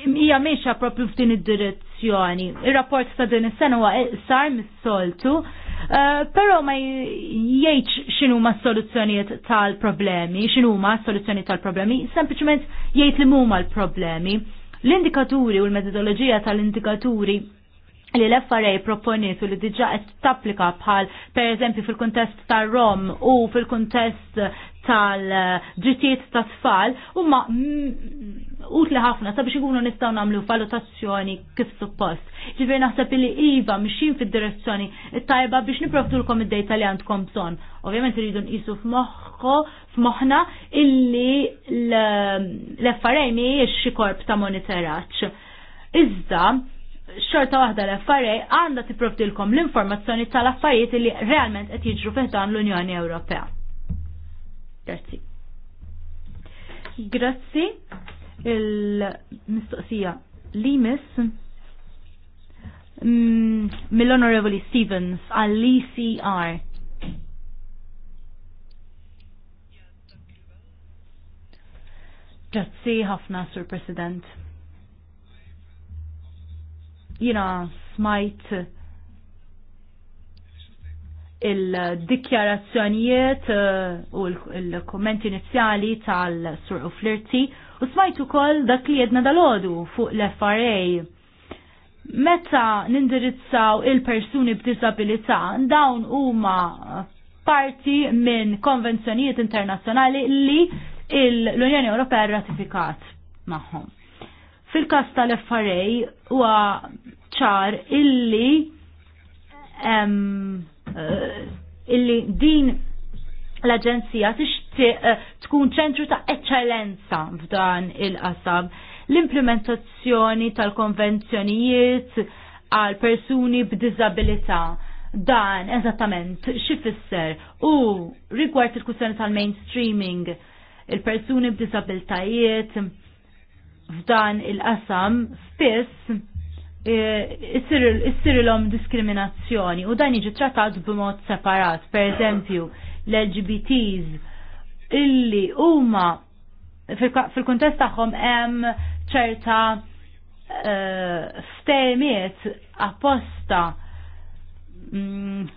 jina meċa propju f'din id-direzzjoni. Ir-rapport ta' din is-sena huwa e- sar mis-soltu, pero eh, però ma jgħidx xinu ma soluzzjonijiet tal-problemi, xinu ma soluzzjoni tal-problemi, sempliċement jgħid li ma' l-problemi. L-indikaturi u l-metodoloġija tal-indikaturi li l-FRA proponiet u li diġa qed tapplika bħal per eżempju fil-kuntest tal-Rom u fil-kuntest tal-ġitiet ta' tfal u ma mm, utli ħafna sabiex ikunu nistgħu nagħmlu valutazzjoni kif suppost. Ġifier naħseb li iva mixin fid-direzzjoni tajba biex l-kom id-dejta li għandkom bżonn. Ovvjament iridu nqisu f'moħħu f'moħħna illi l-FRA mhijiex xi korp ta' monitoraċ. Iżda, xorta waħda l-affarej għanda tiprovdilkom l-informazzjoni tal-affarijiet li realment qed jiġru fiħdan l-Unjoni Ewropea. Grazzi. Grazzi il-mistoqsija Limis mm, mill-Honorable Stevens għall-ECR. Grazzi ħafna, Sur President jina smajt il-dikjarazzjonijiet uh, u l kommenti inizjali tal-Sur u Flirti u smajt ukoll dak li jedna dal-ħodu fuq l-FRA. Meta nindirizzaw il-persuni b'disabilità, dawn huma parti minn konvenzjonijiet internazzjonali li l-Unjoni Ewropea ratifikat magħhom. Fil-kas tal-FRA huwa ċar illi um, uh, illi din l-Aġenzija tixtieq uh, tkun ċentru ta' eċċellenza f'dan il-qasam. L-implementazzjoni tal-konvenzjonijiet għal persuni b'diżabilità dan eżattament xifisser u rigward il-kussjoni tal-mainstreaming il-persuni b'dizabilitajiet f'dan il-qasam spiss e, issirilhom diskriminazzjoni u dan jiġi trattat b'mod separat. Per eżempju, l-LGBTs illi huma fil-kuntest tagħhom hemm ċerta uh, apposta mm.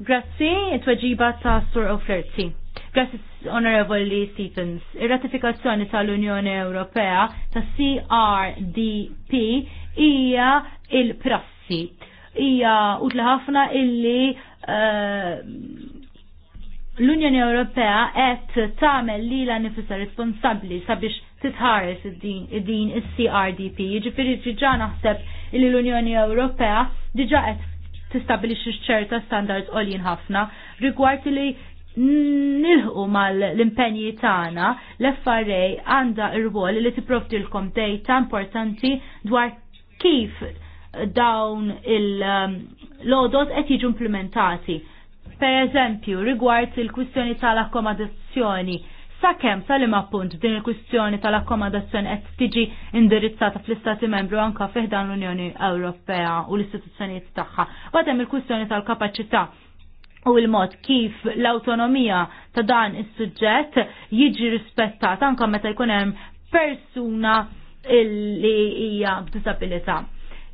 Grazzi, it-tweġiba ta' Sur O'Flirty. Grazie, Onorevoli Stevens. Ir-ratifikazzjoni tal-Unjoni Ewropea ta' CRDP hija il-prassi. Hija utla ħafna illi eh, l-Unjoni Ewropea qed tagħmel lilha nifisha responsabbli sabiex titħares id-din is-CRDP. Jiġifieri diġà naħseb li l-Unjoni Ewropea diġà qed tistabbilixxi ċerta standards għoljin ħafna rigward li nilħu mal-impenji tagħna l-FRA għandha rwol li tipprovdilkom data importanti dwar kif dawn il-lodot qed jiġu implementati. Per eżempju, rigward il-kwistjoni tal-akkomodazzjoni, sakemm sal ma punt din il-kwistjoni tal-akkomodazzjoni qed tiġi indirizzata fl-Istati Membru fih fiħdan l-Unjoni Ewropea u l-istituzzjonijiet tagħha. Wadem il-kwistjoni tal-kapaċità u il-mod kif l-autonomija ta' dan is-suġġett jiġi rispettat anke meta jkun hemm persuna li hija b'disabilità.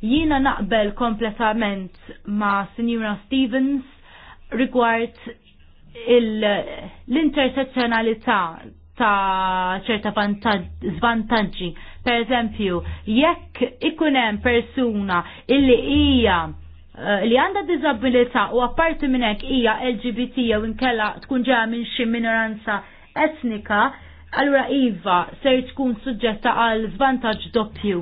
Jiena naqbel kompletament ma' Sinjura Stevens rigward l-intersezzjonalità ta' ċerta vantaġġi. Per eżempju, jekk ikun hemm persuna illi hija Eh, li għanda disabilità u apparti minn hekk hija LGBT jew inkella tkun ġeja minn xi minoranza etnika, allura iva ser tkun suġġetta għal vantaġġ doppju.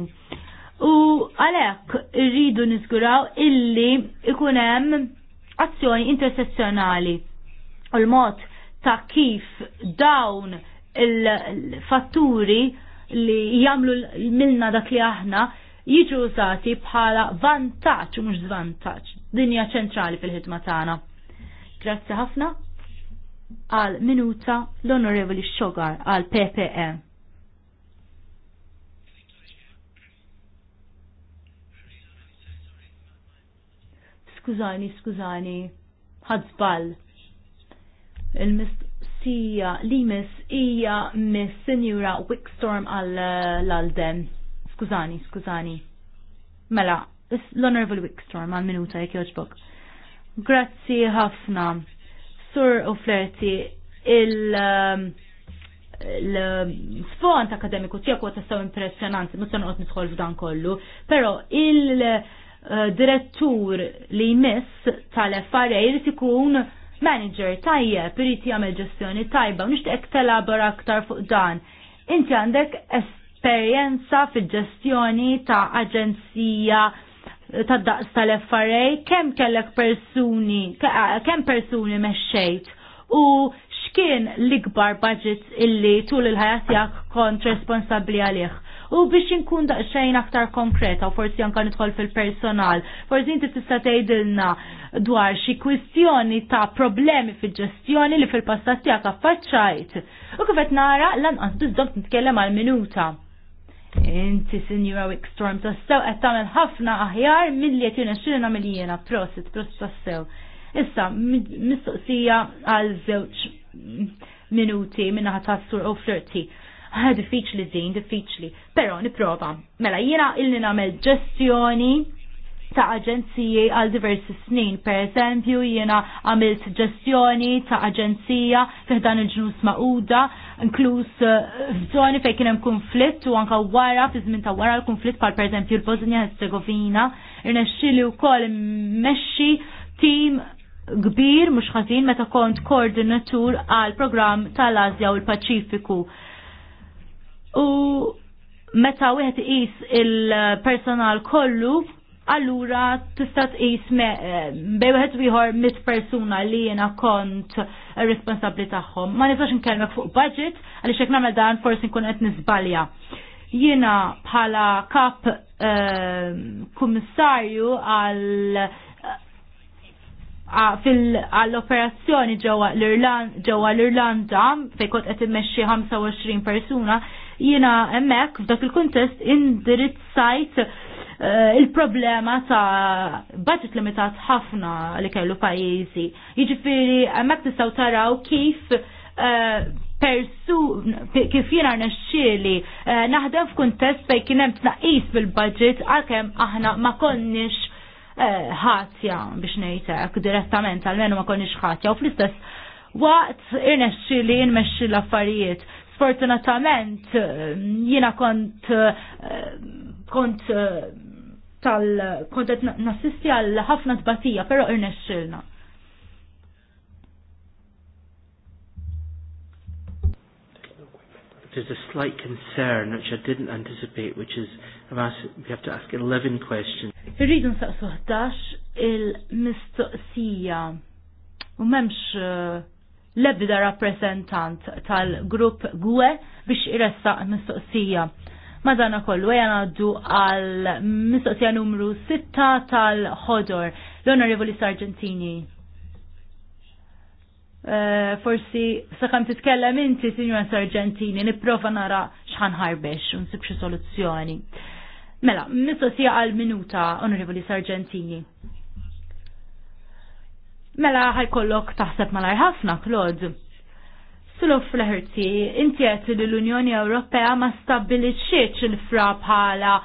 U għalhekk irridu niżguraw illi ikun hemm azzjoni intersezzjonali u l-mod ta' kif dawn il-fatturi li jagħmlu milna dak li aħna jiġu użati bħala vantaġġ u mhux żvantaġġ. Dinja ċentrali fil-ħidma tagħna. Grazzi ħafna għal minuta l-Onorevoli Xogar għal PPE. Skużani, skużani, ħadżbal. il missija li mis hija mis Sinjura Wickstorm għal l-Alden. Skużani, skużani. Mela, l-Honorable Wickstorm għal minuta jek joġbok. Grazzi ħafna. Sur u flerti il- um, l-sfond um, akademiku tijak u tassew impressjonanti, mhux se noqgħod nidħol f'dan kollu, però il-direttur uh, li jmiss tal-FRA jrid ikun manager tajjeb irid jagħmel ġestjoni tajba u nixtieq telabora aktar fuq dan. Inti għandek esperjenza fil-ġestjoni ta' aġenzija ta' daqs tal-FRA, kemm kellek persuni, kemm persuni meċċejt u x'kien l-ikbar budget illi tul il-ħajja tiegħek kont responsabbli għalih. U biex inkun daqsxejn aktar konkreta, u forsi anka nidħol fil-personal, forsi inti tista' tgħidilna dwar xi kwistjoni ta' problemi fil-ġestjoni li fil-passat tiegħek affaċċajt. U kif qed nara lanqas biżdob nitkellem għal minuta. Inti sinjura Wickstorm tassew qed tagħmel ħafna aħjar milli qed xirina milliena, prosit, prosit tassew. Issa, mistoqsija għal żewġ minuti minna ħatassur u flirti. Ah, diffiċli din, diffiċli. Pero niprofa. Mela jiena illi nagħmel ġestjoni ta' aġenziji għal diversi snin. Per eżempju, jiena għamilt ġestjoni ta' aġenzija fiħdan il-ġnus ma'uda, inkluż eh, f'żoni fejn kien hemm konflitt u anka wara fi żmien ta' wara l-konflitt bħal pereżempju l-Bosnia Herzegovina, irnexxieli wkoll immexxi tim kbir mhux ħażin meta kont koordinatur għal programm tal-Asja u l-Paċifiku. U meta wieħed is il-personal kollu allura tista' jisme, eh, bejwet viħor mit persuna li jiena kont responsabbli tagħhom. Ma nistax nkellmek fuq budget għaliex hekk nagħmel dan forsi nkun qed nisbalja. Jiena bħala kap eh, kummissarju għal eh, għall-operazzjoni ġewwa l-Irlanda fejn kont qed immexxi 25 persuna, jiena hemmhekk f'dak il-kuntest indirizzajt Eh, il-problema ta' budget limitat ħafna li kellu pajjiżi. Jiġifieri hemmhekk tistgħu taraw kif eh, persu kif jiena nexxieli eh, naħdem f'kuntest fejn kien hemm tnaqis bil-budget għalkemm aħna ma konniex ħatja biex ngħidlek direttament għalmenu ma konniex ħatja u fl-istess waqt irnexxieli nmexxi l-affarijiet. Sfortunatament jiena kont kont tal-kontet nassisti għal ħafna tbatija, pero irnexxilna. There's a slight concern which I didn't anticipate, which is I'm asked, we have to ask 11 questions. Irridu nsaqsu 11 il-mistoqsija u memx uh, lebda rappresentant tal-grupp GUE biex iressa mistoqsija. Madana kollu għajan għaddu għal mistoqsija numru 6 tal-ħodor, l-Onorevoli Sargentini. Uh, forsi sakam titkellem inti, Signora Sargentini, nipprova nara xħan ħarbex, unsib xi soluzzjoni. Mela, mistoqsija għal minuta, Onorevoli Sargentini. Mela, ħajkollok taħseb malar ħafna, Claude Sulof fl-ħerti, inti għet li l-Unjoni Ewropea ma stabiliċieċ il-fra bħala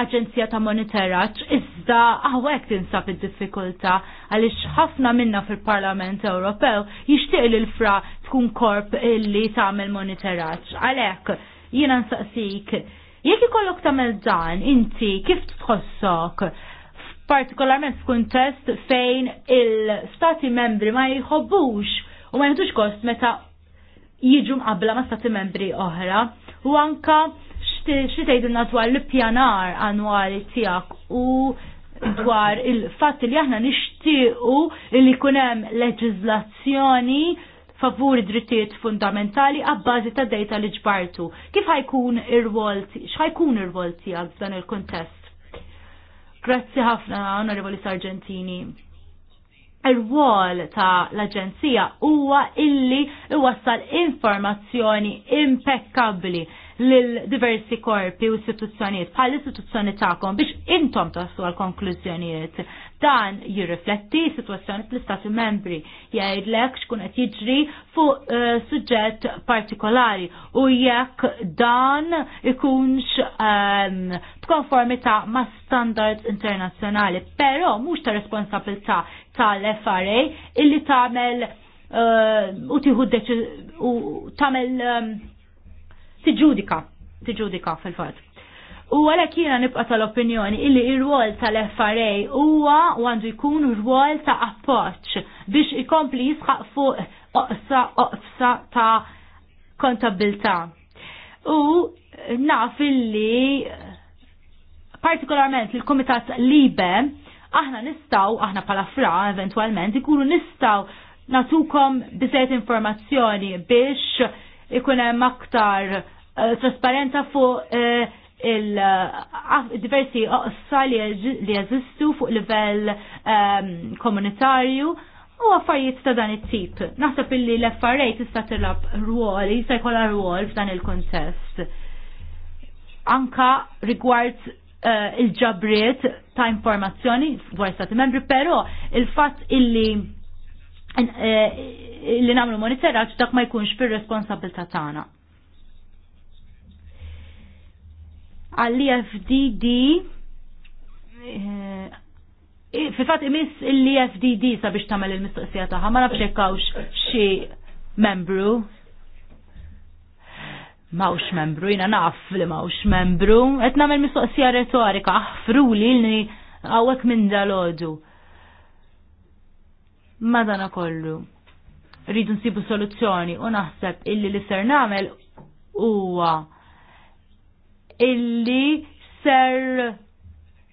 Aġenzija ta' Monitoraġġ iżda għawek tinsab id-diffikultà għaliex ħafna minna fil-Parlament Ewropew jixtieq li l-fra tkun korp illi tagħmel monitoraġġ. Għalhekk jiena nsaqsik jekk ikollok tagħmel dan inti kif tħossok partikolarment f'kuntest fejn il-stati membri ma jħobbux u ma jħedux kost meta jiġu mqabla ma' stati membri oħra u anka xitejdilna dwar l-pjanar annwali tijak u dwar il-fatt li aħna nishtiqu li kunem leġizlazzjoni favur drittijiet fundamentali għabbażi ta' dejta li ġbartu. Kif ħajkun ir volti xħajkun ir volti tijak f'dan il-kontest? Grazzi ħafna, onorevoli Sargentini il wol ta' l-Aġenzija huwa illi iwassal informazzjoni impeccabli l-diversi korpi u istituzzjonijiet bħal istituzzjoni ta'kom biex intom tassu għal konklużjonijiet. Dan jirrifletti situazzjoni fl-Istati membri jgħidlek xkun qed jiġri fuq uh, suġġett partikolari u jekk dan ikunx um, b'konformità ma' standards internazzjonali, però mhux ta' responsabilità tal-FRA illi tagħmel uh, u tieħu u tagħmel um, tiġudika, tiġudika fil-fatt. U għalhekk jiena nibqa tal-opinjoni illi il rwol tal-FRA huwa għandu jkun rwol ta' appoġġ biex ikompli jisħaq fuq oqsa oqsa ta' kontabilta. U naf illi partikolarment il-Komitat Libe aħna nistaw, aħna pala fra eventualment, ikunu nistaw natukom bizet informazzjoni biex ikunem aktar Eh, trasparenza fuq eh, il-diversi eh, oqsa li jazistu fuq livell ehm, komunitarju u affarijiet ta' dan it-tip. Naħseb illi l-FRA tista' tilab rwol, jista' jkollha rwol f'dan il-kontest. Anka rigward il-ġabriet ta' informazzjoni dwar stati membri, però il-fatt illi li namlu monitoraġġ dak ma jkunx fir-responsabilità tagħna. għall fdd eh, eh, fil-fat imis l-IFDD sabiex tamel il-mistoqsija taħħa, ma nafxekkawx xi membru. Mawx membru, jina naf li mawx membru, et namel mistoqsija retorika, ahfru li l-ni għawek minn dal-ħodu. Madana kollu. Rridu nsibu soluzzjoni u naħseb illi li ser namel huwa illi ser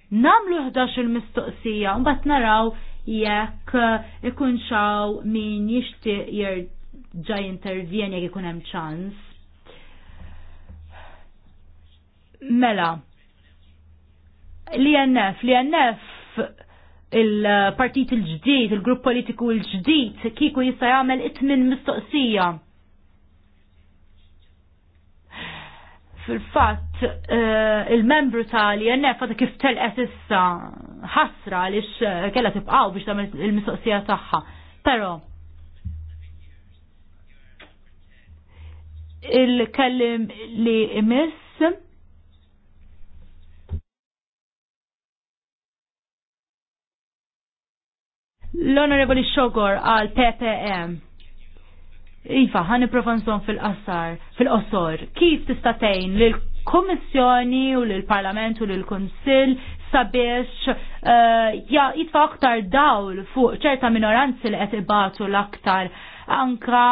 namlu 11 mistoqsija un bat naraw jekk ikun xaw min jishtiq jirġa jintervjen jek ikun hemm ċans. Mela, l-INF, l-INF il-partit il-ġdijt, il-grupp politiku il-ġdijt, kiku jista jgħamil itmin mistoqsija. Fil-fat, Eh, il-membru li inf għadha kif telqet issa ħasra għaliex eh, kellha tibqgħu biex tagħmel il-mistoqsija tagħha. Però il-kellim li imiss l-Onorevoli Xogor għal PPM. Iva, ħani provanżon fil-qassar, fil-qosor, kif tistatejn li l-Kommissjoni u l-Parlament u l-Konsil sabiex eh, ja jitfa aktar dawl fuq ċerta minoranzi li qed ibatu l-aktar anka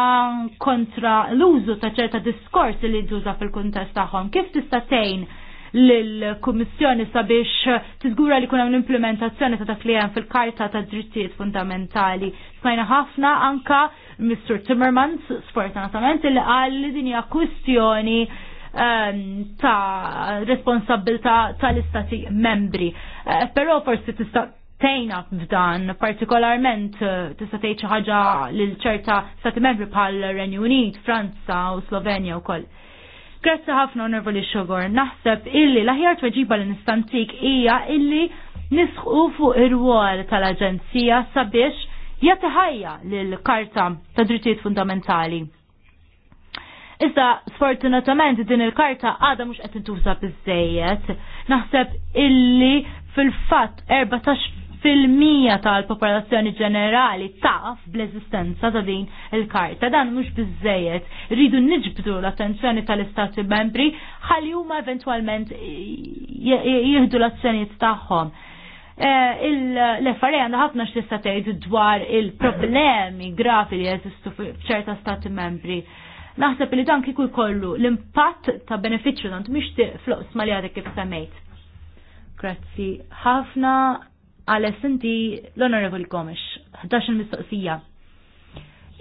kontra l-użu ta' ċerta diskors li tuża fil-kuntest tagħhom. Kif tista' tgħin lill-Kummissjoni sabiex tiżgura li kunem hemm l-implementazzjoni ta' dak li hemm fil-Karta ta' Drittijiet Fundamentali. Smajna ħafna anka Mr. Timmermans sfortunatament li qal li din hija kwistjoni Ehm, ta' responsabilta tal-istati membri. Eh, però forsi tista' tejna f'dan, partikolarment eh, tista' tgħid xi ħaġa lil ċerta stati membri bħal Renju Unit, Franza u Slovenja wkoll. Grazzi ħafna onorvoli xogor. Naħseb illi l-aħjar tweġiba l-instantik hija illi nisħu fuq ir-rwol tal-Aġenzija sabiex jagħti ħajja lill-Karta ta' Drittijiet Fundamentali. Iżda sfortunatament din il-karta għada mhux qed intuża biżejjed. Naħseb illi fil-fatt 14 fil-mija tal-popolazzjoni ġenerali taf bl-eżistenza ta' din il-karta. Dan mhux biżejjed. Ridu nġbdu l-attenzjoni tal-Istati membri ħalli huma eventwalment jieħdu l-azzjonijiet tagħhom eh, l-FRA e għandha ħafna x tgħid dwar il-problemi grafi li jeżistu f'ċerta stati membri. Naħseb li dan kiku jkollu l-impatt ta' beneficju tant mhix floqs ma li għadek kif semmejt. Grazzi ħafna għales inti l-Honorable Gomes, 11 mistoqsija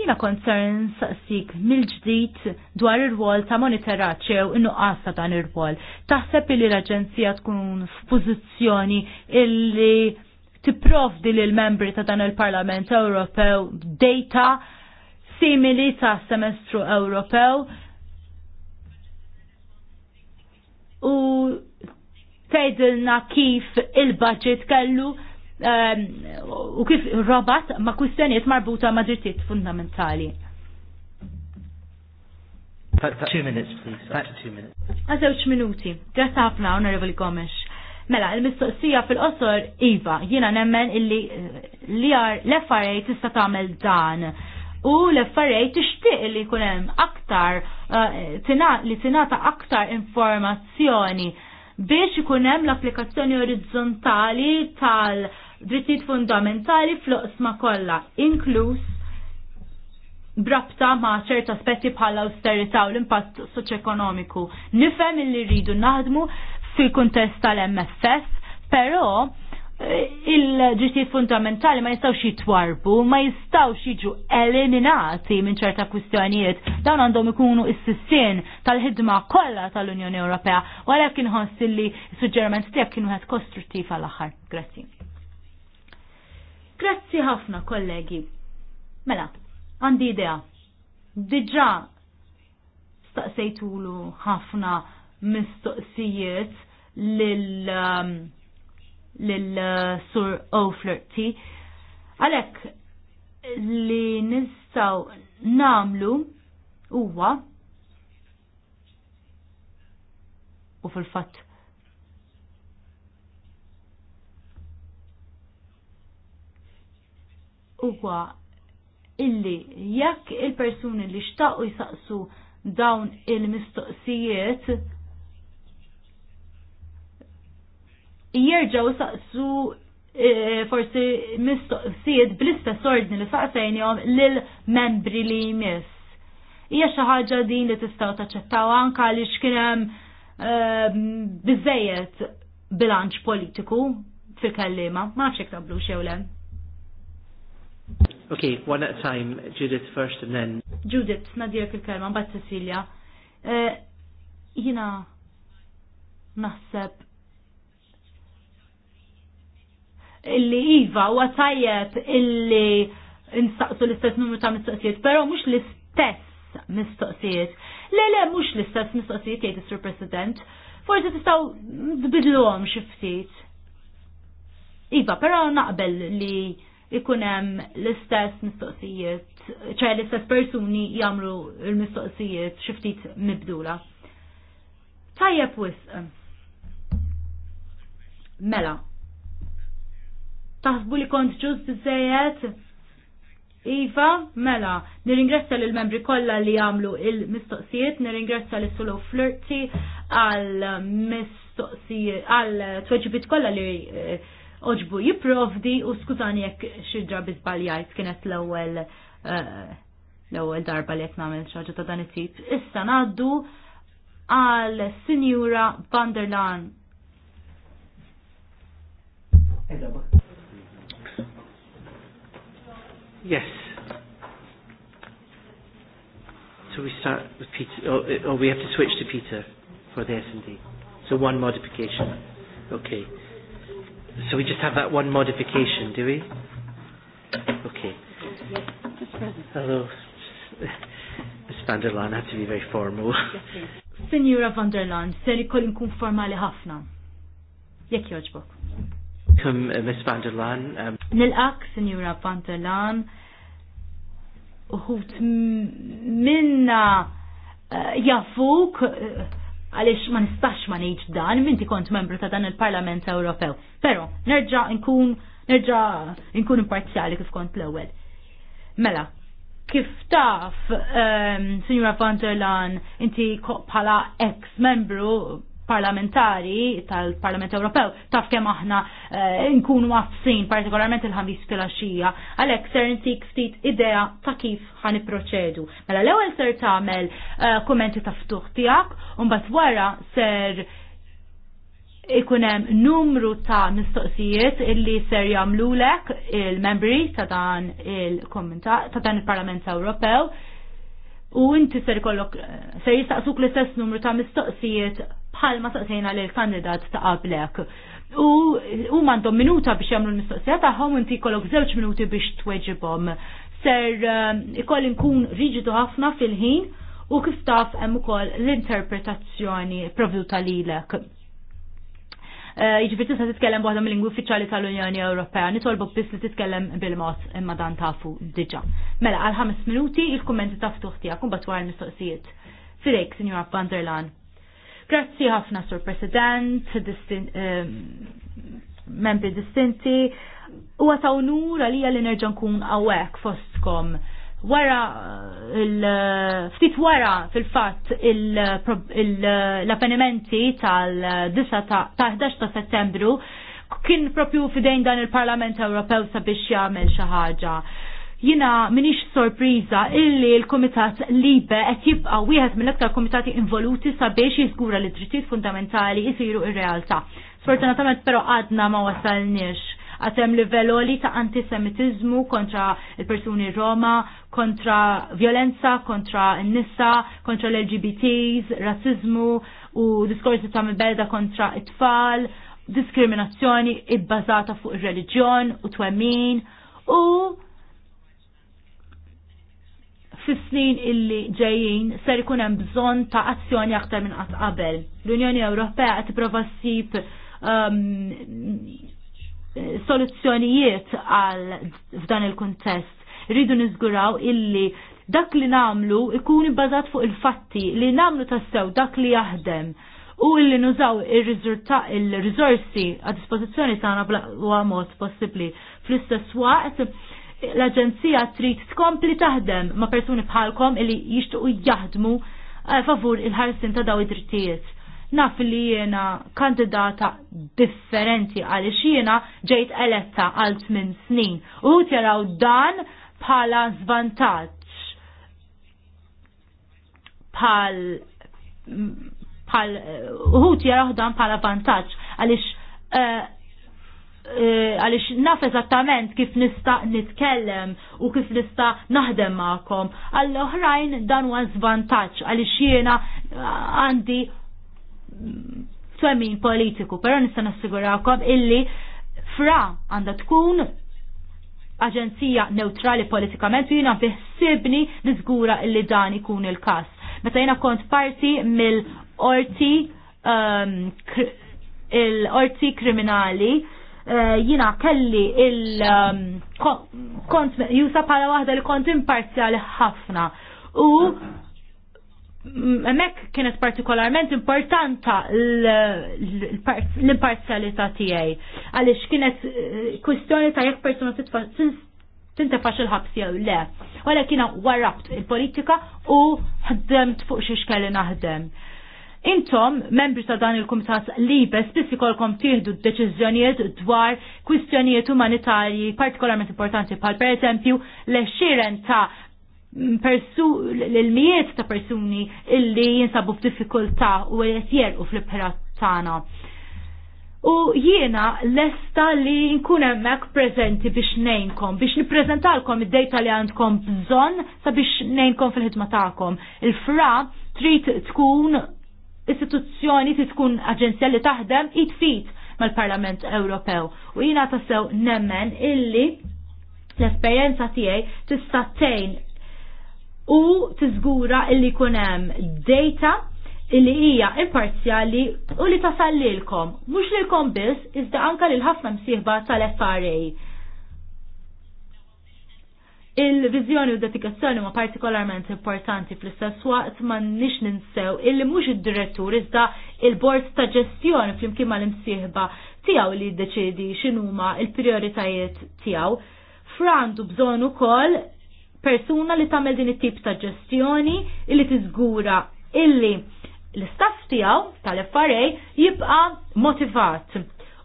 jina koncern saqsik mil-ġdijt dwar ir-rwol ta' monitoraċew innuqqas ta' dan ir-rwol. Taħseb li l-Aġenzija tkun f'pożizzjoni illi tipprovdi l membri ta' dan il-Parlament Ewropew data simili ta' semestru Ewropew u tgħidilna kif il-budget kellu ehm, u kif robat ma' kwistjonijiet marbuta ma' drittijiet fundamentali. Two minutes, please. Għazewċ minuti. għasafna, ħafna, Onorevoli Gomes. Mela, il-mistoqsija fil-qosor Iva, jina nemmen illi eh, l-FRA tista tagħmel dan u l-affarej tixtieq li jkun hemm aktar eh, li tingħata aktar informazzjoni biex ikun hemm l-applikazzjoni orizzontali tal-drittijiet fundamentali fl-oqsma kollha, inkluż brabta ma' ċert aspetti bħal austerità u l-impatt soċ-ekonomiku. Nifhem li rridu naħdmu fil-kuntest tal-MFF, però il-ġittijiet fundamentali ma jistawx jitwarbu, ma jistawx jiġu eliminati minn ċerta kwistjonijiet. Dawn għandhom ikunu is-sissien tal-ħidma kollha tal-Unjoni Ewropea, u għalhekk inħoss li suġġerament tiegħek kienu qed kostruttiv għall-aħħar. Grazzi. Grazzi ħafna kollegi. Mela, għandi idea. Diġà staqsejtulu ħafna mistoqsijiet lil um, lill sur O'Flirty. Għalek li nistaw namlu huwa u fil-fatt huwa illi jekk il-persuni li xtaqu jisaqsu dawn il-mistoqsijiet jirġaw saqsu e, forsi mistoqsijiet bl-istess ordni li saqsejnihom lill-membri li jmiss. Hija xi ħaġa din li tistgħu taċċettaw anke għaliex kien hemm e, bilanċ politiku fil kallima ma nafx jekk tablu xew le. one at a time, Judith first and then. Judith, nadir il-kelma, bat Cecilia. E, jina naħseb illi iva u għatajjeb illi nistaqsu l-istess numru ta' mistoqsijiet, pero mux l-istess mistoqsijiet. Le, le, mux l-istess mistoqsijiet jgħid Sir President. Forse tistaw tbidluhom xi ftit. Iva, però naqbel li ikunem l-istess mistoqsijiet, ċaj l-istess persuni jamlu l-mistoqsijiet xi ftit mibdula. Tajjeb wisq. Mela, taħsbu li kont ġust bizzejet? Iva, mela, nirringrazzja l membri kollha li għamlu il-mistoqsijiet, nirringrazzja li solo flirti għal mistoqsijiet, għal tweġibit kollha li eh, oġbu jiprovdi u skużani jekk xi drabi żbaljajt kienet l-ewwel eh, l-ewwel darba li jtna nagħmel xi ta' dan it-tip. Issa ngħaddu għal Sinjura Vanderlan. Edaba. Yes. So we start with Peter, or, oh, eh, or oh, we have to switch to Peter for the S&D. So one modification. Okay. So we just have that one modification, do we? Okay. Hello. <laughs> Miss van der Laan, I have to be very formal. Signora van der Laan, seri kolin nkun formali hafna. Jekk joġbok. Come, eh, Miss van der Laan. Um, Nilqak, Sinjura Pantelan, uħut minna eh, jafuk eh, għalix ma nistax ma nejġ dan, minti kont membru ta' dan il-Parlament Ewropew. Pero, nerġa nkun, nerġa nkun imparzjali kif kont l-ewel. Mela, kif taf, um, ehm, Signora van inti bħala ex-membru parlamentari tal-Parlament Ewropew taf kemm aħna eh, nkunu għafsin partikolarment il-ħamis fil għalhekk ser intik ftit idea ta' kif ħan proċedu. Mela l-ewwel ser tagħmel eh, kummenti ta' ftuħ tiegħek u mbagħad wara ser ikun hemm numru ta' mistoqsijiet illi ser jagħmlulek il-membri ta' dan il ta' dan il-Parlament Ewropew u inti ser kollok eh, ser jistaqsuk l-istess numru ta' mistoqsijiet bħalma saqsejna lil kandidat ta' qablek. U huma għandhom minuta biex jagħmlu l-mistoqsija tagħhom inti jkollok żewġ minuti biex tweġibhom. Ser eh, ikoll nkun riġidu ħafna fil-ħin u kif taf hemm ukoll l-interpretazzjoni provduta lilek eh, ġifir tista' titkellem waħda mill-lingwi uffiċjali tal-Unjoni Ewropea, nitolbu biss li titkellem bil-mod imma dan tafu diġà. Mela għal ħames minuti il-kummenti ta' ftuħ tiegħek imbagħad wara l-mistoqsijiet. Fidejk, sinjura Panderlan. Grazzi ħafna, Sur President, ehm, membri distinti, u għataw unur għalija li nerġan kun għawek fostkom wara eh, ftit wara fil-fatt l-avvenimenti tal ta' 11 ta' settembru kien propju fidejn dan il-Parlament Ewropew sabiex jagħmel xi ħaġa jina minix sorpriza illi l-Komitat Libe qed jibqa' wieħed mill-aktar komitati involuti sabiex jiżgura li drittijiet fundamentali jisiru ir-realtà. Sfortunatament però għadna ma wasalniex għatem livelloli ta' antisemitizmu kontra il-persuni Roma, kontra violenza, kontra n-nisa, kontra l-LGBTs, razzizmu u diskorsi ta' mibeda kontra it-tfal, diskriminazzjoni ibbażata fuq ir-reliġjon u twemmin u fis-snin illi ġejjin ser ikun hemm bżonn ta' azzjoni aktar minn qatt qabel. L-Unjoni Ewropea qed tipprova ssib um, soluzzjonijiet għal f'dan il-kuntest. Rridu niżguraw illi dak li namlu ikun bbażat fuq il-fatti li namlu tassew dak li jaħdem u illi nużaw il risorsi għad dispożizzjoni tagħna bla mod possibbli. Fl-istess waqt l-Aġenzija trid tkompli taħdem ma' persuni bħalkom illi jixtuqu jaħdmu eh, favur il-ħarsin ta' daw id-drittijiet. Naf li jiena kandidata differenti għaliex jiena ġejt eletta għal tmien snin u jaraw dan bħala zvantaġġ bħal bħal uħut jaraw dan bħala vantaġġ għaliex eh, Eh, għalix naf eżattament kif nista nitkellem u kif nista naħdem ma'kom. Għall-oħrajn dan huwa zvantaġġ għalix jiena eh, għandi twemmin politiku, pero nista nassigurakom illi fra għanda tkun aġenzija neutrali politikament u jina biħsibni nizgura illi dan ikun il-kas. Meta jiena kont parti mill-orti um, kr il-orti kriminali Eh, jina kelli il-kont um, jusa pala wahda li kont imparzjali ħafna u emmek kienet partikolarment importanta l-imparzjalità tiegħi għaliex kienet eh, kwistjoni ta' jekk persuna tintefax il-ħabs jew le. Wala kiena warrabt il-politika u ħdemt fuq xi xkelli naħdem. Intom, membri ta' dan il-Kumitat Libes, spissi kolkom tieħdu deċiżjonijiet dwar kwistjonijiet umanitarji partikolarment importanti bħal per eżempju l-xiren ta' l-mijiet ta' persuni illi jinsabu f'diffikultà u jtjerqu fl-ibħra tagħna. U jiena lesta li nkun hemmhekk preżenti biex ngħinkom, biex nippreżentalkom id-dejta li għandkom bżonn sabiex ngħinkom fil-ħidma tagħkom. Il-fra trid tkun istituzzjoni ti tkun aġenzja li taħdem it-fit mal-Parlament Ewropew. U jina tassew nemmen illi l-esperienza tiegħi tista' tgħin u tiżgura illi kunem data illi hija imparzjali u li tasal lilkom, mhux lilkom biss, iżda anka lil ħafna msieħba tal-FRA Il-vizjoni u dedikazzjoni ma partikolarment importanti fl-istess waqt ma nix ninsew illi mhux id-direttur iżda il-bord ta' ġestjoni flimkien mal imsieħba tiegħu li jiddeċiedi x'inhuma l-prijoritajiet tiegħu. Frandu bżonn ukoll persuna li tagħmel din it-tip ta' ġestjoni illi tiżgura illi l-istaff tiegħu tal-FRA jibqa' motivat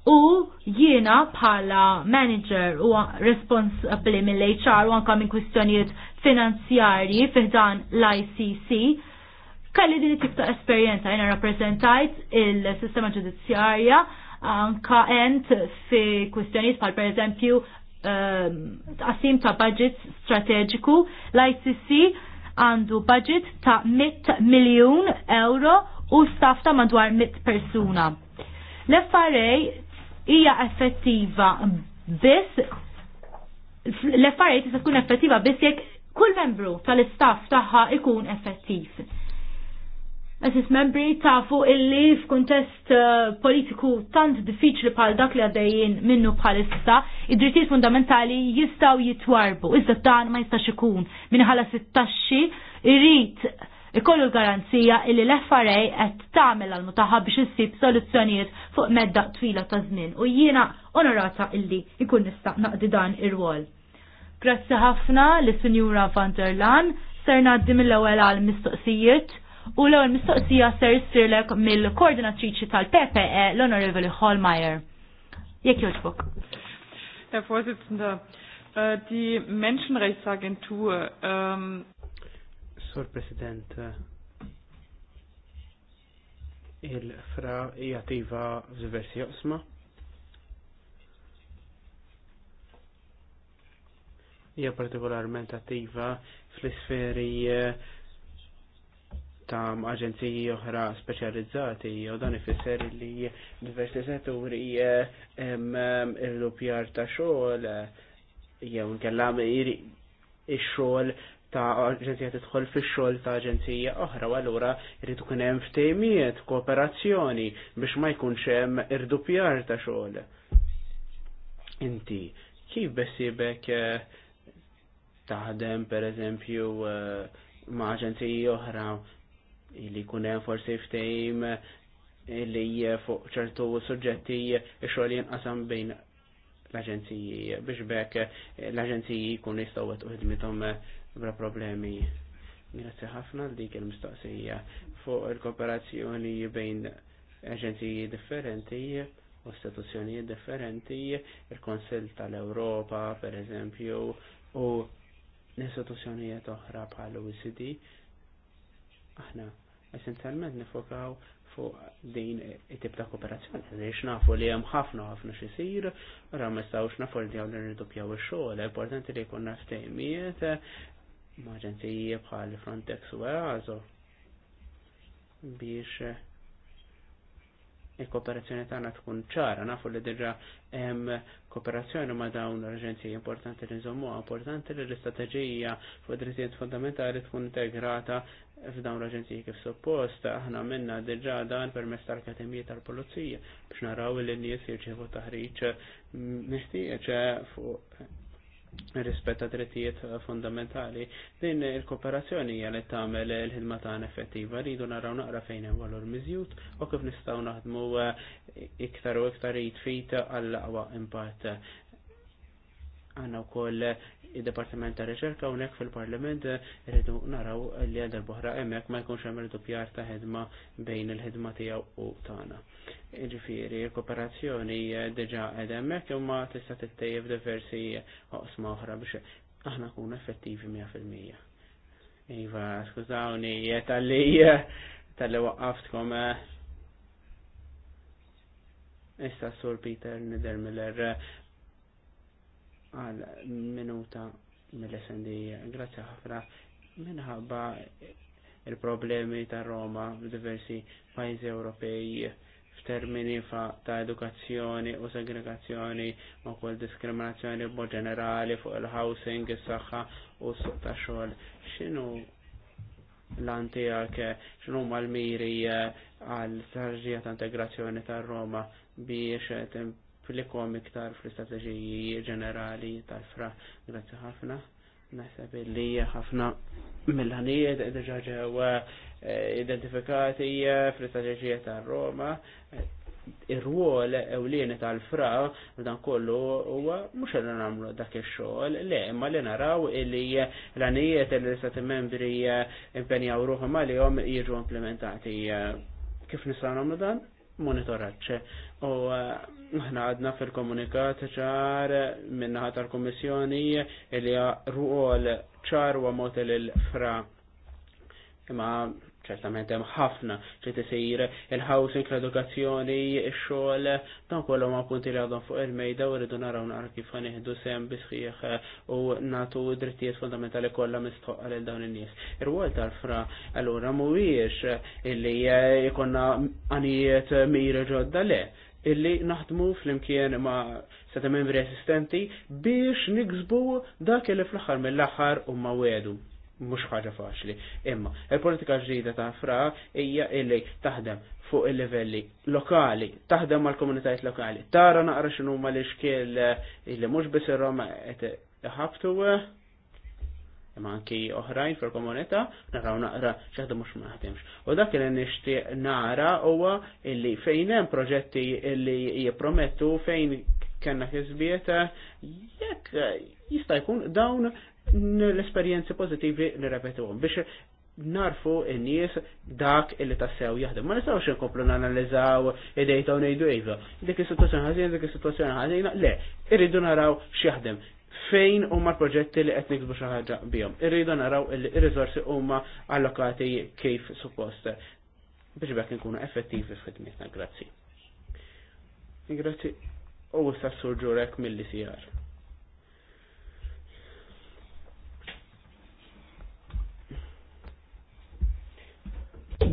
u jiena bħala manager u responsabli mill-HR u anka minn kwistjonijiet finanzjarji fiħdan l-ICC kalli din it-tip ta' esperjenza jena rappresentajt il-sistema ġudizzjarja anka ent fi kwistjonijiet bħal per eżempju ehm, tqasim ta' budget strateġiku l-ICC għandu budget ta' 100 miljun euro u staff ta' madwar 100 persuna. L-FRA hija effettiva biss l-affarijiet tista' tkun effettiva biss jekk kull membru tal-istaff tagħha ikun effettiv. Assis membri tafu illi f'kuntest eh, politiku tant diffiċli bħal dak li għaddejjin minnu bħalissa, id-drittijiet fundamentali jistaw jitwarbu, iżda dan ma jistax ikun minħala 16 irrit ikollu l-garanzija illi l-FRA qed tagħmel għal mutaħa biex issib soluzzjonijiet fuq medda twila ta' żmien u jiena onorata illi ikun nista' naqdi dan ir wol Grazzi ħafna li Sinjura van der Lan ser naddi mill-ewwel għal mistoqsijiet u l-ewwel mistoqsija ser issirlek mill-koordinatriċi tal-PPE l-Onorevoli Hallmeyer. Jekk jogħġbok. Herr Vorsitzender, äh, die Menschenrechtsagentur ähm, Sur President, il-fra jattiva versi joqsma. Hija partikolarment attiva fl-isferi eh, ta' aġenziji oħra speċjalizzati u dan ifisser li diversi setturi eh, il-lupjar ta' xogħol eh, jew nkella ix-xogħol ta' aġenzija tidħol fix-xogħol ta' aġenzija oħra allura jrid ikun hemm ftehimiet, kooperazzjoni biex ma jkunx hemm irdupjar ta' xogħol. Inti kif besibek eh, taħdem pereżempju eh, ma' aġenziji oħra li jkun hemm forsi ftehim eh, li fuq ċertu suġġetti xogħol jinqasam bejn l-aġenziji biex bekk l-aġenziji jkun jistgħu għet bla problemi. Grazie ħafna l dik il-mistoqsija fuq il-kooperazzjoni bejn aġenziji differenti u istituzzjonijiet differenti, il-Konsil tal-Europa, per eżempju, u l-istituzzjonijiet oħra bħal OECD. Aħna essenzjalment nifokaw fuq din it-tip ta' kooperazzjoni. Għaliex nafu li hemm ħafna ħafna xisir, ra ma staw nafu li dawn irridu pjaw ix-xogħol, importanti li jkun naftejmiet ma' bħal Frontex u għazo biex eh, il-kooperazzjoni tagħna tkun ċara, nafu li diġà hemm kooperazzjoni ma' dawn l-aġenziji importanti li nżommuha, importanti li l-istrateġija fuq drittijiet fundamentali tkun integrata f'dawn l aġenzija kif suppost, aħna minna diġà dan permezz tal-akademija tal-pulizija biex naraw li n-nies jirċievu taħriġ meħtieġ mm, eh, fuq rispetta drittijiet eh, fundamentali, din il-kooperazzjoni hija li tagħmel il-ħidma tagħna effettiva li naraw naqra fejn hemm valur miżjud u kif nistgħu naħdmu eh, iktar u iktar jitfit għall aqwa impatt. Għanna wkoll il-Departament ta' Riċerka unek fil-Parlament eh, rridu naraw li għadha boħra hemmhekk ma jkunx hemm dupjar ta' ħedma bejn il-ħedma tiegħu u tagħna. Ġifieri, kooperazzjoni eh, diġà qed u imma tista' tittejjeb diversi oqsma oħra biex aħna kun effettivi 100%. Iva, skużawni, eh, tal-li tal-li waqqaftkom Issa Sur Peter Nidermiller għal minuta mill-SND. Grazie ħafna minħabba il-problemi ta' Roma f'diversi pajjiżi Ewropej f'termini ta' edukazzjoni u segregazzjoni ma' kol diskriminazzjoni bo ġenerali fuq il-housing, is-saħħa u s ta' xogħol. X'inhu l-antijak, xinu mal-miri għal sarġija ta' integrazzjoni ta' Roma biex fil-kom iktar fl-istrateġiji ġenerali tal-fra. Grazzi ħafna. Naħseb li ħafna mill-ħanijiet deġa ġew eh, identifikati eh, fl-istrateġija tal-Roma. Eh, ir-rwol ewlieni tal-fra dan kollu huwa mhux li nagħmlu dak ix-xogħol, le imma li naraw li l-għanijiet li l-istati membri impenjaw ruħhom għalihom jiġu implementati. Kif nistgħu nagħmlu dan? monitoraċ. U eh, aħna għadna fil-komunikat ċar minnaħat tal-Komissjoni il-ja ruqol ċar u għamot il-fra. Imma ċertament hemm ħafna li tisir il-housing, l-edukazzjoni, ix-xogħol, dan kollha ma' punti li għadhom fuq il-mejda u rridu naraw nara kif ħanieħdu sem bisħieħ u nagħtu drittijiet fundamentali kollha mistħoqqa lil dawn in-nies. Ir-rwol tal-fra allura mhuwiex illi jkollna għanijiet mira ġodda le illi naħdmu fl-imkien ma' seta' membri assistenti biex niksbu dak li fl-aħħar mill-aħħar u ma' wedu mhux ħaġa faċli. Imma il-politika ġdida ta' fra hija illi taħdem fuq il-livelli lokali, taħdem mal komunitajiet lokali. Tara naqra x'inhu ma l-ixkiel illi eh, mhux biss ir-Roma qed ħabtu eh, imma anki oħrajn fil-komunità naraw naqra x'aħdem mhux ma naħdemx. U dak li nixtieq nara huwa illi fejn hemm proġetti illi jippromettu fejn kellna kisbiet eh, jekk jista' jkun dawn l-esperienzi pozitivi li repetuhom biex narfu n-nies dak illi tassew jaħdem. Ma nistawx nkomplu nanalizzaw id-dejta u nejdu iva. Dik is-situazzjoni ħażin, dik is-situazzjoni ħażina, le, irridu naraw x'jaħdem. Fejn huma proġetti li qed nikbu xi ħaġa bihom. Irridu naraw li r-riżorsi huma allokati kif suppost biex bekk nkunu effettivi f'ħidmietna. Grazzi. Grazzi. U issa s-surġurek mill-ICR.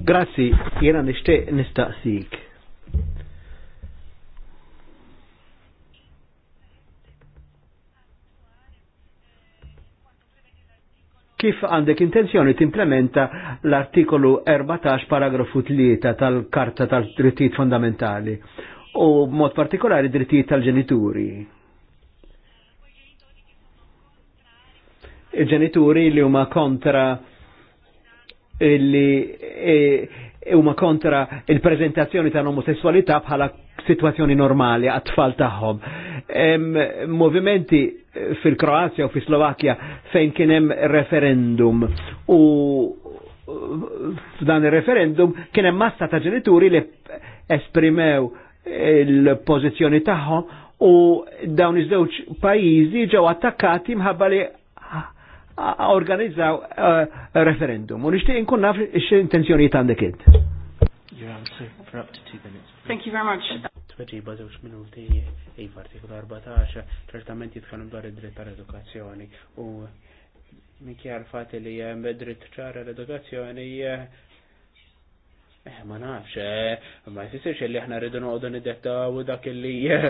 Grazzi, jena nishtiq nistaqsik. kif għandek intenzjoni timplementa l-artikolu 14 paragrafu 3 tal-Karta tal-Drittijiet Fundamentali u mod partikolari drittijiet tal-ġenituri. Il-ġenituri li huma kontra li e, huma kontra il-prezentazzjoni ta' omosessualità bħala situazzjoni normali għat-tfal tagħhom. Movimenti fil-Kroazja u fil-Slovakkja fejn kien hemm referendum u f'dan il referendum kien hemm massa ta' ġenituri li esprimew il-pożizzjoni tagħhom u dawn iż-żewġ pajjiżi ġew attakkati mħabba li organizzaw eh, eh, referendum. U nishtiq inkun naf x-intenzjoni għandek int. Thank you very much. Tweġiba bażew x'minuti iva artikolu 14 ċertament jitkellem dwar id-dritt tal-edukazzjoni u mikjar fat li hemm dritt ċara l-edukazzjoni Eh, Ma nafx, eh, ma jisirx li aħna rridu noqdu nidetta u dak li eh,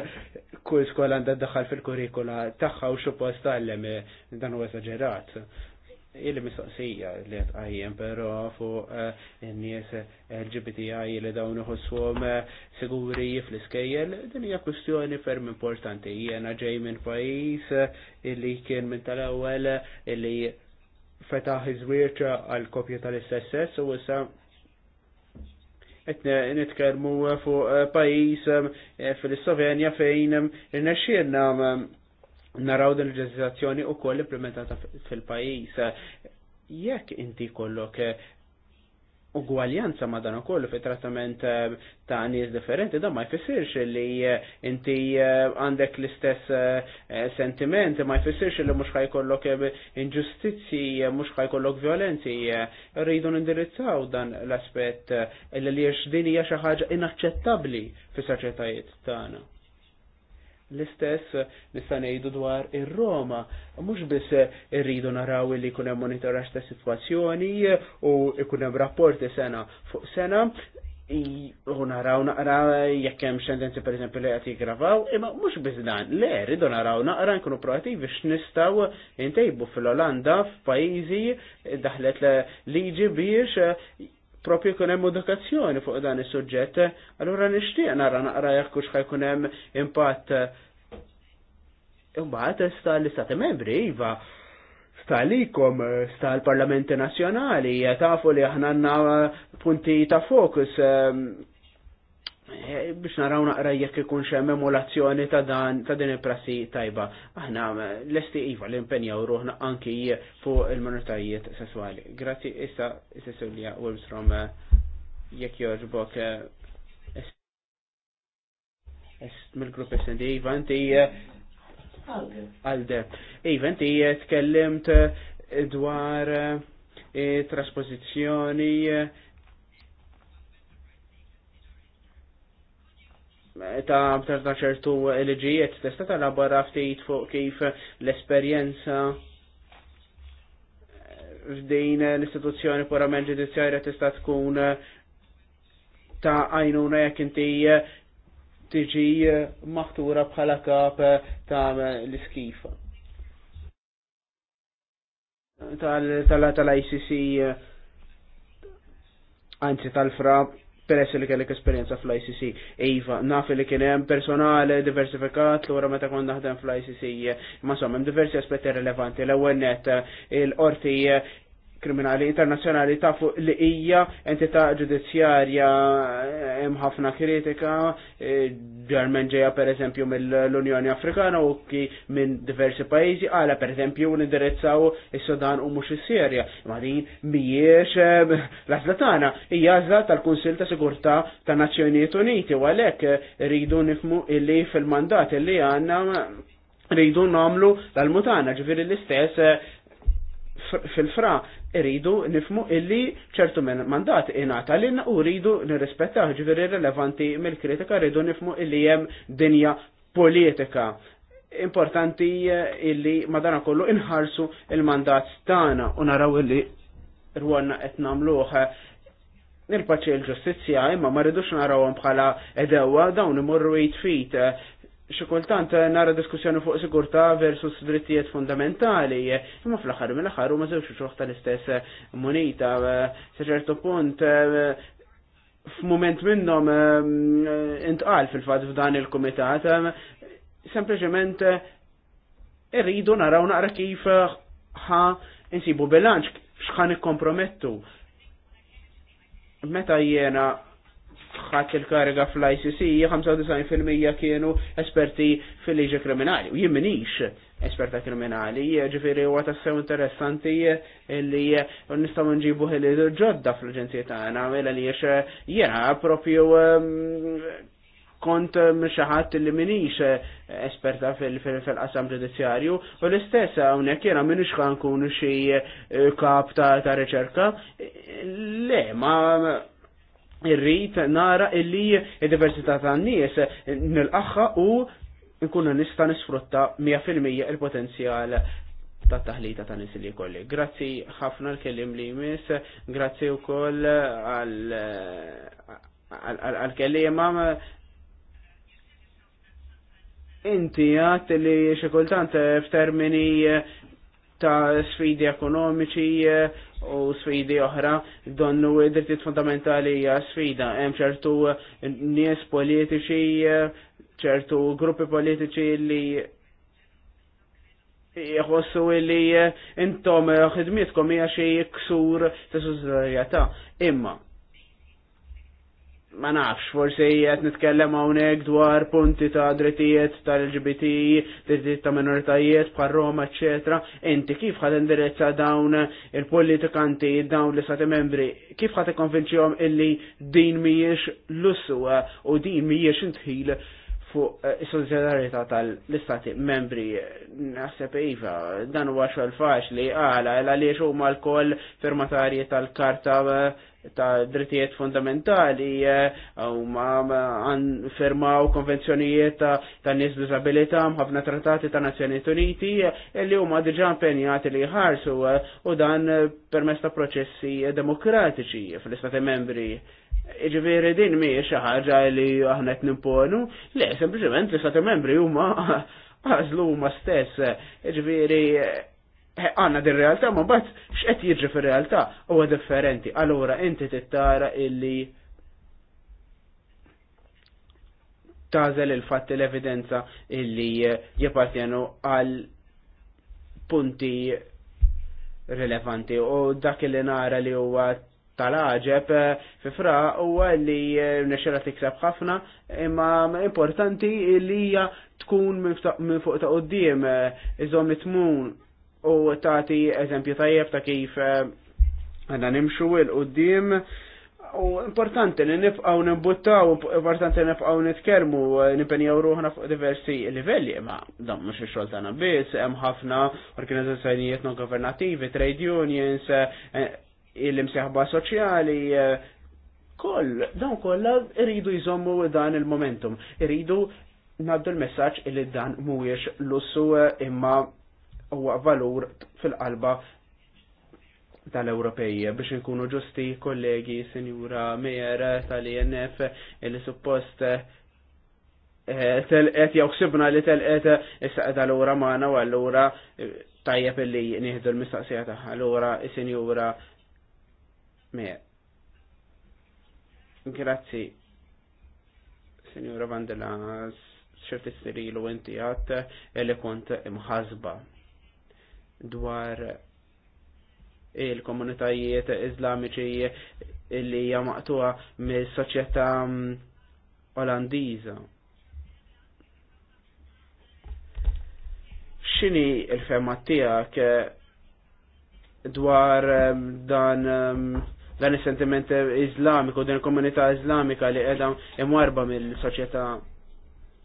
kull skola għandha ddaħħal fil-kurikula tagħha u xupost għallem eh, dan huwa esaġerat. Ili mistoqsija li għajjem, pero fuq n-nies LGBTI li dawn uħossuhom siguri fl-iskejjel, din hija kwistjoni ferm importanti. Jiena ġej minn pajjiż illi kien minn tal-ewwel illi fetaħ iż-wieċa għal kopja tal-istess u issa etne nitkermu fuq eh, pajis eh, fil-Slovenja fejn eh, il naraw din il-leġislazzjoni u koll implementata fil-pajis. Jekk inti kollok ugwaljanza ma dan ukoll fi trattament eh, ta' nies differenti dan ma jfissirx li eh, inti eh, għandek l-istess sentiment ma jfissirx li mhux ħajkollok inġustizzji mhux ħajkollok violenzi rridu nindirizzaw dan l-aspett li li din hija xi ħaġa inaċċettabbli fis-soċjetajiet tagħna. L-istess nista' ngħidu dwar ir-Roma, mhux biss irridu naraw li jkun hemm monitoraġġ ta' sitwazzjoni u jkun hemm rapporti sena fuq sena, u naraw naqra jekk hemm xendenzi pereżempju li qed jiggravaw, imma mhux biss dan, le rridu naraw naqra nkunu proattivi x'nistgħu intejbu fil-Olanda f'pajjiżi daħlet liġi biex propju jkun hemm edukazzjoni fuq dan is-suġġett, allura nixtieq nara naqra jekk hux ħajkun hemm impatt imbagħad sta l-istati membri iva sta likom, sta l-Parlamenti Nazzjonali, tafu li aħna għandna punti ta' fokus ehm, biex naraw naqra jekk ikun xem emulazzjoni ta' dan ta' din il-prassi tajba. Aħna lesti iva li impenjaw ruħna anki fuq il-minoritajiet sessuali. Grazzi issa Cecilia Wilmstrom jekk joġbok eh, eh, mill-grupp SD, Ivanti. inti għalde. Eh, iva, tkellimt dwar trasposizjoni ta' ta' ċertu liġijiet, tista' tara barra ftit fuq kif l-esperjenza f'din l-istituzzjoni purament ġudizzjarja tista' tkun ta' għajnuna jekk inti tiġi maħtura bħala kap ta' l iskif Tal-ICC, anzi tal-frab, peress li kellek esperjenza fl-ICC. Iva, naf li kien hemm personal diversifikat l-ora meta kont naħdem fl-ICC. Ma somma hemm diversi aspetti rilevanti. L-ewwel net il-qorti kriminali internazzjonali ta' fuq li hija entità ġudizzjarja hemm ħafna kritika e, ġermen ġeja pereżempju mill-Unjoni Afrikana u ki minn diversi pajjiżi għala pereżempju nindirizzaw is-Sudan u mhux is-Sirja. Ma din mhijiex e, l-għażla tagħna hija għażla tal-Kunsill ta' Sigurtà ta' Nazzjonijiet Uniti u għalhekk rridu nifmu illi fil-mandat illi għandna rridu namlu tal-mutana ġifiri l-istess fil-fra rridu nifmu illi ċertu minn mandat inata l u rridu nirrispettaw ġviri relevanti mill-kritika rridu nifmu illi jem dinja politika importanti eh, illi madana kollu inħarsu il-mandat tana u naraw illi rwanna etnamluħ nil paċi il-ġustizja imma ma rridux narawhom bħala edewa dawn imorru jitfit xi kultant eh, nara diskussjoni fuq sigurtà versus drittijiet fundamentali, eh, imma fl-aħħar mill-aħħar huma żewġ xorta tal-istess eh, moneta. Sa ċertu punt f'mument minnhom intqal fil fad f'dan il-kumitat, sempliċement irridu naraw naqra kif ħa insibu bilanċ x'ħan ikkompromettu. Meta jiena ħadd il-kariga fl-ICC 95% kienu esperti fil-liġi kriminali u jien esperta kriminali, ġifiri u tassew interessanti li nistgħu nġibu ħili ġodda fl-ġenzija tagħna mela li jiena propju um, kont mxaħat um, li minix esperta fil-qasam ġudizzjarju u l-istess hawnhekk jiena minix ħankun xi uh, kap ta' riċerka. Le, ma irrit nara illi id-diversità ta' n-nies nil-axħa u nkunu nista' nisfrutta 100% il-potenzjal ta' taħlita ta' nis li kolli. Grazzi ħafna l-kellim li jmiss, grazzi u koll għal għam. inti għat li xekultant f'termini ta' sfidi ekonomiċi u sfidi oħra donnu id-drittijiet fundamentali hija sfida. Hemm ċertu nies politiċi, ċertu gruppi politiċi li jħossu li intom ħidmietkom hija xi ksur ta' sussidjarjetà. Imma ma nafx, forse jiet nitkellem hawnhekk dwar punti ta' drittijiet tal-LGBT, drittijiet ta' minoritajiet bħal Roma, eċetera. Inti kif ħad indirizza dawn il-politikanti, dawn li istati membri, kif ħad ikkonvinċihom illi din mhijiex lussu u din mhijiex intħil fuq is solidarieta tal-istati membri naħseb iva dan huwa xogħol faċli għala għaliex huma l-koll firmatarji tal-karta ta' drittijiet fundamentali eh, u ma' firmaw konvenzjonijiet ta', nis disabilita mħafna trattati ta' Nazzjonijiet Uniti eh, li huma diġa impenjati li jħarsu eh, u dan permess ta' proċessi demokratiċi fl-istati membri. Iġveri din mi ħaġa li aħna qed nimponu, le, sempliċement l-istati membri huma <laughs> għażlu huma stess, iġveri Eh, għanna din realtà ma bat x'qed jiġri fir-realtà huwa differenti. Allura inti tittara illi tażel il-fatt l-evidenza illi eh, jippartjenu għal punti rilevanti u dak li nara li huwa tal-ħaġeb eh, fi fra huwa li nexxera tikseb ħafna imma importanti li hija tkun minn fuq ta' qudiem iżom itmun u tagħti eżempju tajjeb ta' kif eh, għanna nimxu il-qudiem u importanti li nibqgħu nimbuttaw, importanti li nibqgħu nitkellmu, eh, nipenjaw ruħna fuq diversi livelli, ma dam mhux ix-xogħol tagħna biss, hemm ħafna organizzazzjonijiet non governattivi, trade unions, eh, il-imsieħba soċjali, koll, dawn kollha iridu jżommu dan il-momentum, Irridu nabdu l-messaġġ li dan mhuwiex lussu imma huwa valur fil-qalba tal-Ewropej biex inkunu ġusti kollegi sinjura Mejer tal-INF illi suppost eh, telqet jew ħsibna li telqet issa tal-ura magħna u allura eh, tajjeb illi nieħdu l-mistaqsija tagħha allura sinjura Mejer. Grazzi. Sinjura Vandela, xerti s-sirilu inti għat li kont imħazba dwar il-komunitajiet iżlamiċi li hija maqtuha soċjetà mm, Olandiża. X'inhi l-fema tiegħek dwar mm, dan mm, dan is-sentiment iżlamiku, din il-komunità iżlamika li qiegħda imwarba mill-soċjetà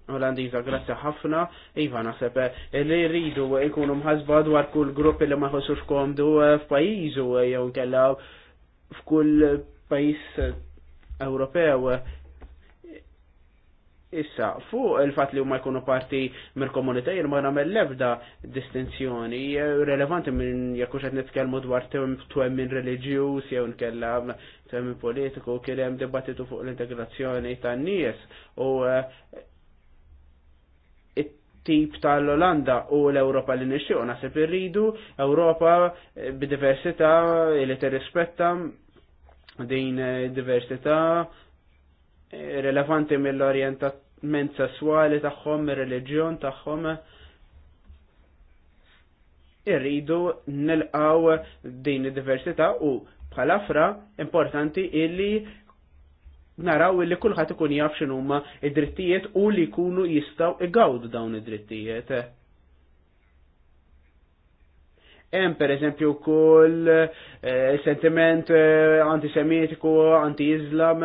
Olandiza, grazzi ħafna, Iva naħseb eh, li rridu jkunu mħasba dwar kull gruppi li ma jħossux komdu eh, f'pajizu eh, jew kella f'kull pajjiż Ewropew. Issa, fuq il-fat li huma jkunu parti mill komunitajiet ma nagħmel l-ebda distinzjoni relevanti minn jekk hux qed nitkellmu dwar twemmin reliġjuż jew nkella twemmin politiku kien hemm dibattitu fuq l-integrazzjoni tan-nies u tip tal-Olanda u l-Europa li nixxieq naħseb irridu Ewropa eh, b'diversità li tirrispetta din eh, diversità eh, rilevanti mill-orientament sessuali tagħhom, ir-reliġjon tagħhom irridu nilqaw din id-diversità u bħalafra importanti illi naraw li kulħadd ikun jaf x'inhuma id-drittijiet u li jkunu jistgħu igawdu dawn id-drittijiet. Hemm pereżempju wkoll eh, sentiment eh, antisemitiku, anti-Islam.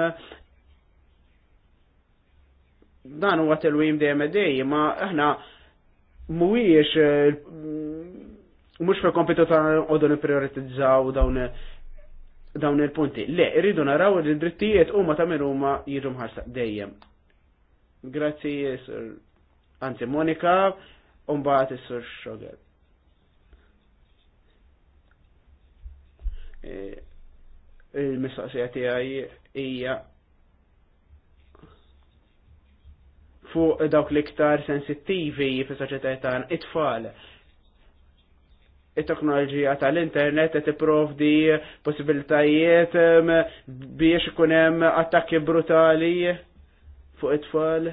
Dan huwa telwim dejjem dejjem, ma aħna mhuwiex eh, mhux fil kompetu ta' qogħdu prioritizzaw dawn dawn il-punti. Le, irridu naraw li drittijiet huma ta' minn huma jiġu mħarsa dejjem. Grazzi, Sir Anzi Monika, umbaħt Sir Sugar. E, il-mistoqsija tiegħi hija fuq dawk liktar iktar sensittivi fis soċjetà it-tfal it-teknoloġija tal-internet qed tipprovdi possibilitajiet biex ikun hemm attakki brutali fuq it-tfal,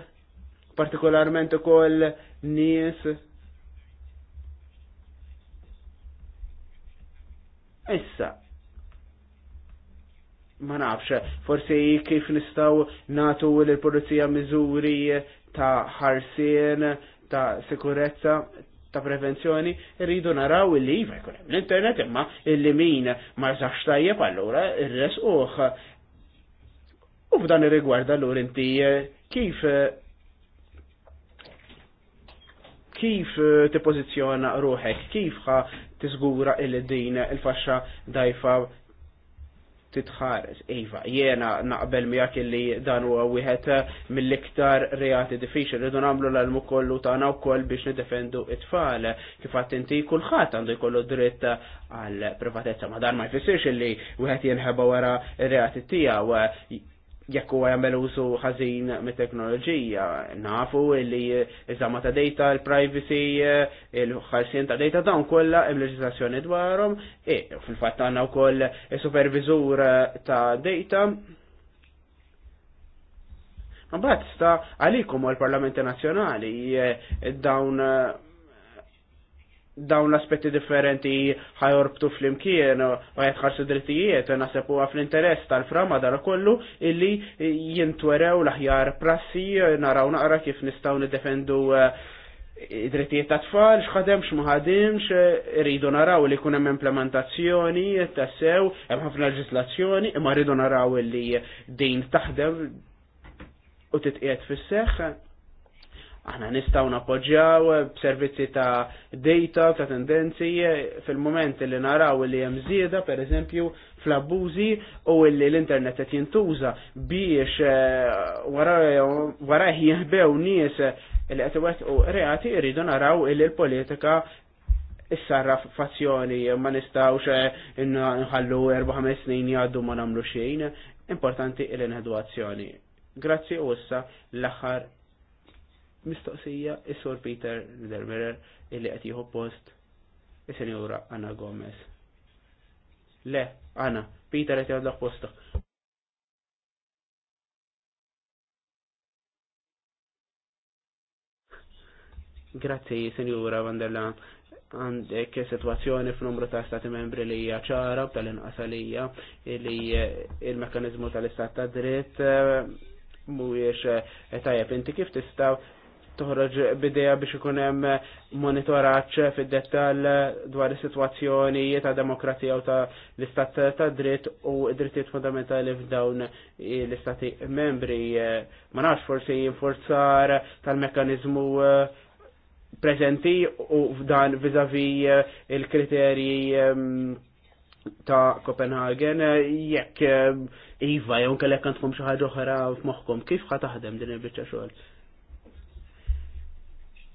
partikolarment ukoll nies. Issa, ma nafx, forsi kif nistgħu natu l-Pulizija miżuri ta' ħarsien ta' sikurezza ta' prevenzjoni rridu naraw li jiva jkun hemm l-internet imma illi min ma sax tajjeb allura il res uħ. U f'dan ir-rigward allura inti eh, kif eh, kif eh, pozizjona ruħek, kif ħa tiżgura il din il-faxxa dajfa titħares. Iva, jena naqbel miak illi dan huwa wieħed eh, mill-iktar reati diffiċli rridu nagħmlu l-almu kollu tagħna wkoll biex nidefendu it-tfal. Kif qatt inti kulħadd għandu jkollu dritt eh, għal privatezza ma dan ma jfissirx li wieħed jinħeba wara reati tiegħu jekk huwa jagħmel użu ħażin mit-teknoloġija, nafu li iżama ta' data, l-privacy, il-ħarsien ta' data dawn kollha hemm leġiżlazzjoni dwarhom, e fil-fatt għandna wkoll is-supervisur ta' data. Mbagħad sta għalikum għall-Parlamenti Nazzjonali dawn dawn l-aspetti differenti ħajorbtu fl-imkien u għedħarsu drittijiet, nasepu għaf fl-interess tal-frama dar kollu illi jintwerew l-aħjar prassi, naraw naqra kif nistaw nidefendu eh, id-drittijiet ta' tfal, x'ħadem x'maħadimx, rridu naraw li kunem hemm implementazzjoni tassew, hemm ħafna leġislazzjoni, imma rridu naraw li din taħdem u titqiet fis-seħħ Aħna nistgħu nappoġġjaw b'servizzi ta' data, ta' tendenzi fil-moment li naraw li hemm żieda pereżempju fl-abbużi u li l-internet qed jintuża biex eh, wara jieħbew nies li qed u reati jridu naraw li l-politika issarra fazzjoni ma nistawx eh, nħallu erba ħames snin jgħaddu ma nagħmlu xejn importanti il-inħedu azzjoni. Grazzi u issa l aħħar mistoqsija is-Sur Peter Dermerer illi qed jieħu post is-Senjura Anna Gomez. Le, Anna, Peter qed jgħidlek postok. Grazzi, Senjura Vanderlan. Għandek situazzjoni f'numru ta' stati membri li hija ċara tal-inqasalija li il-mekanizmu tal-istat ta' dritt eh, mhuwiex eh, tajjeb inti kif tistgħu toħroġ bideja biex ikun hemm monitoraġġ fid-dettall dwar is-sitwazzjoni ta' demokrazija u ta' l-istat ta' dritt u drittijiet fundamentali f'dawn l-istati membri. Ma nafx forsi jinforzar tal mekkanizmu eh, preżenti u f'dan vizavi eh, il-kriterji eh, ta' Copenhagen, jekk Iva, jew kellek għandkom xi ħaġa oħra f'moħħkom, kif ħa taħdem din il-biċċa xogħol?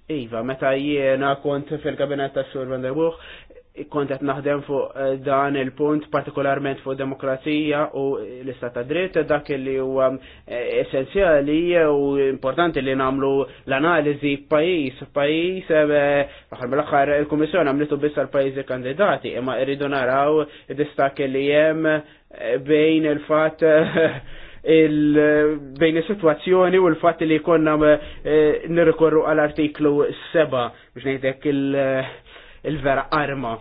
Iva, meta jiena kont fil-kabinet ta' Sur Van der Buch, kont qed naħdem fuq eh, dan il-punt partikolarment fuq demokrazija u l-istat ta' dritt dak li huwa eh, essenzjali u importanti li nagħmlu l-analiżi pajjiż pajjiż eh, aħħar mill-aħħar il-Kummissjoni għamlitu biss għal pajjiżi kandidati imma rridu naraw id-distak li hemm bejn il-fatt <laughs> bejn is-sitwazzjoni u l fat li konna eh, nirrikorru għall-artiklu 7 biex ngħidlek eh, il-vera arma.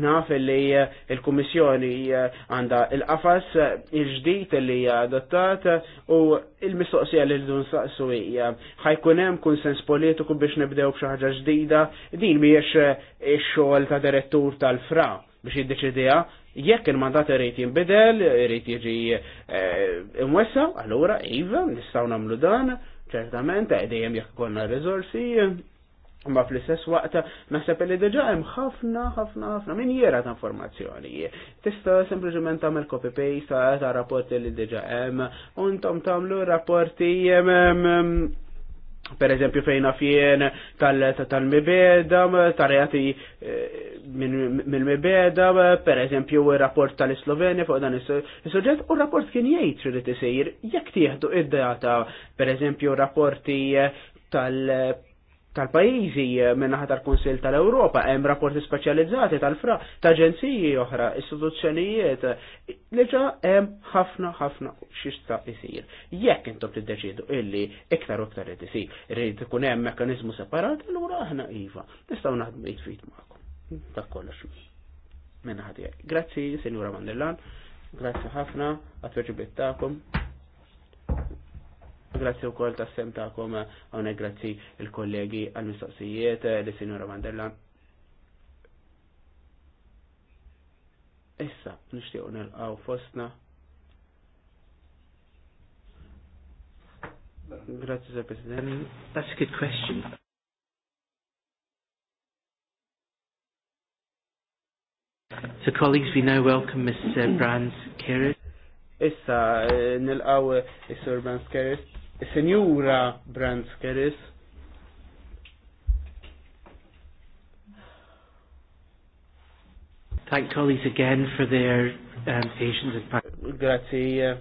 Naf li eh, il-Kummissjoni għandha il-qafas il-ġdid li adottat u il-mistoqsija li rridu nsaqsu hija ħajkun hemm kunsens politiku biex nibdew b'xi ġdida din mhijiex ix-xogħol ta' direttur tal-fra biex jiddeċidija Jekk il-mandat irrit jinbidel, irrit jiġi eh, imwessa, allura iva, nistaw namlu dan, ċertament, għedijem eh, jekk konna rizorsi, Ma fl-istess waqt naħseb li diġa hemm ħafna ħafna ħafna min jera ta' informazzjoni. Tista' sempliċement tagħmel copy paste ta' rapporti li diġa hemm u intom tagħmlu rapporti per eżempju fejna fien tal-mibeda, tal-reati eh, mill-mibeda, per eżempju rapport tal-Slovenja fuq dan is-soġġett u rapport kien jgħid t-sejr, jekk tieħdu id-data, per eżempju rapporti tal- tal-pajizi eh, minnaħat tal-Konsil tal-Europa, hemm rapporti speċjalizzati tal-fra, ta' aġenziji oħra, istituzzjonijiet, eh, liġa hemm ħafna ħafna xista isir. Jekk intom tiddeċidu illi iktar u iktar qed isir, irid ikun hemm mekkaniżmu separat, allura aħna iva, nistgħu naħdmu jitfit magħkom. Dak kollox. Minnaħat jgħid. Grazzi, Sinjura Mandellan, grazzi ħafna għat-tweġibiet tagħkom u wkoll tas-sem tagħkom għawne grazzi il-kollegi għal mistoqsijiet eh, li Sinjora Mandella. Issa nixtiequ għaw Fosna. Grazie, President. That's a good question. So colleagues, we now welcome Ms. Uh, Brands Keres. Issa, eh, Nil is Sir Brands Keres Senjura Brandskeris. Thank colleagues again for their um, patience and Grazie.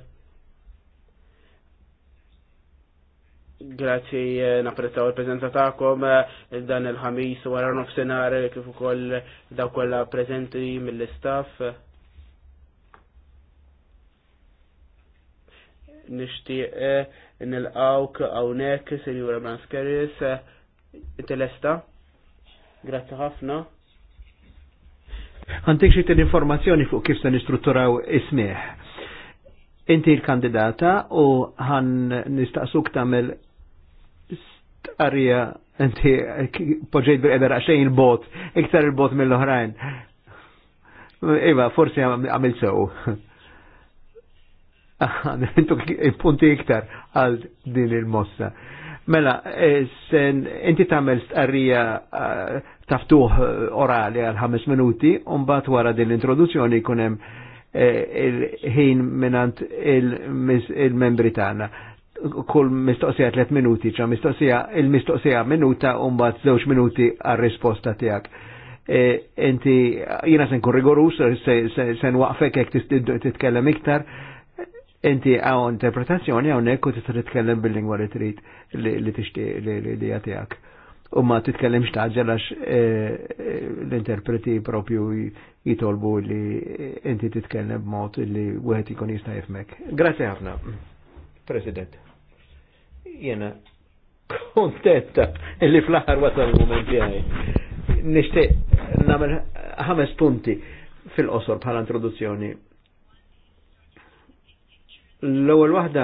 Grazie, napprezzaw il-prezenza ta'kom eh, dan il-ħamis wara nofsenar kif ukoll daw kolla prezenti mill-istaff. Nishtiq eh, nil-għawk nek, Senjura Branskeris, intelesta. Grazzi ħafna. Għantik xie informazzjoni fuq kif se nistrutturaw ismiħ. Inti l-kandidata u għan nistaqsuk tamel starja inti poġġejt bil-edar għaxejn il-bot, iktar il-bot mill-oħrajn. Iva, forsi għamil sew. <laughs> Intu punti iktar għal din il-mossa. Mela, eh, sen, inti tamel stqarrija eh, taftuħ eh, orali għal ħames minuti, unbat wara din l-introduzzjoni kunem il-ħin minant il-membri tagħna. Kull mistoqsija 3 minuti, ċa mistoqsija, il-mistoqsija minuta unbat zewġ minuti għal-risposta tijak inti jina sen kun rigorus, sen waqfek jek titkellem iktar, inti għaw interpretazzjoni għawnek u tista' titkellem bil-lingwa li trid li tixtieq li jagħtihak. U ma titkellimx taġġel għax eh, eh, l-interpreti propju jitolbu li eh, inti titkellem b'mod li wieħed ikun jista' jifmek. Grazzi ħafna, President. Jena kontenta li fl-aħħar wasal il-moment tiegħi. Nixtieq namel ħames punti fil-qosor bħala introduzzjoni L-ewwel waħda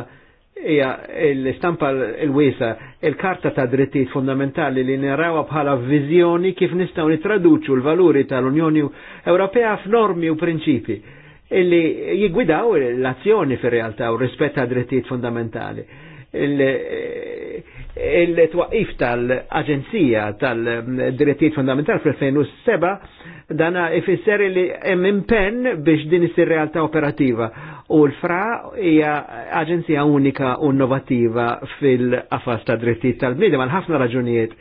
hija l-istampa l-wiesa, il-karta ta' drittijiet fundamentali li narawha bħala viżjoni kif nistgħu nitraduċu l-valuri tal-Unjoni Ewropea f'normi u prinċipi illi jigwidaw l-azzjoni fir-realtà u rispett ta' drittijiet fundamentali il-twaqif tal-Aġenzija tal-Direttijiet Fundamentali fl-2007 dana ifisser li hemm impenn biex din isir realtà operativa u l-FRA hija aġenzija unika u innovativa fil-qafas ta' drittijiet tal-bniedem għal ħafna raġunijiet.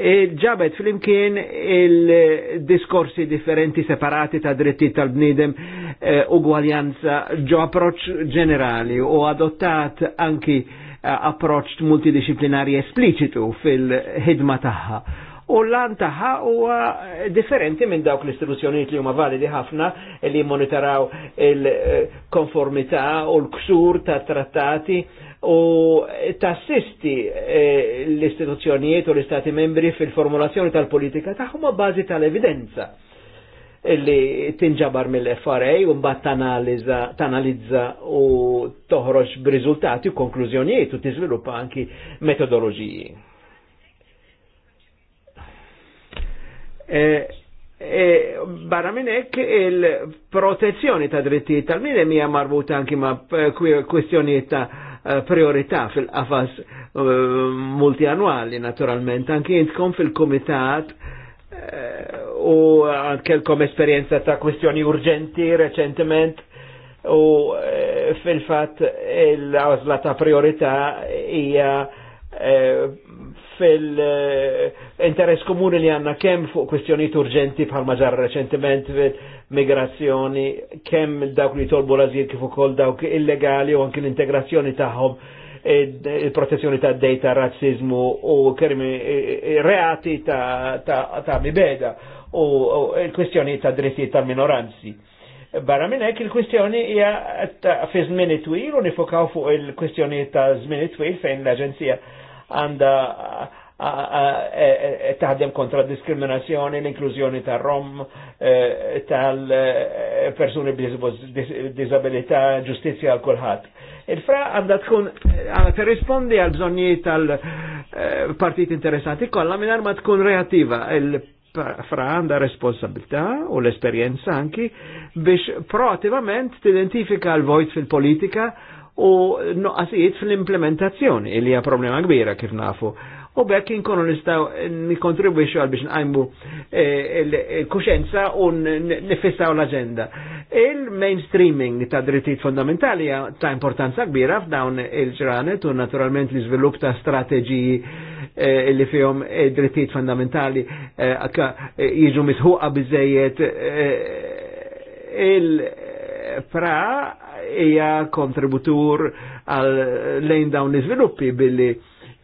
E, ġabet fl-imkien il-diskorsi differenti separati ta' drittijiet tal-bniedem e, ugwaljanza ġo approċ ġenerali u adottat anki approach multidisciplinari espliċitu fil-ħidma tagħha. U l-lan taħħa huwa differenti minn dawk l-istituzzjonijiet li huma validi ħafna li monitoraw il-konformità u l-ksur ta' trattati u tassisti eh, l-istituzzjonijiet u l-istati membri fil-formulazzjoni tal-politika tagħhom bazi tal-evidenza illi tinġabar mill-FRA u mbagħad tanalizza u toħroġ b'riżultati u konklużjonijiet u tiżviluppa anki metodoloġiji. Eh, eh, barra minn il-protezzjoni ta' drittijiet tal minem hija marbuta anki ma' kwistjonijiet ta' priorità fil-qafas eh, multianwali naturalment anki jintkom fil-komitat Eh, u kelkom esperienza ta' kwestjoni urġenti reċentement u eh, fil-fat il għazla ta' priorita' hija eh, fil-interess komuni li għanna kem fuq kwestjoni urġenti bħal maġar reċentement migrazzjoni, kem dawk li tolbu l-azil kif ukoll dawk illegali u anke l-integrazzjoni tagħhom il-protezzjoni ta' data, razzizmu u krimi e, e, reati ta', mibeda u il-kwestjoni ta' dritti ta' minoranzi. Barra minn hekk il-kwistjoni hija fi żmien twil u nifokaw fuq il-kwistjoni ta' żmien twil fejn l-Aġenzija għandha e, taħdem kontra diskriminazzjoni, l-inklużjoni ta' rom, tal-persuni b'disabilità, ġustizja għal kulħadd. Il-fra għandha tkun terrispondi għal bżonnijiet għal eh, partit interessanti kollha mingħajr ma tkun reattiva. Il-fra għandha responsabilità u l esperienza anki biex proattivament tidentifika l-vojt fil-politika u noqqasijiet fl-implementazzjoni, il hija problema kbira kif nafu u bekk inkonu nistaw nikontribwixu għal biex nqajmu eh, il-kuxenza u nifissaw l-agenda. Il-mainstreaming ta' drittijiet fundamentali ta' importanza kbira f'dawn il-ġranet u naturalment li svilup ta' strateġiji eh, li fihom eh, drittijiet fundamentali jiġu misħuqa biżejjed il-pra hija kontributur għal lejn dawn iżviluppi billi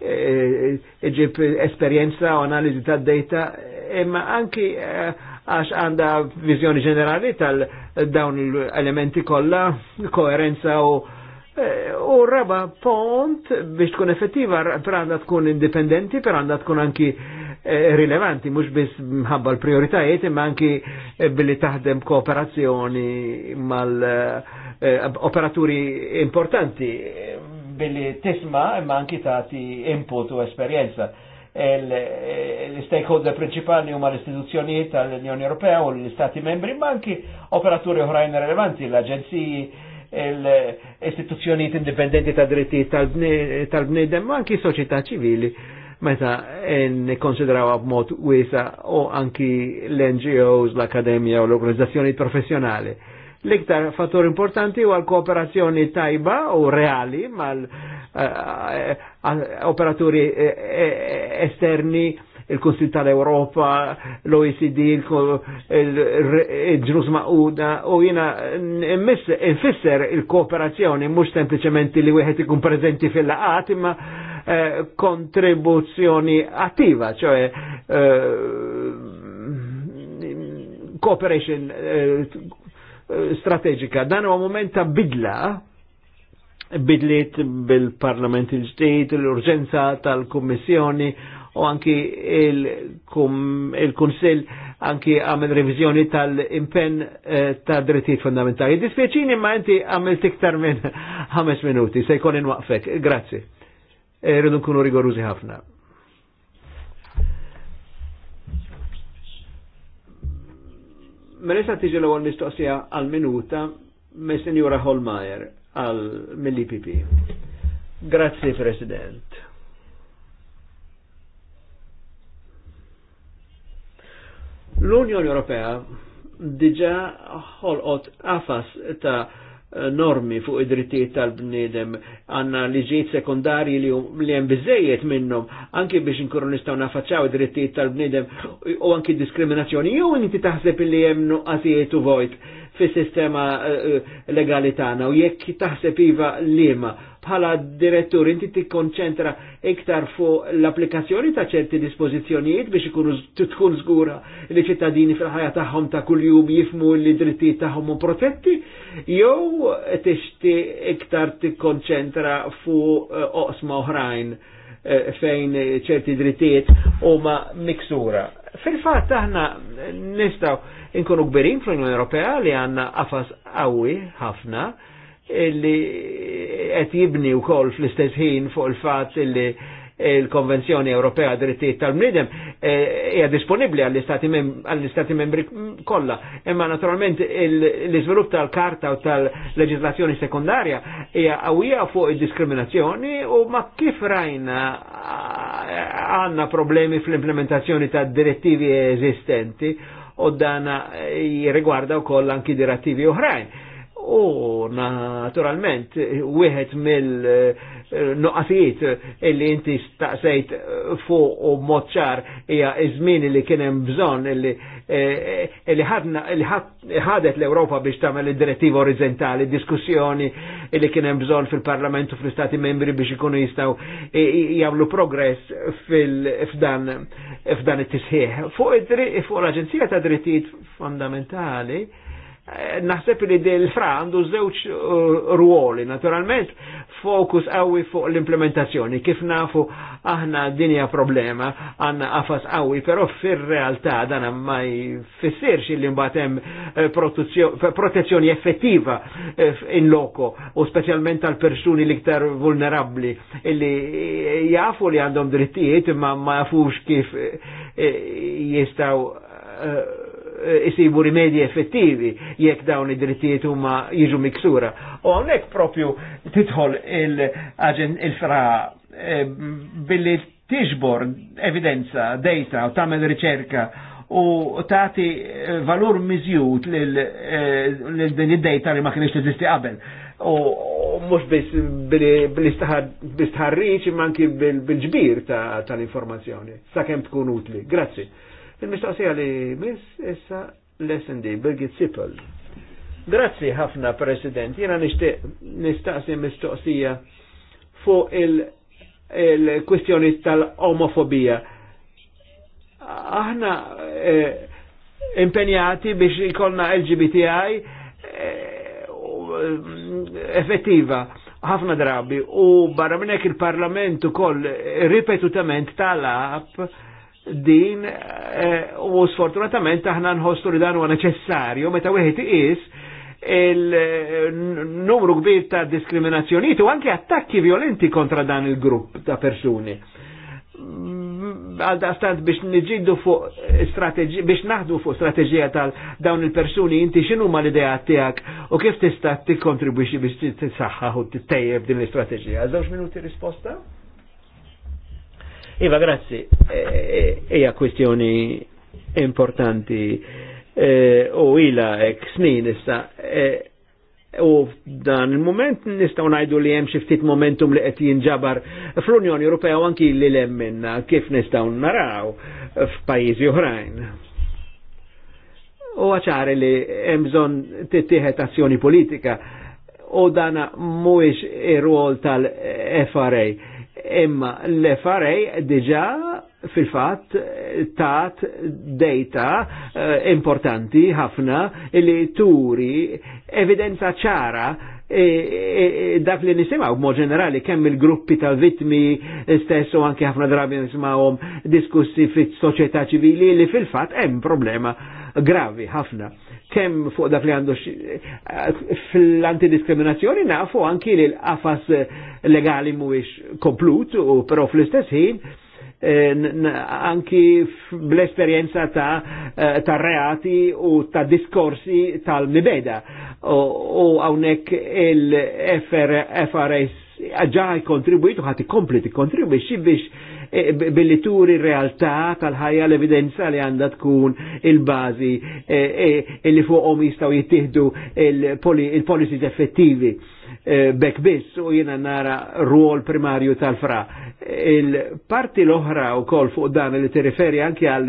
iġib e, e, esperienza u analizi ta' data imma anki eh, għax għanda vizjoni ġenerali tal-dawn l-elementi kolla, koerenza u eh, u raba pont biex tkun effettiva per għanda tkun indipendenti, per għanda tkun anki eh, rilevanti, mux biss mħabba l-prioritajiet, imma anki billi taħdem kooperazzjoni mal operaturi importanti billi tisma imma anki tagħti input u esperjenza. Eh, l-stakeholder principali huma l-istituzzjonijiet tal-Unjoni Ewropea u l-Istati membri, ma anki operaturi oħrajn relevanti, l-aġenziji, l-istituzzjonijiet indipendenti ta' dritti tal bnidem ma anki soċjetà ċivili meta nikkonsidrawa b'mod wiesa u anki l-NGOs, l-akademja u l organizzazzjonijiet professjonali L-iktar fattur importanti u għal kooperazzjoni tajba u reali mal-operaturi eh, eh, eh, esterni il-Konsil tal-Europa, l-OECD, il-ġnus maquda, u jina nfisser il-kooperazzjoni, mux sempliciment li wieħed ikun prezenti fil-laqat, imma kontribuzzjoni attiva, ċoħe cooperation strategika. Dan huwa moment ta' bidla bidliet bil-Parlament il-ġdejt, l-urġenza tal-Kommissjoni u anki il-Kunsil anki għamil revizjoni tal-impen eh, ta' drittijiet fundamentali. Dispieċini ma' inti għamil tiktar minn 5 <laughs> minuti, se jkun inwaqfek. Grazie. Eh, rridu e, nkunu rigorużi ħafna. Meresa mela tiġi l għol mistoqsija għal minuta me senjura Holmajer għal mill-IPP. Grazie, President. L-Unjoni Ewropea diġa ħolqot għafas ta' normi fuq id-drittijiet tal-bniedem għanna liġijiet sekundarji li hemm bizzejiet minnhom anki biex inkunu nistgħu nafaċċaw id-drittijiet tal-bniedem u anki diskriminazzjoni jew inti taħseb li hemm nuqqasijiet u vojt fis-sistema eh, eh, legali tagħna u jekk taħseb iva liema bħala direttur inti tikkonċentra iktar fuq l-applikazzjoni ta' ċerti dispożizzjonijiet biex ikunu tkun żgura li ċittadini fil-ħajja tagħhom ta' kuljum jifmu li drittijiet tagħhom protetti jew tixti iktar tikkonċentra fu eh, oqsma oħrajn eh, fejn ċerti drittijiet ma miksura. Fil-fatt aħna nistaw inkunu kberin fl-Unjoni Ewropea li għandna qafas qawwi ħafna li qed jibni wkoll fl-istess ħin fuq il-fatt illi il-Konvenzjoni Ewropea Drittijiet tal-Mnidem eh, hija disponibbli għall-Istati membri kollha. Imma naturalment l-iżvilupp tal-karta u tal-leġislazzjoni sekundarja hija qawwija fuq id-diskriminazzjoni u ma kif rajna eh, għandna problemi fl-implementazzjoni ta' direttivi eżistenti u dana eh, jirrigwarda u koll anki direttivi oħrajn U naturalment, wieħed mill-noqqasijiet illi inti staqsejt fuq u moċċar hija iż-żmien li kien hemm bżonn illi eh, eh, ħadet l-Ewropa biex tagħmel id-direttiva orizzontali, diskussjoni illi kien hemm bżonn fil-Parlament u fl-Istati membri biex ikunu jistgħu eh, jagħmlu progress f'dan f'dan it-tisħiħ. Fuq l-Aġenzija ta' Drittijiet Fondamentali, naħseb li del-fra għandu żewġ uh, ruoli, naturalment fokus għawi fuq l-implementazzjoni, kif nafu aħna dinja problema, għanna għafas għawi, pero fir-realtà dan ma jfissirx li mbatem eh, protezzjoni effettiva eh, in loko u specialment għal persuni l-iktar vulnerabbli illi eh, jafu li għandhom drittijiet ma ma jafux kif jistaw Eh, isibu rimedji effettivi jekk dawn id-drittijiet huma jiġu miksura. U hawnhekk propju titħol il-fra eh, billi tiġbor evidenza, data u tagħmel riċerka u tagħti eh, valur miżjut lil din id-data li ma kienx teżisti qabel u mux bil-istħarriċ ma anki bil-ġbir tal-informazzjoni, sa' kem tkun utli. Grazzi. Il-mistoqsija li miss issa l-SND Birgit Sippel. Grazzi ħafna, President. Jena nistaqsi mistoqsija fuq il-kwistjoni il tal-omofobija. Aħna eh, impenjati biex ikolna LGBTI eh, effettiva ħafna drabi u barra minnek il-parlament u koll ripetutament tal-app din eh, u sfortunatament aħna nħossu li dan huwa neċessarju meta wieħed iqis il-numru kbir ta' diskriminazzjonijiet u anke attakki violenti kontra dan il-grupp ta' persuni. Mm, għal stant biex nġiddu fuq strateġi, biex naħdu fuq strateġija tal dawn il-persuni inti xinu ma l idea tijak u kif tista' t-kontribuixi biex t-saxħa u t-tejjeb din l strateġija Għazdawx minuti risposta? Iva, grazzi. Eh, eh, Ija kwistjoni importanti eh, u ila ek snin issa. U dan il-moment nistaw najdu li hemm xi momentum li qed jinġabar fl-Unjoni Ewropea u anki li lem minna kif nistaw naraw f'pajjiżi oħrajn. U għaċari li hemm bżonn tittieħed azzjoni politika u dana mhuwiex ir-rol tal-FRA imma l farej diġa fil-fat tat data uh, importanti ħafna li turi evidenza ċara e, e, e dak li nisimaw b'mod ġenerali kemm il-gruppi ta' vitmi stesso anke ħafna drabi nisimawhom diskussi fit soċjetà ċivili li fil-fatt hemm problema gravi ħafna kemm fuq dak li għandu fil-antidiskriminazzjoni nafu anki li l-qafas legali mhuwiex komplut u però fl-istess ħin eh, anki bl-esperienza ta', eh, ta reati u ta' diskorsi tal-mibeda. U għawnek il-FRS eh, ġa kontribujitu ħati kompli ti kontribuixi biex Eh, billi turi realtà tal-ħajja l-evidenza li għandha tkun il-bażi eh, eh, illi fuqhom jistgħu jittieħdu il-policies effettivi bekk biss u jiena nara rwol primarju tal-fra. Il-parti l-oħra u kol fuq dan li tirriferi anki għal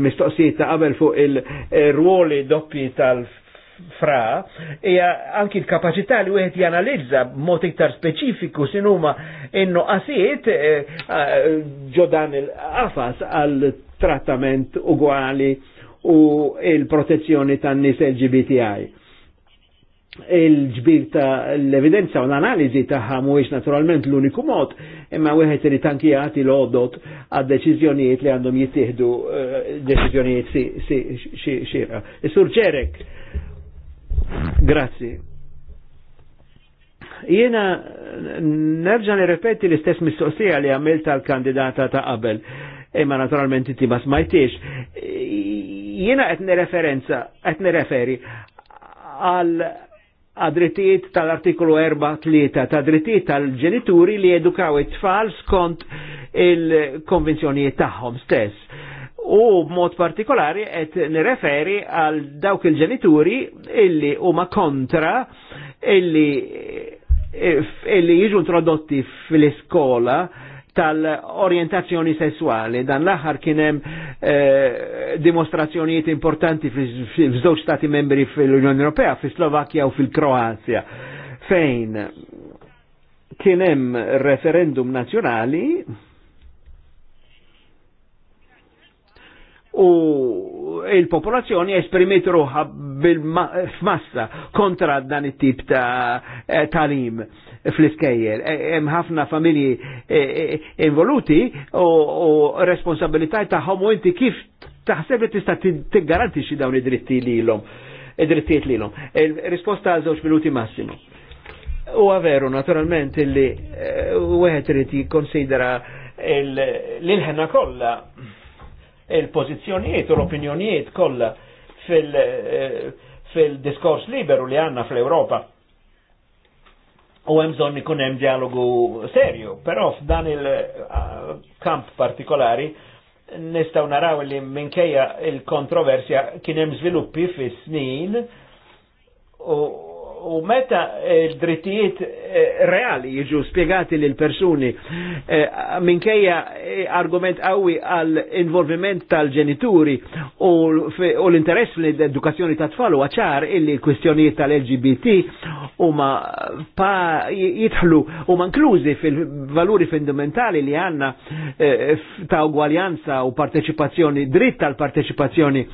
mistoqsijiet ta' qabel fuq il ruoli doppi tal-fra fra hija anki l-kapaċità li wieħed janalizza b'mod iktar speċifiku sinuma in-noqasiet ġodan il-qafas għal trattament ugwali u il-protezzjoni tan-nies LGBTI. Il-ġbir ta' l-evidenza u l-analizi taħħa mhuwiex naturalment l-uniku mod, imma wieħed irid anki jagħti l-għodot għad deċiżjonijiet li għandhom jittieħdu deċiżjonijiet xira. Is-sur Ġerek Grazzi. Jena nerġa ripeti l-istess mistoqsija li għamilt tal-kandidata ta' qabel, imma naturalment inti ma smajtiex. Jena qed referenza, qed nirreferi għal għadritiet tal artiklu 4-3 ta' drittijiet tal-ġenituri li edukaw it-tfal skont il-konvenzjonijiet tagħhom stess u b'mod partikolari qed nireferi għal dawk il-ġenituri illi huma kontra illi eh, illi jiġu introdotti fil-iskola tal-orientazzjoni sessuali. Dan l-aħħar kien hemm eh, dimostrazzjonijiet importanti f'żewġ stati membri fil-Unjoni Ewropea, fil slovakkja u fil-Kroazja, fejn kien hemm referendum nazzjonali u il-popolazzjoni esprimit ruħa f'massa kontra dan it-tip ta' eh, talim fl-iskejjer. E, hemm ħafna familji e, e, involuti u responsabilità tagħhom u inti kif taħseb li tista' tiggarantixxi dawn id-dritti lilhom id-drittijiet lilhom. Risposta għal żewġ minuti massimo. U veru naturalment, li eh, wieħed irid jikkonsidera l-inħenna kollha il-pozizjonijiet u l-opinjonijiet kollha eh, fil-diskors fil liberu li għanna fl-Europa. U hemm bżonn ikun hemm dialogu serju, però f'dan il-kamp partikolari nistgħu naraw li minkejja il-kontroversja kien hemm żviluppi fis-snin u meta il-drittijiet eh, eh, reali jiġu spiegati lil persuni eh, minkejja argument qawwi għall involviment tal-ġenituri u l-interess l-edukazzjoni ta' tfal huwa ċar illi l-kwistjonijiet tal-LGBT huma pa jidħlu huma inklużi fil-valuri fundamentali li għandna ta' ugwaljanza u partecipazzjoni dritt tal-partecipazzjoni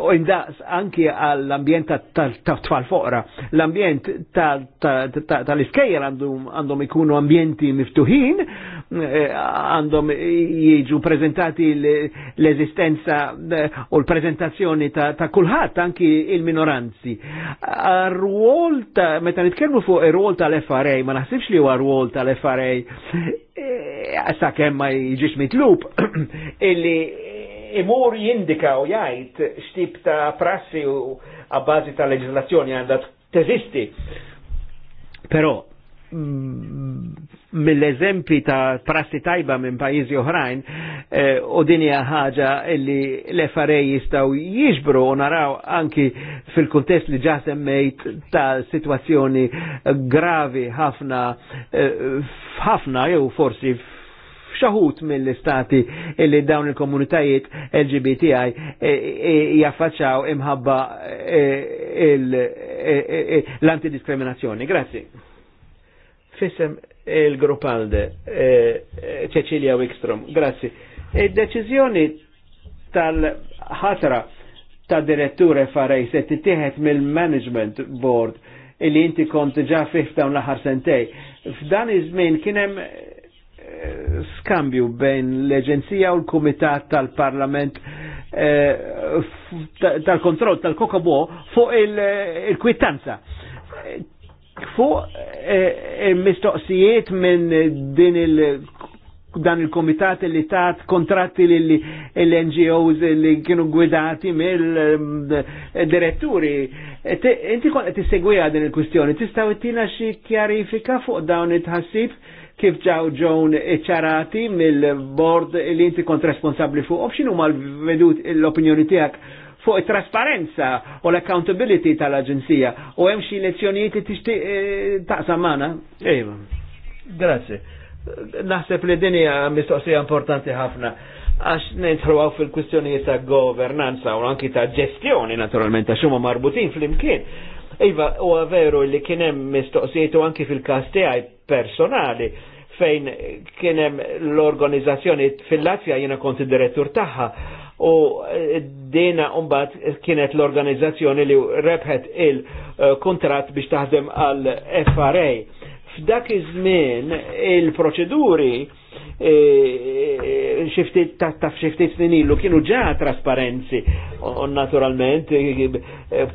u indaqs anki għall-ambjent ta' tfal fuq foqra. L-ambjent tal-iskejjer għandhom ikunu ambjenti miftuħin, eh, għandhom jiġu prezentati l-eżistenza eh, u l-prezentazzjoni ta' kulħadd anki il-minoranzi. ar ruol ta' meta nitkellmu fuq ir ruol tal-FRA, ma naħsibx li huwa ruol tal-FRA eh, sa' kemm ma jiġix mitlub <clears throat> illi imur jindika u jgħid xtib ta' prassi u għabbażi ta' leġislazzjoni għandha eh, teżisti. Pero, mm, mill-eżempi ta' prassi tajba minn pajizi oħrajn eh, u din hija ħaġa li l-FRA jistgħu jiġbru u naraw anki fil-kuntest li ġa semmejt ta' situazzjoni gravi ħafna eh, ħafna jew forsi xaħut mill-istati li dawn il-komunitajiet LGBTI e, e, jaffaċaw imħabba e, l-antidiskriminazzjoni. Grazzi. Fissem il-grupp Alde, Cecilia Wikstrom, grazzi. il deċizjoni tal-ħatra ta' direttura farej se tittieħed mill-management board illi inti kont ġa fih dawn l-aħħar sentej. F'dan iż-żmien kien hemm skambju bejn l-Eġenzija u l-Kumitat tal-Parlament eh, tal-Kontroll tal-Kokobo fuq il-kwittanza. fuq eh, il mistoqsijiet minn din il- dan il-komitat li tat kontratti li l-NGOs li kienu gwidati mill-diretturi. Eh, e inti kont qed segwija din il-kwistjoni, tistgħu tina xie kjarifika fuq dawn it-ħassib? kif ġaw ġon ċarati mill-bord li inti kont responsabli fuq, xinu ma vedut l-opinjoni tijak fuq trasparenza u l-accountability tal-Aġenzija u hemm xi lezzjonijiet li tixtieq eh, taqsam magħna. Ejma. Iva, Grazzi. Naħseb li din hija mistoqsija importanti ħafna għax nintħruaw fil-kwistjonijiet ta' governanza u anki ta' ġestjoni naturalment ta' huma marbutin fl-imkien. Iva, u għaveru li kienem mistoqsijiet u anki fil kastijaj personali fejn kienem l-organizzazzjoni fil-Latvija jena konti direttur taħħa u dina umbat kienet l-organizzazzjoni li rebħet il-kontrat biex taħdem għal FRA. F'dak iż-żmien il-proċeduri taf e, e, e, xiftit finillu kienu ġa trasparenzi naturalment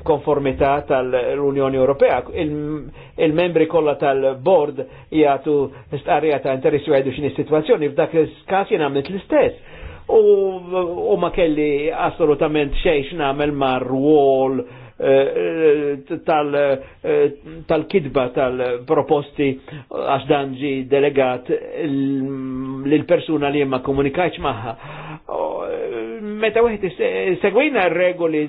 konformità tal-Unjoni Ewropea. Il-membri kollha tal-board jgħatu starija ta' interessi għajdu xini situazzjoni, f'dak kas jien għamilt l-istess. U ma kelli assolutament xejn nagħmel mar-rwol Eh, eh, eh, tal-kidba tal-proposti għax danġi delegat l-persuna li jemma komunikajċ maħħa. Meta wieħed segwina regoli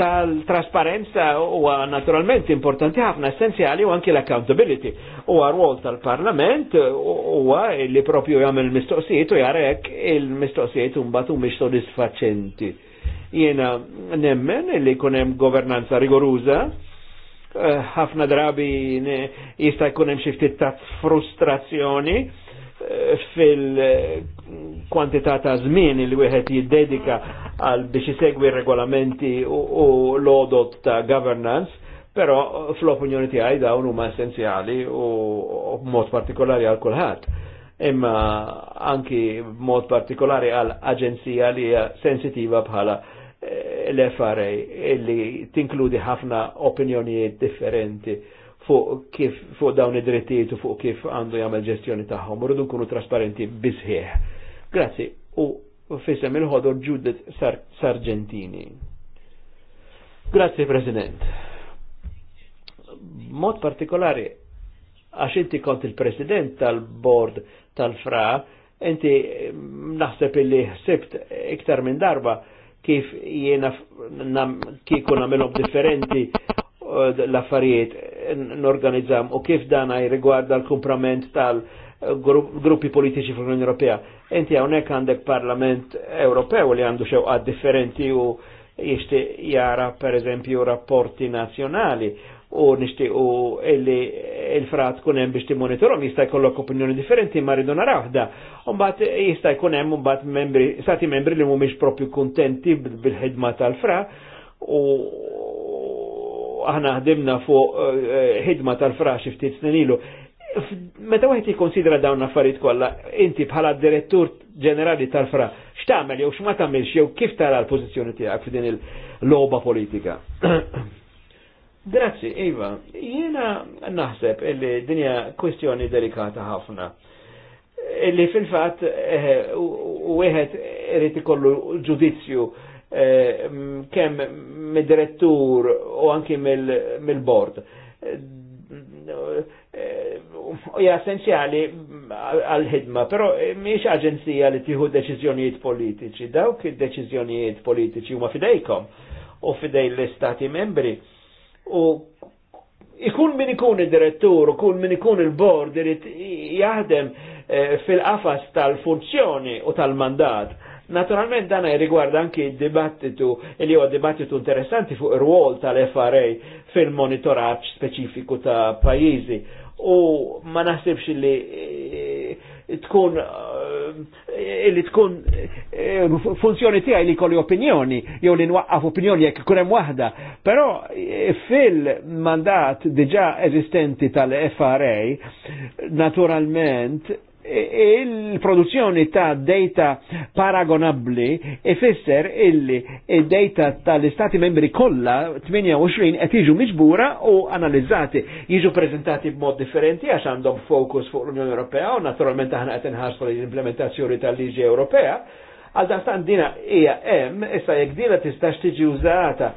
tal-trasparenza huwa naturalment importanti ħafna essenzjali u anki l-accountability. Huwa rwol tal-Parlament huwa li propju jagħmel mistoqsijiet u jara il-mistoqsijiet u mbagħad mhumiex sodisfaċenti Jena nemmen li kunem governanza rigorosa, eh, ħafna drabi jista' jkun hemm ftit ta' frustrazzjoni eh, fil-kwantità ta' żmien li wieħed jiddedika għal biex isegwi regolamenti u l-odot ta' governance, però fl-opinjoni tiegħi dawn huma essenzjali u b'mod partikolari għal kulħadd. Imma anki b'mod partikolari għal aġenzija li hija sensitiva bħala l-FRA illi tinkludi ħafna opinjonijiet differenti fuq kif fuq dawn id-drittijiet u fuq kif għandu jagħmel ġestjoni tagħhom. rridu nkunu trasparenti biżħieħ. Grazzi. U fisem il-ħodor Judith Sar Sargentini. Grazzi President. Mod partikolari għax inti kont il-President tal-Bord tal-FRA, inti naħseb illi ħsibt iktar minn darba kif jiena kieku nagħmelhom differenti uh, l-affarijiet norganizzam u kif dana jirrigwarda l-kumprament tal-gruppi uh, politiċi fl-Unjoni Ewropea. Inti hawnhekk għandek Parlament Ewropew li għandu xewqat differenti u jishti jara per eżempju rapporti nazjonali u u illi il-frat kunem biex monitorom jista' jkollok opinjoni differenti ma rridu naraw da. Umbat jista' jkun hemm membri, stati membri li mhumiex propju kuntenti bil-ħidma tal-fra u aħna ħdimna fuq eh, ħidma tal-fra xi ftit snin meta wieħed jikkonsidra dawn l-affarijiet kollha, inti bħala direttur ġenerali tal-fra, x'tagħmel jew x'ma tagħmilx jew kif tara l-pożizzjoni tiegħek f'din il-logħba politika. <clears throat> Grazzi, Iva. Jiena naħseb li dinja kwestjoni delikata ħafna. Illi fil-fat eh, u wieħed irid ikollu ġudizzju eh, kemm mid-direttur u anki mill-bord. Eh, ja essenzjali għal-ħidma, però miex aġenzija li tieħu deċiżjonijiet politiċi, dawk id-deċiżjonijiet politiċi huma fidejkom u fidej l-istati membri U ikun min ikun il-direttur, ikun min ikun il-bord, irrit jahdem eh, fil-qafas tal-funzjoni u tal-mandat. Naturalment dana jirrigwarda anki dibattitu, li huwa dibattitu interessanti fuq il rwol tal-FRA fil-monitoraċ specifiku ta' pajizi. U ma naħsibx li eh, tkun eh, illi tkun eh, funzjoni tiegħi li kolli opinjoni jew li nwaqqaf opinjoni jekk ikun hemm waħda. Però eh, fil-mandat diġà eżistenti tal-FRA naturalment E, e il-produzzjoni ta' data paragonabli ifisser illi id-data tal-istati membri kollha 28 qed jiġu miġbura u analizzati, jiġu prezentati b'mod differenti għax għandhom fokus fuq l-Unjoni Ewropea u naturalment aħna qed inħarsu l-implementazzjoni tal-liġi Ewropea. Għal dastan dina hija hemm, issa jekk dina tistax tiġi użata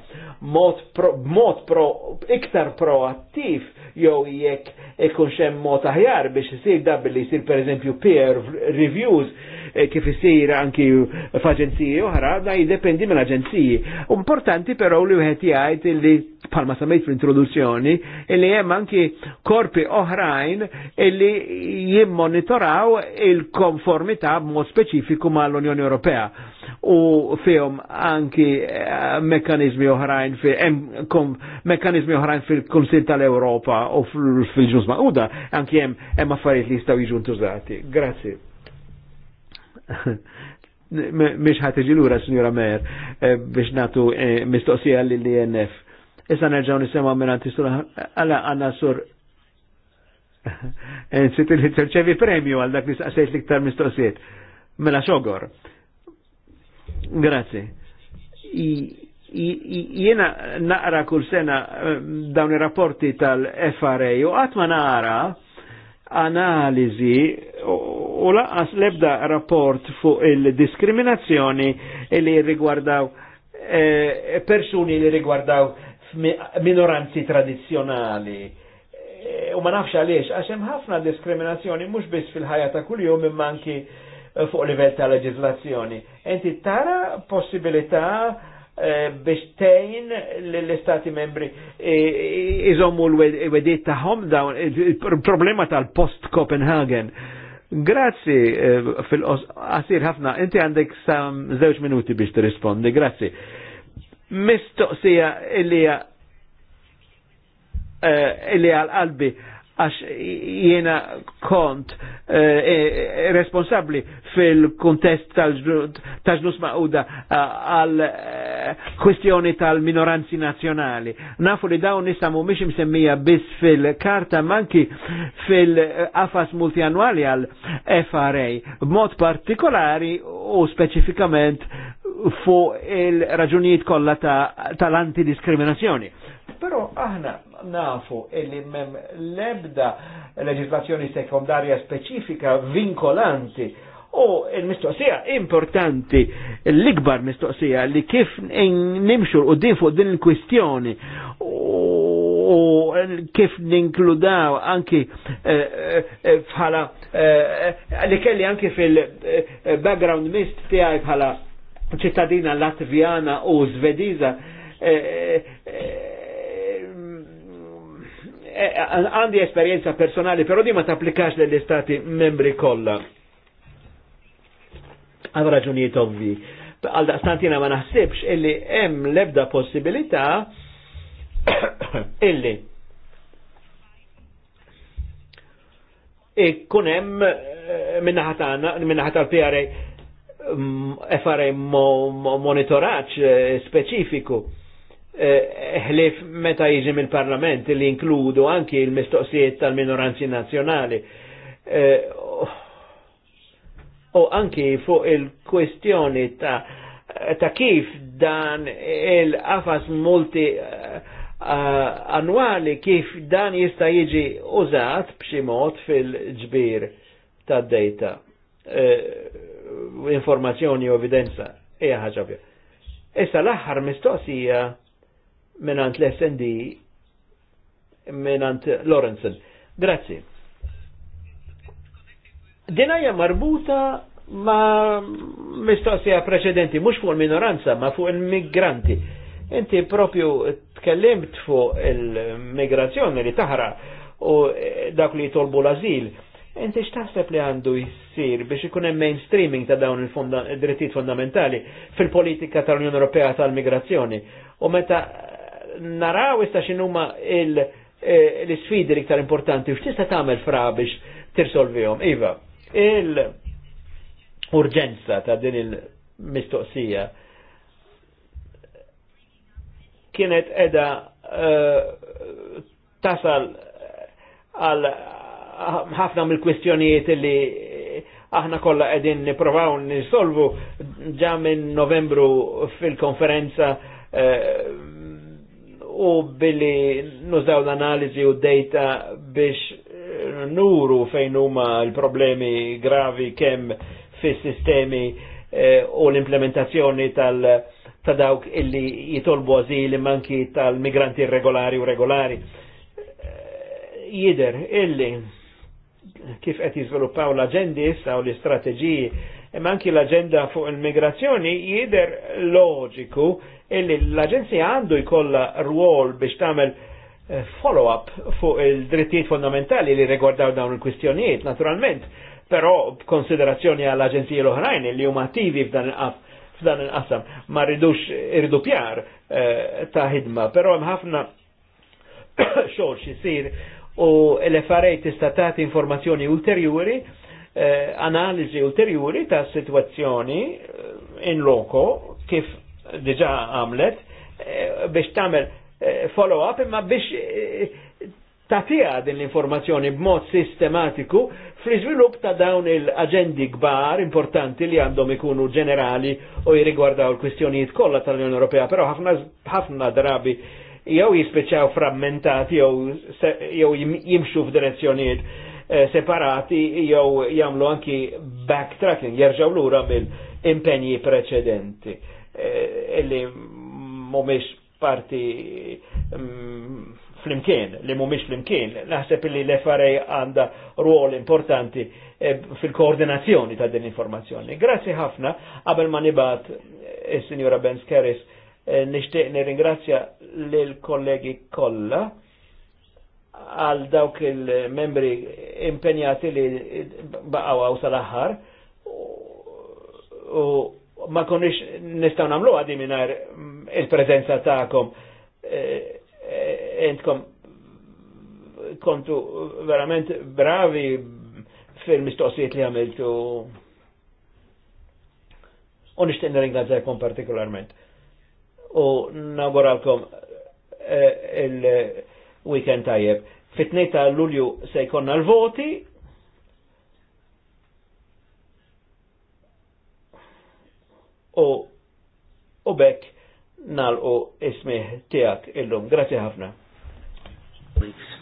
mod pro, mod pro iktar proattiv jew jekk ikun xem mod aħjar biex isir da billi per pereżempju peer reviews eh, kif isir anki f'aġenziji oħra, da jiddependi minn aġenziji. Importanti però li wieħed jgħid li palma samajt fl-introduzzjoni, illi hemm anki korpi oħrajn illi jimmonitoraw il-konformità specifiku speċifiku mal unjoni Ewropea u fihom anki eh, mekanizmi oħrajn mekanizmi oħrajn fil-Kunsil tal-Ewropa u fil u da anki hemm hemm affarijiet li jistgħu jiġu ntużati. Grazzi. <laughs> Mish l lura, Signora Mer, eh, biex natu eh, mistoqsija l-INF Issa nerġaw nisema minnant sur għalla għanna sur nsit <laughs> eh, li terċevi premju għal dak li li ktar mistoqsiet. Mela xogor. Grazie. Jena naqra kull sena eh, dawn ir-rapporti tal-FRA u għatma naqra analizi u laqas lebda rapport fuq il-diskriminazzjoni li riguardaw eh, persuni li riguardaw minoranzi tradizjonali. E, u ma nafx għaliex, għax hemm ħafna diskriminazzjoni mhux biss fil-ħajja ta' kuljum imma anki e, fuq livell ta' leġislazzjoni. Enti tara possibilità e, biex tejn l-istati membri iżommu l-wedit taħom dawn il-problema tal-post Copenhagen. Grazzi fil-qasir ħafna, inti għandek sam zewġ minuti biex t-rispondi, grazzi mistoqsija illi eh, għal-qalbi għax jena kont eh, eh, responsabli fil-kontest tal-ġnus maquda għal kwistjoni tal-minoranzi nazjonali. Nafu li dawn nisa mu miex msemmija bis fil-karta manki fil-afas multianwali għal FRA, b'mod partikolari u specifikament fuq il-raġunijiet kollha tal-antidiskriminazzjoni. Ta Però aħna nafu illi mem lebda leġislazzjoni sekundarja speċifika vinkolanti u il-mistoqsija importanti l-ikbar mistoqsija li kif nimxur u din fuq din il-kwistjoni u kif ninkludaw anki eh, eh, bħala eh, li kelli anki fil-background mist tijaj bħala ċittadina latvjana u svediza eh, eh, eh, għandi esperienza personali, però di ma tapplikax l istati membri kolla. għav raġunijiet ovvi. għalda stantina ma naħsibx illi hemm lebda possibilità <coughs> illi e hemm minnaħat minnaħat għal pra Eh, fare monitoraċ eh, speċifiku eh, ħlif meta jiġi mill-parlament li inkludu anki il-mistoqsijiet tal-minoranzi nazjonali u anki fuq il-kwestjoni ta' ta' kif dan il-qafas multi annwali kif dan jista' jiġi użat b'xi mod fil-ġbir tad-dejta. Eh, informazzjoni u evidenza. Eja ħagġa bja. Issa l-aħħar mistoqsija minnant l-SND minnant Lorenzen. Grazzi. Dinajja marbuta ma mistoqsija preċedenti, mux fuq il-minoranza, ma fuq il-migranti. Inti propju tkellimt fuq il-migrazzjoni li taħra u dak li jitolbu l-azil Inti x'taħseb li għandu jsir biex ikun hemm mainstreaming ta' dawn il-drittijiet fondamentali fil-politika tal-Unjoni Ewropea tal-migrazzjoni. U meta eh, naraw issa x'inhuma eh, l-isfidi l-iktar importanti u x'tista' tagħmel fra biex tirsolvihom. Iva, il-urġenza ta' din il-mistoqsija kienet edha eh, tasal ħafna mill-kwistjonijiet li aħna kolla qegħdin niprovaw nisolvu ġa minn Novembru fil-konferenza eh, u billi nużaw l-analiżi u data biex nuru fejn huma l-problemi gravi kemm fis-sistemi eh, u l-implementazzjoni tal- ta' dawk illi jitolbu għazil manki tal-migranti irregolari u regolari. Eh, jider, illi kif qed jiżviluppaw l-aġendi issa u l-istrateġiji imma anki l-aġenda fuq il-migrazzjoni jider loġiku illi l-aġenzija għandu jkollha rwol biex tagħmel eh, follow-up fuq il-drittijiet fondamentali li rigordaw dawn il-kwistjonijiet, naturalment, però konsiderazzjoni għall-aġenziji l-oħrajn li huma attivi f'dan il-qaf f'dan il-qasam, ma rridux irridu pjar eh, ta' ħidma, però hemm ħafna <coughs> xogħol xisir u l-FRA istatati informazzjoni ulterjuri, eh, analizi ulterjuri ta' situazzjoni eh, in loco kif diġa għamlet eh, biex tamel eh, follow-up imma biex eh, tatija din l-informazzjoni b'mod sistematiku fl-iżvilupp ta' dawn il agendi kbar importanti li għandhom ikunu ġenerali u jirigwardaw l-kwistjonijiet kollha tal-Unjoni Ewropea, però ħafna drabi jew jispeċaw frammentati jew jew jimxu f'direzzjonijiet eh, separati jew jagħmlu anki backtracking, jerġgħu lura mill-impenji preċedenti illi eh, mhumiex parti mm, flimkien, li mhumiex flimkien. Naħseb li l-FRA għandha ruol importanti eh, fil-koordinazzjoni ta' din informazzjoni. Grazzi ħafna, qabel ma nibat is-Sinjura Benz Keris Eh, nishtiq nirringrazzja l-kollegi kolla għal dawk il-membri impenjati li baqaw għaw sal u ma konniex nistaw namlu għadi minar il prezenza ta'kom entkom eh, eh, kontu verament bravi fil-mistoqsijiet li għamiltu u nishtiq nirringrazzjakom partikolarment u nawguralkom eh, il-weekend tajjeb. Fit-2 ta' Lulju se jkollna l-voti u u bekk nalqu ismih tiegħek illum. Grazzi ħafna. Thanks.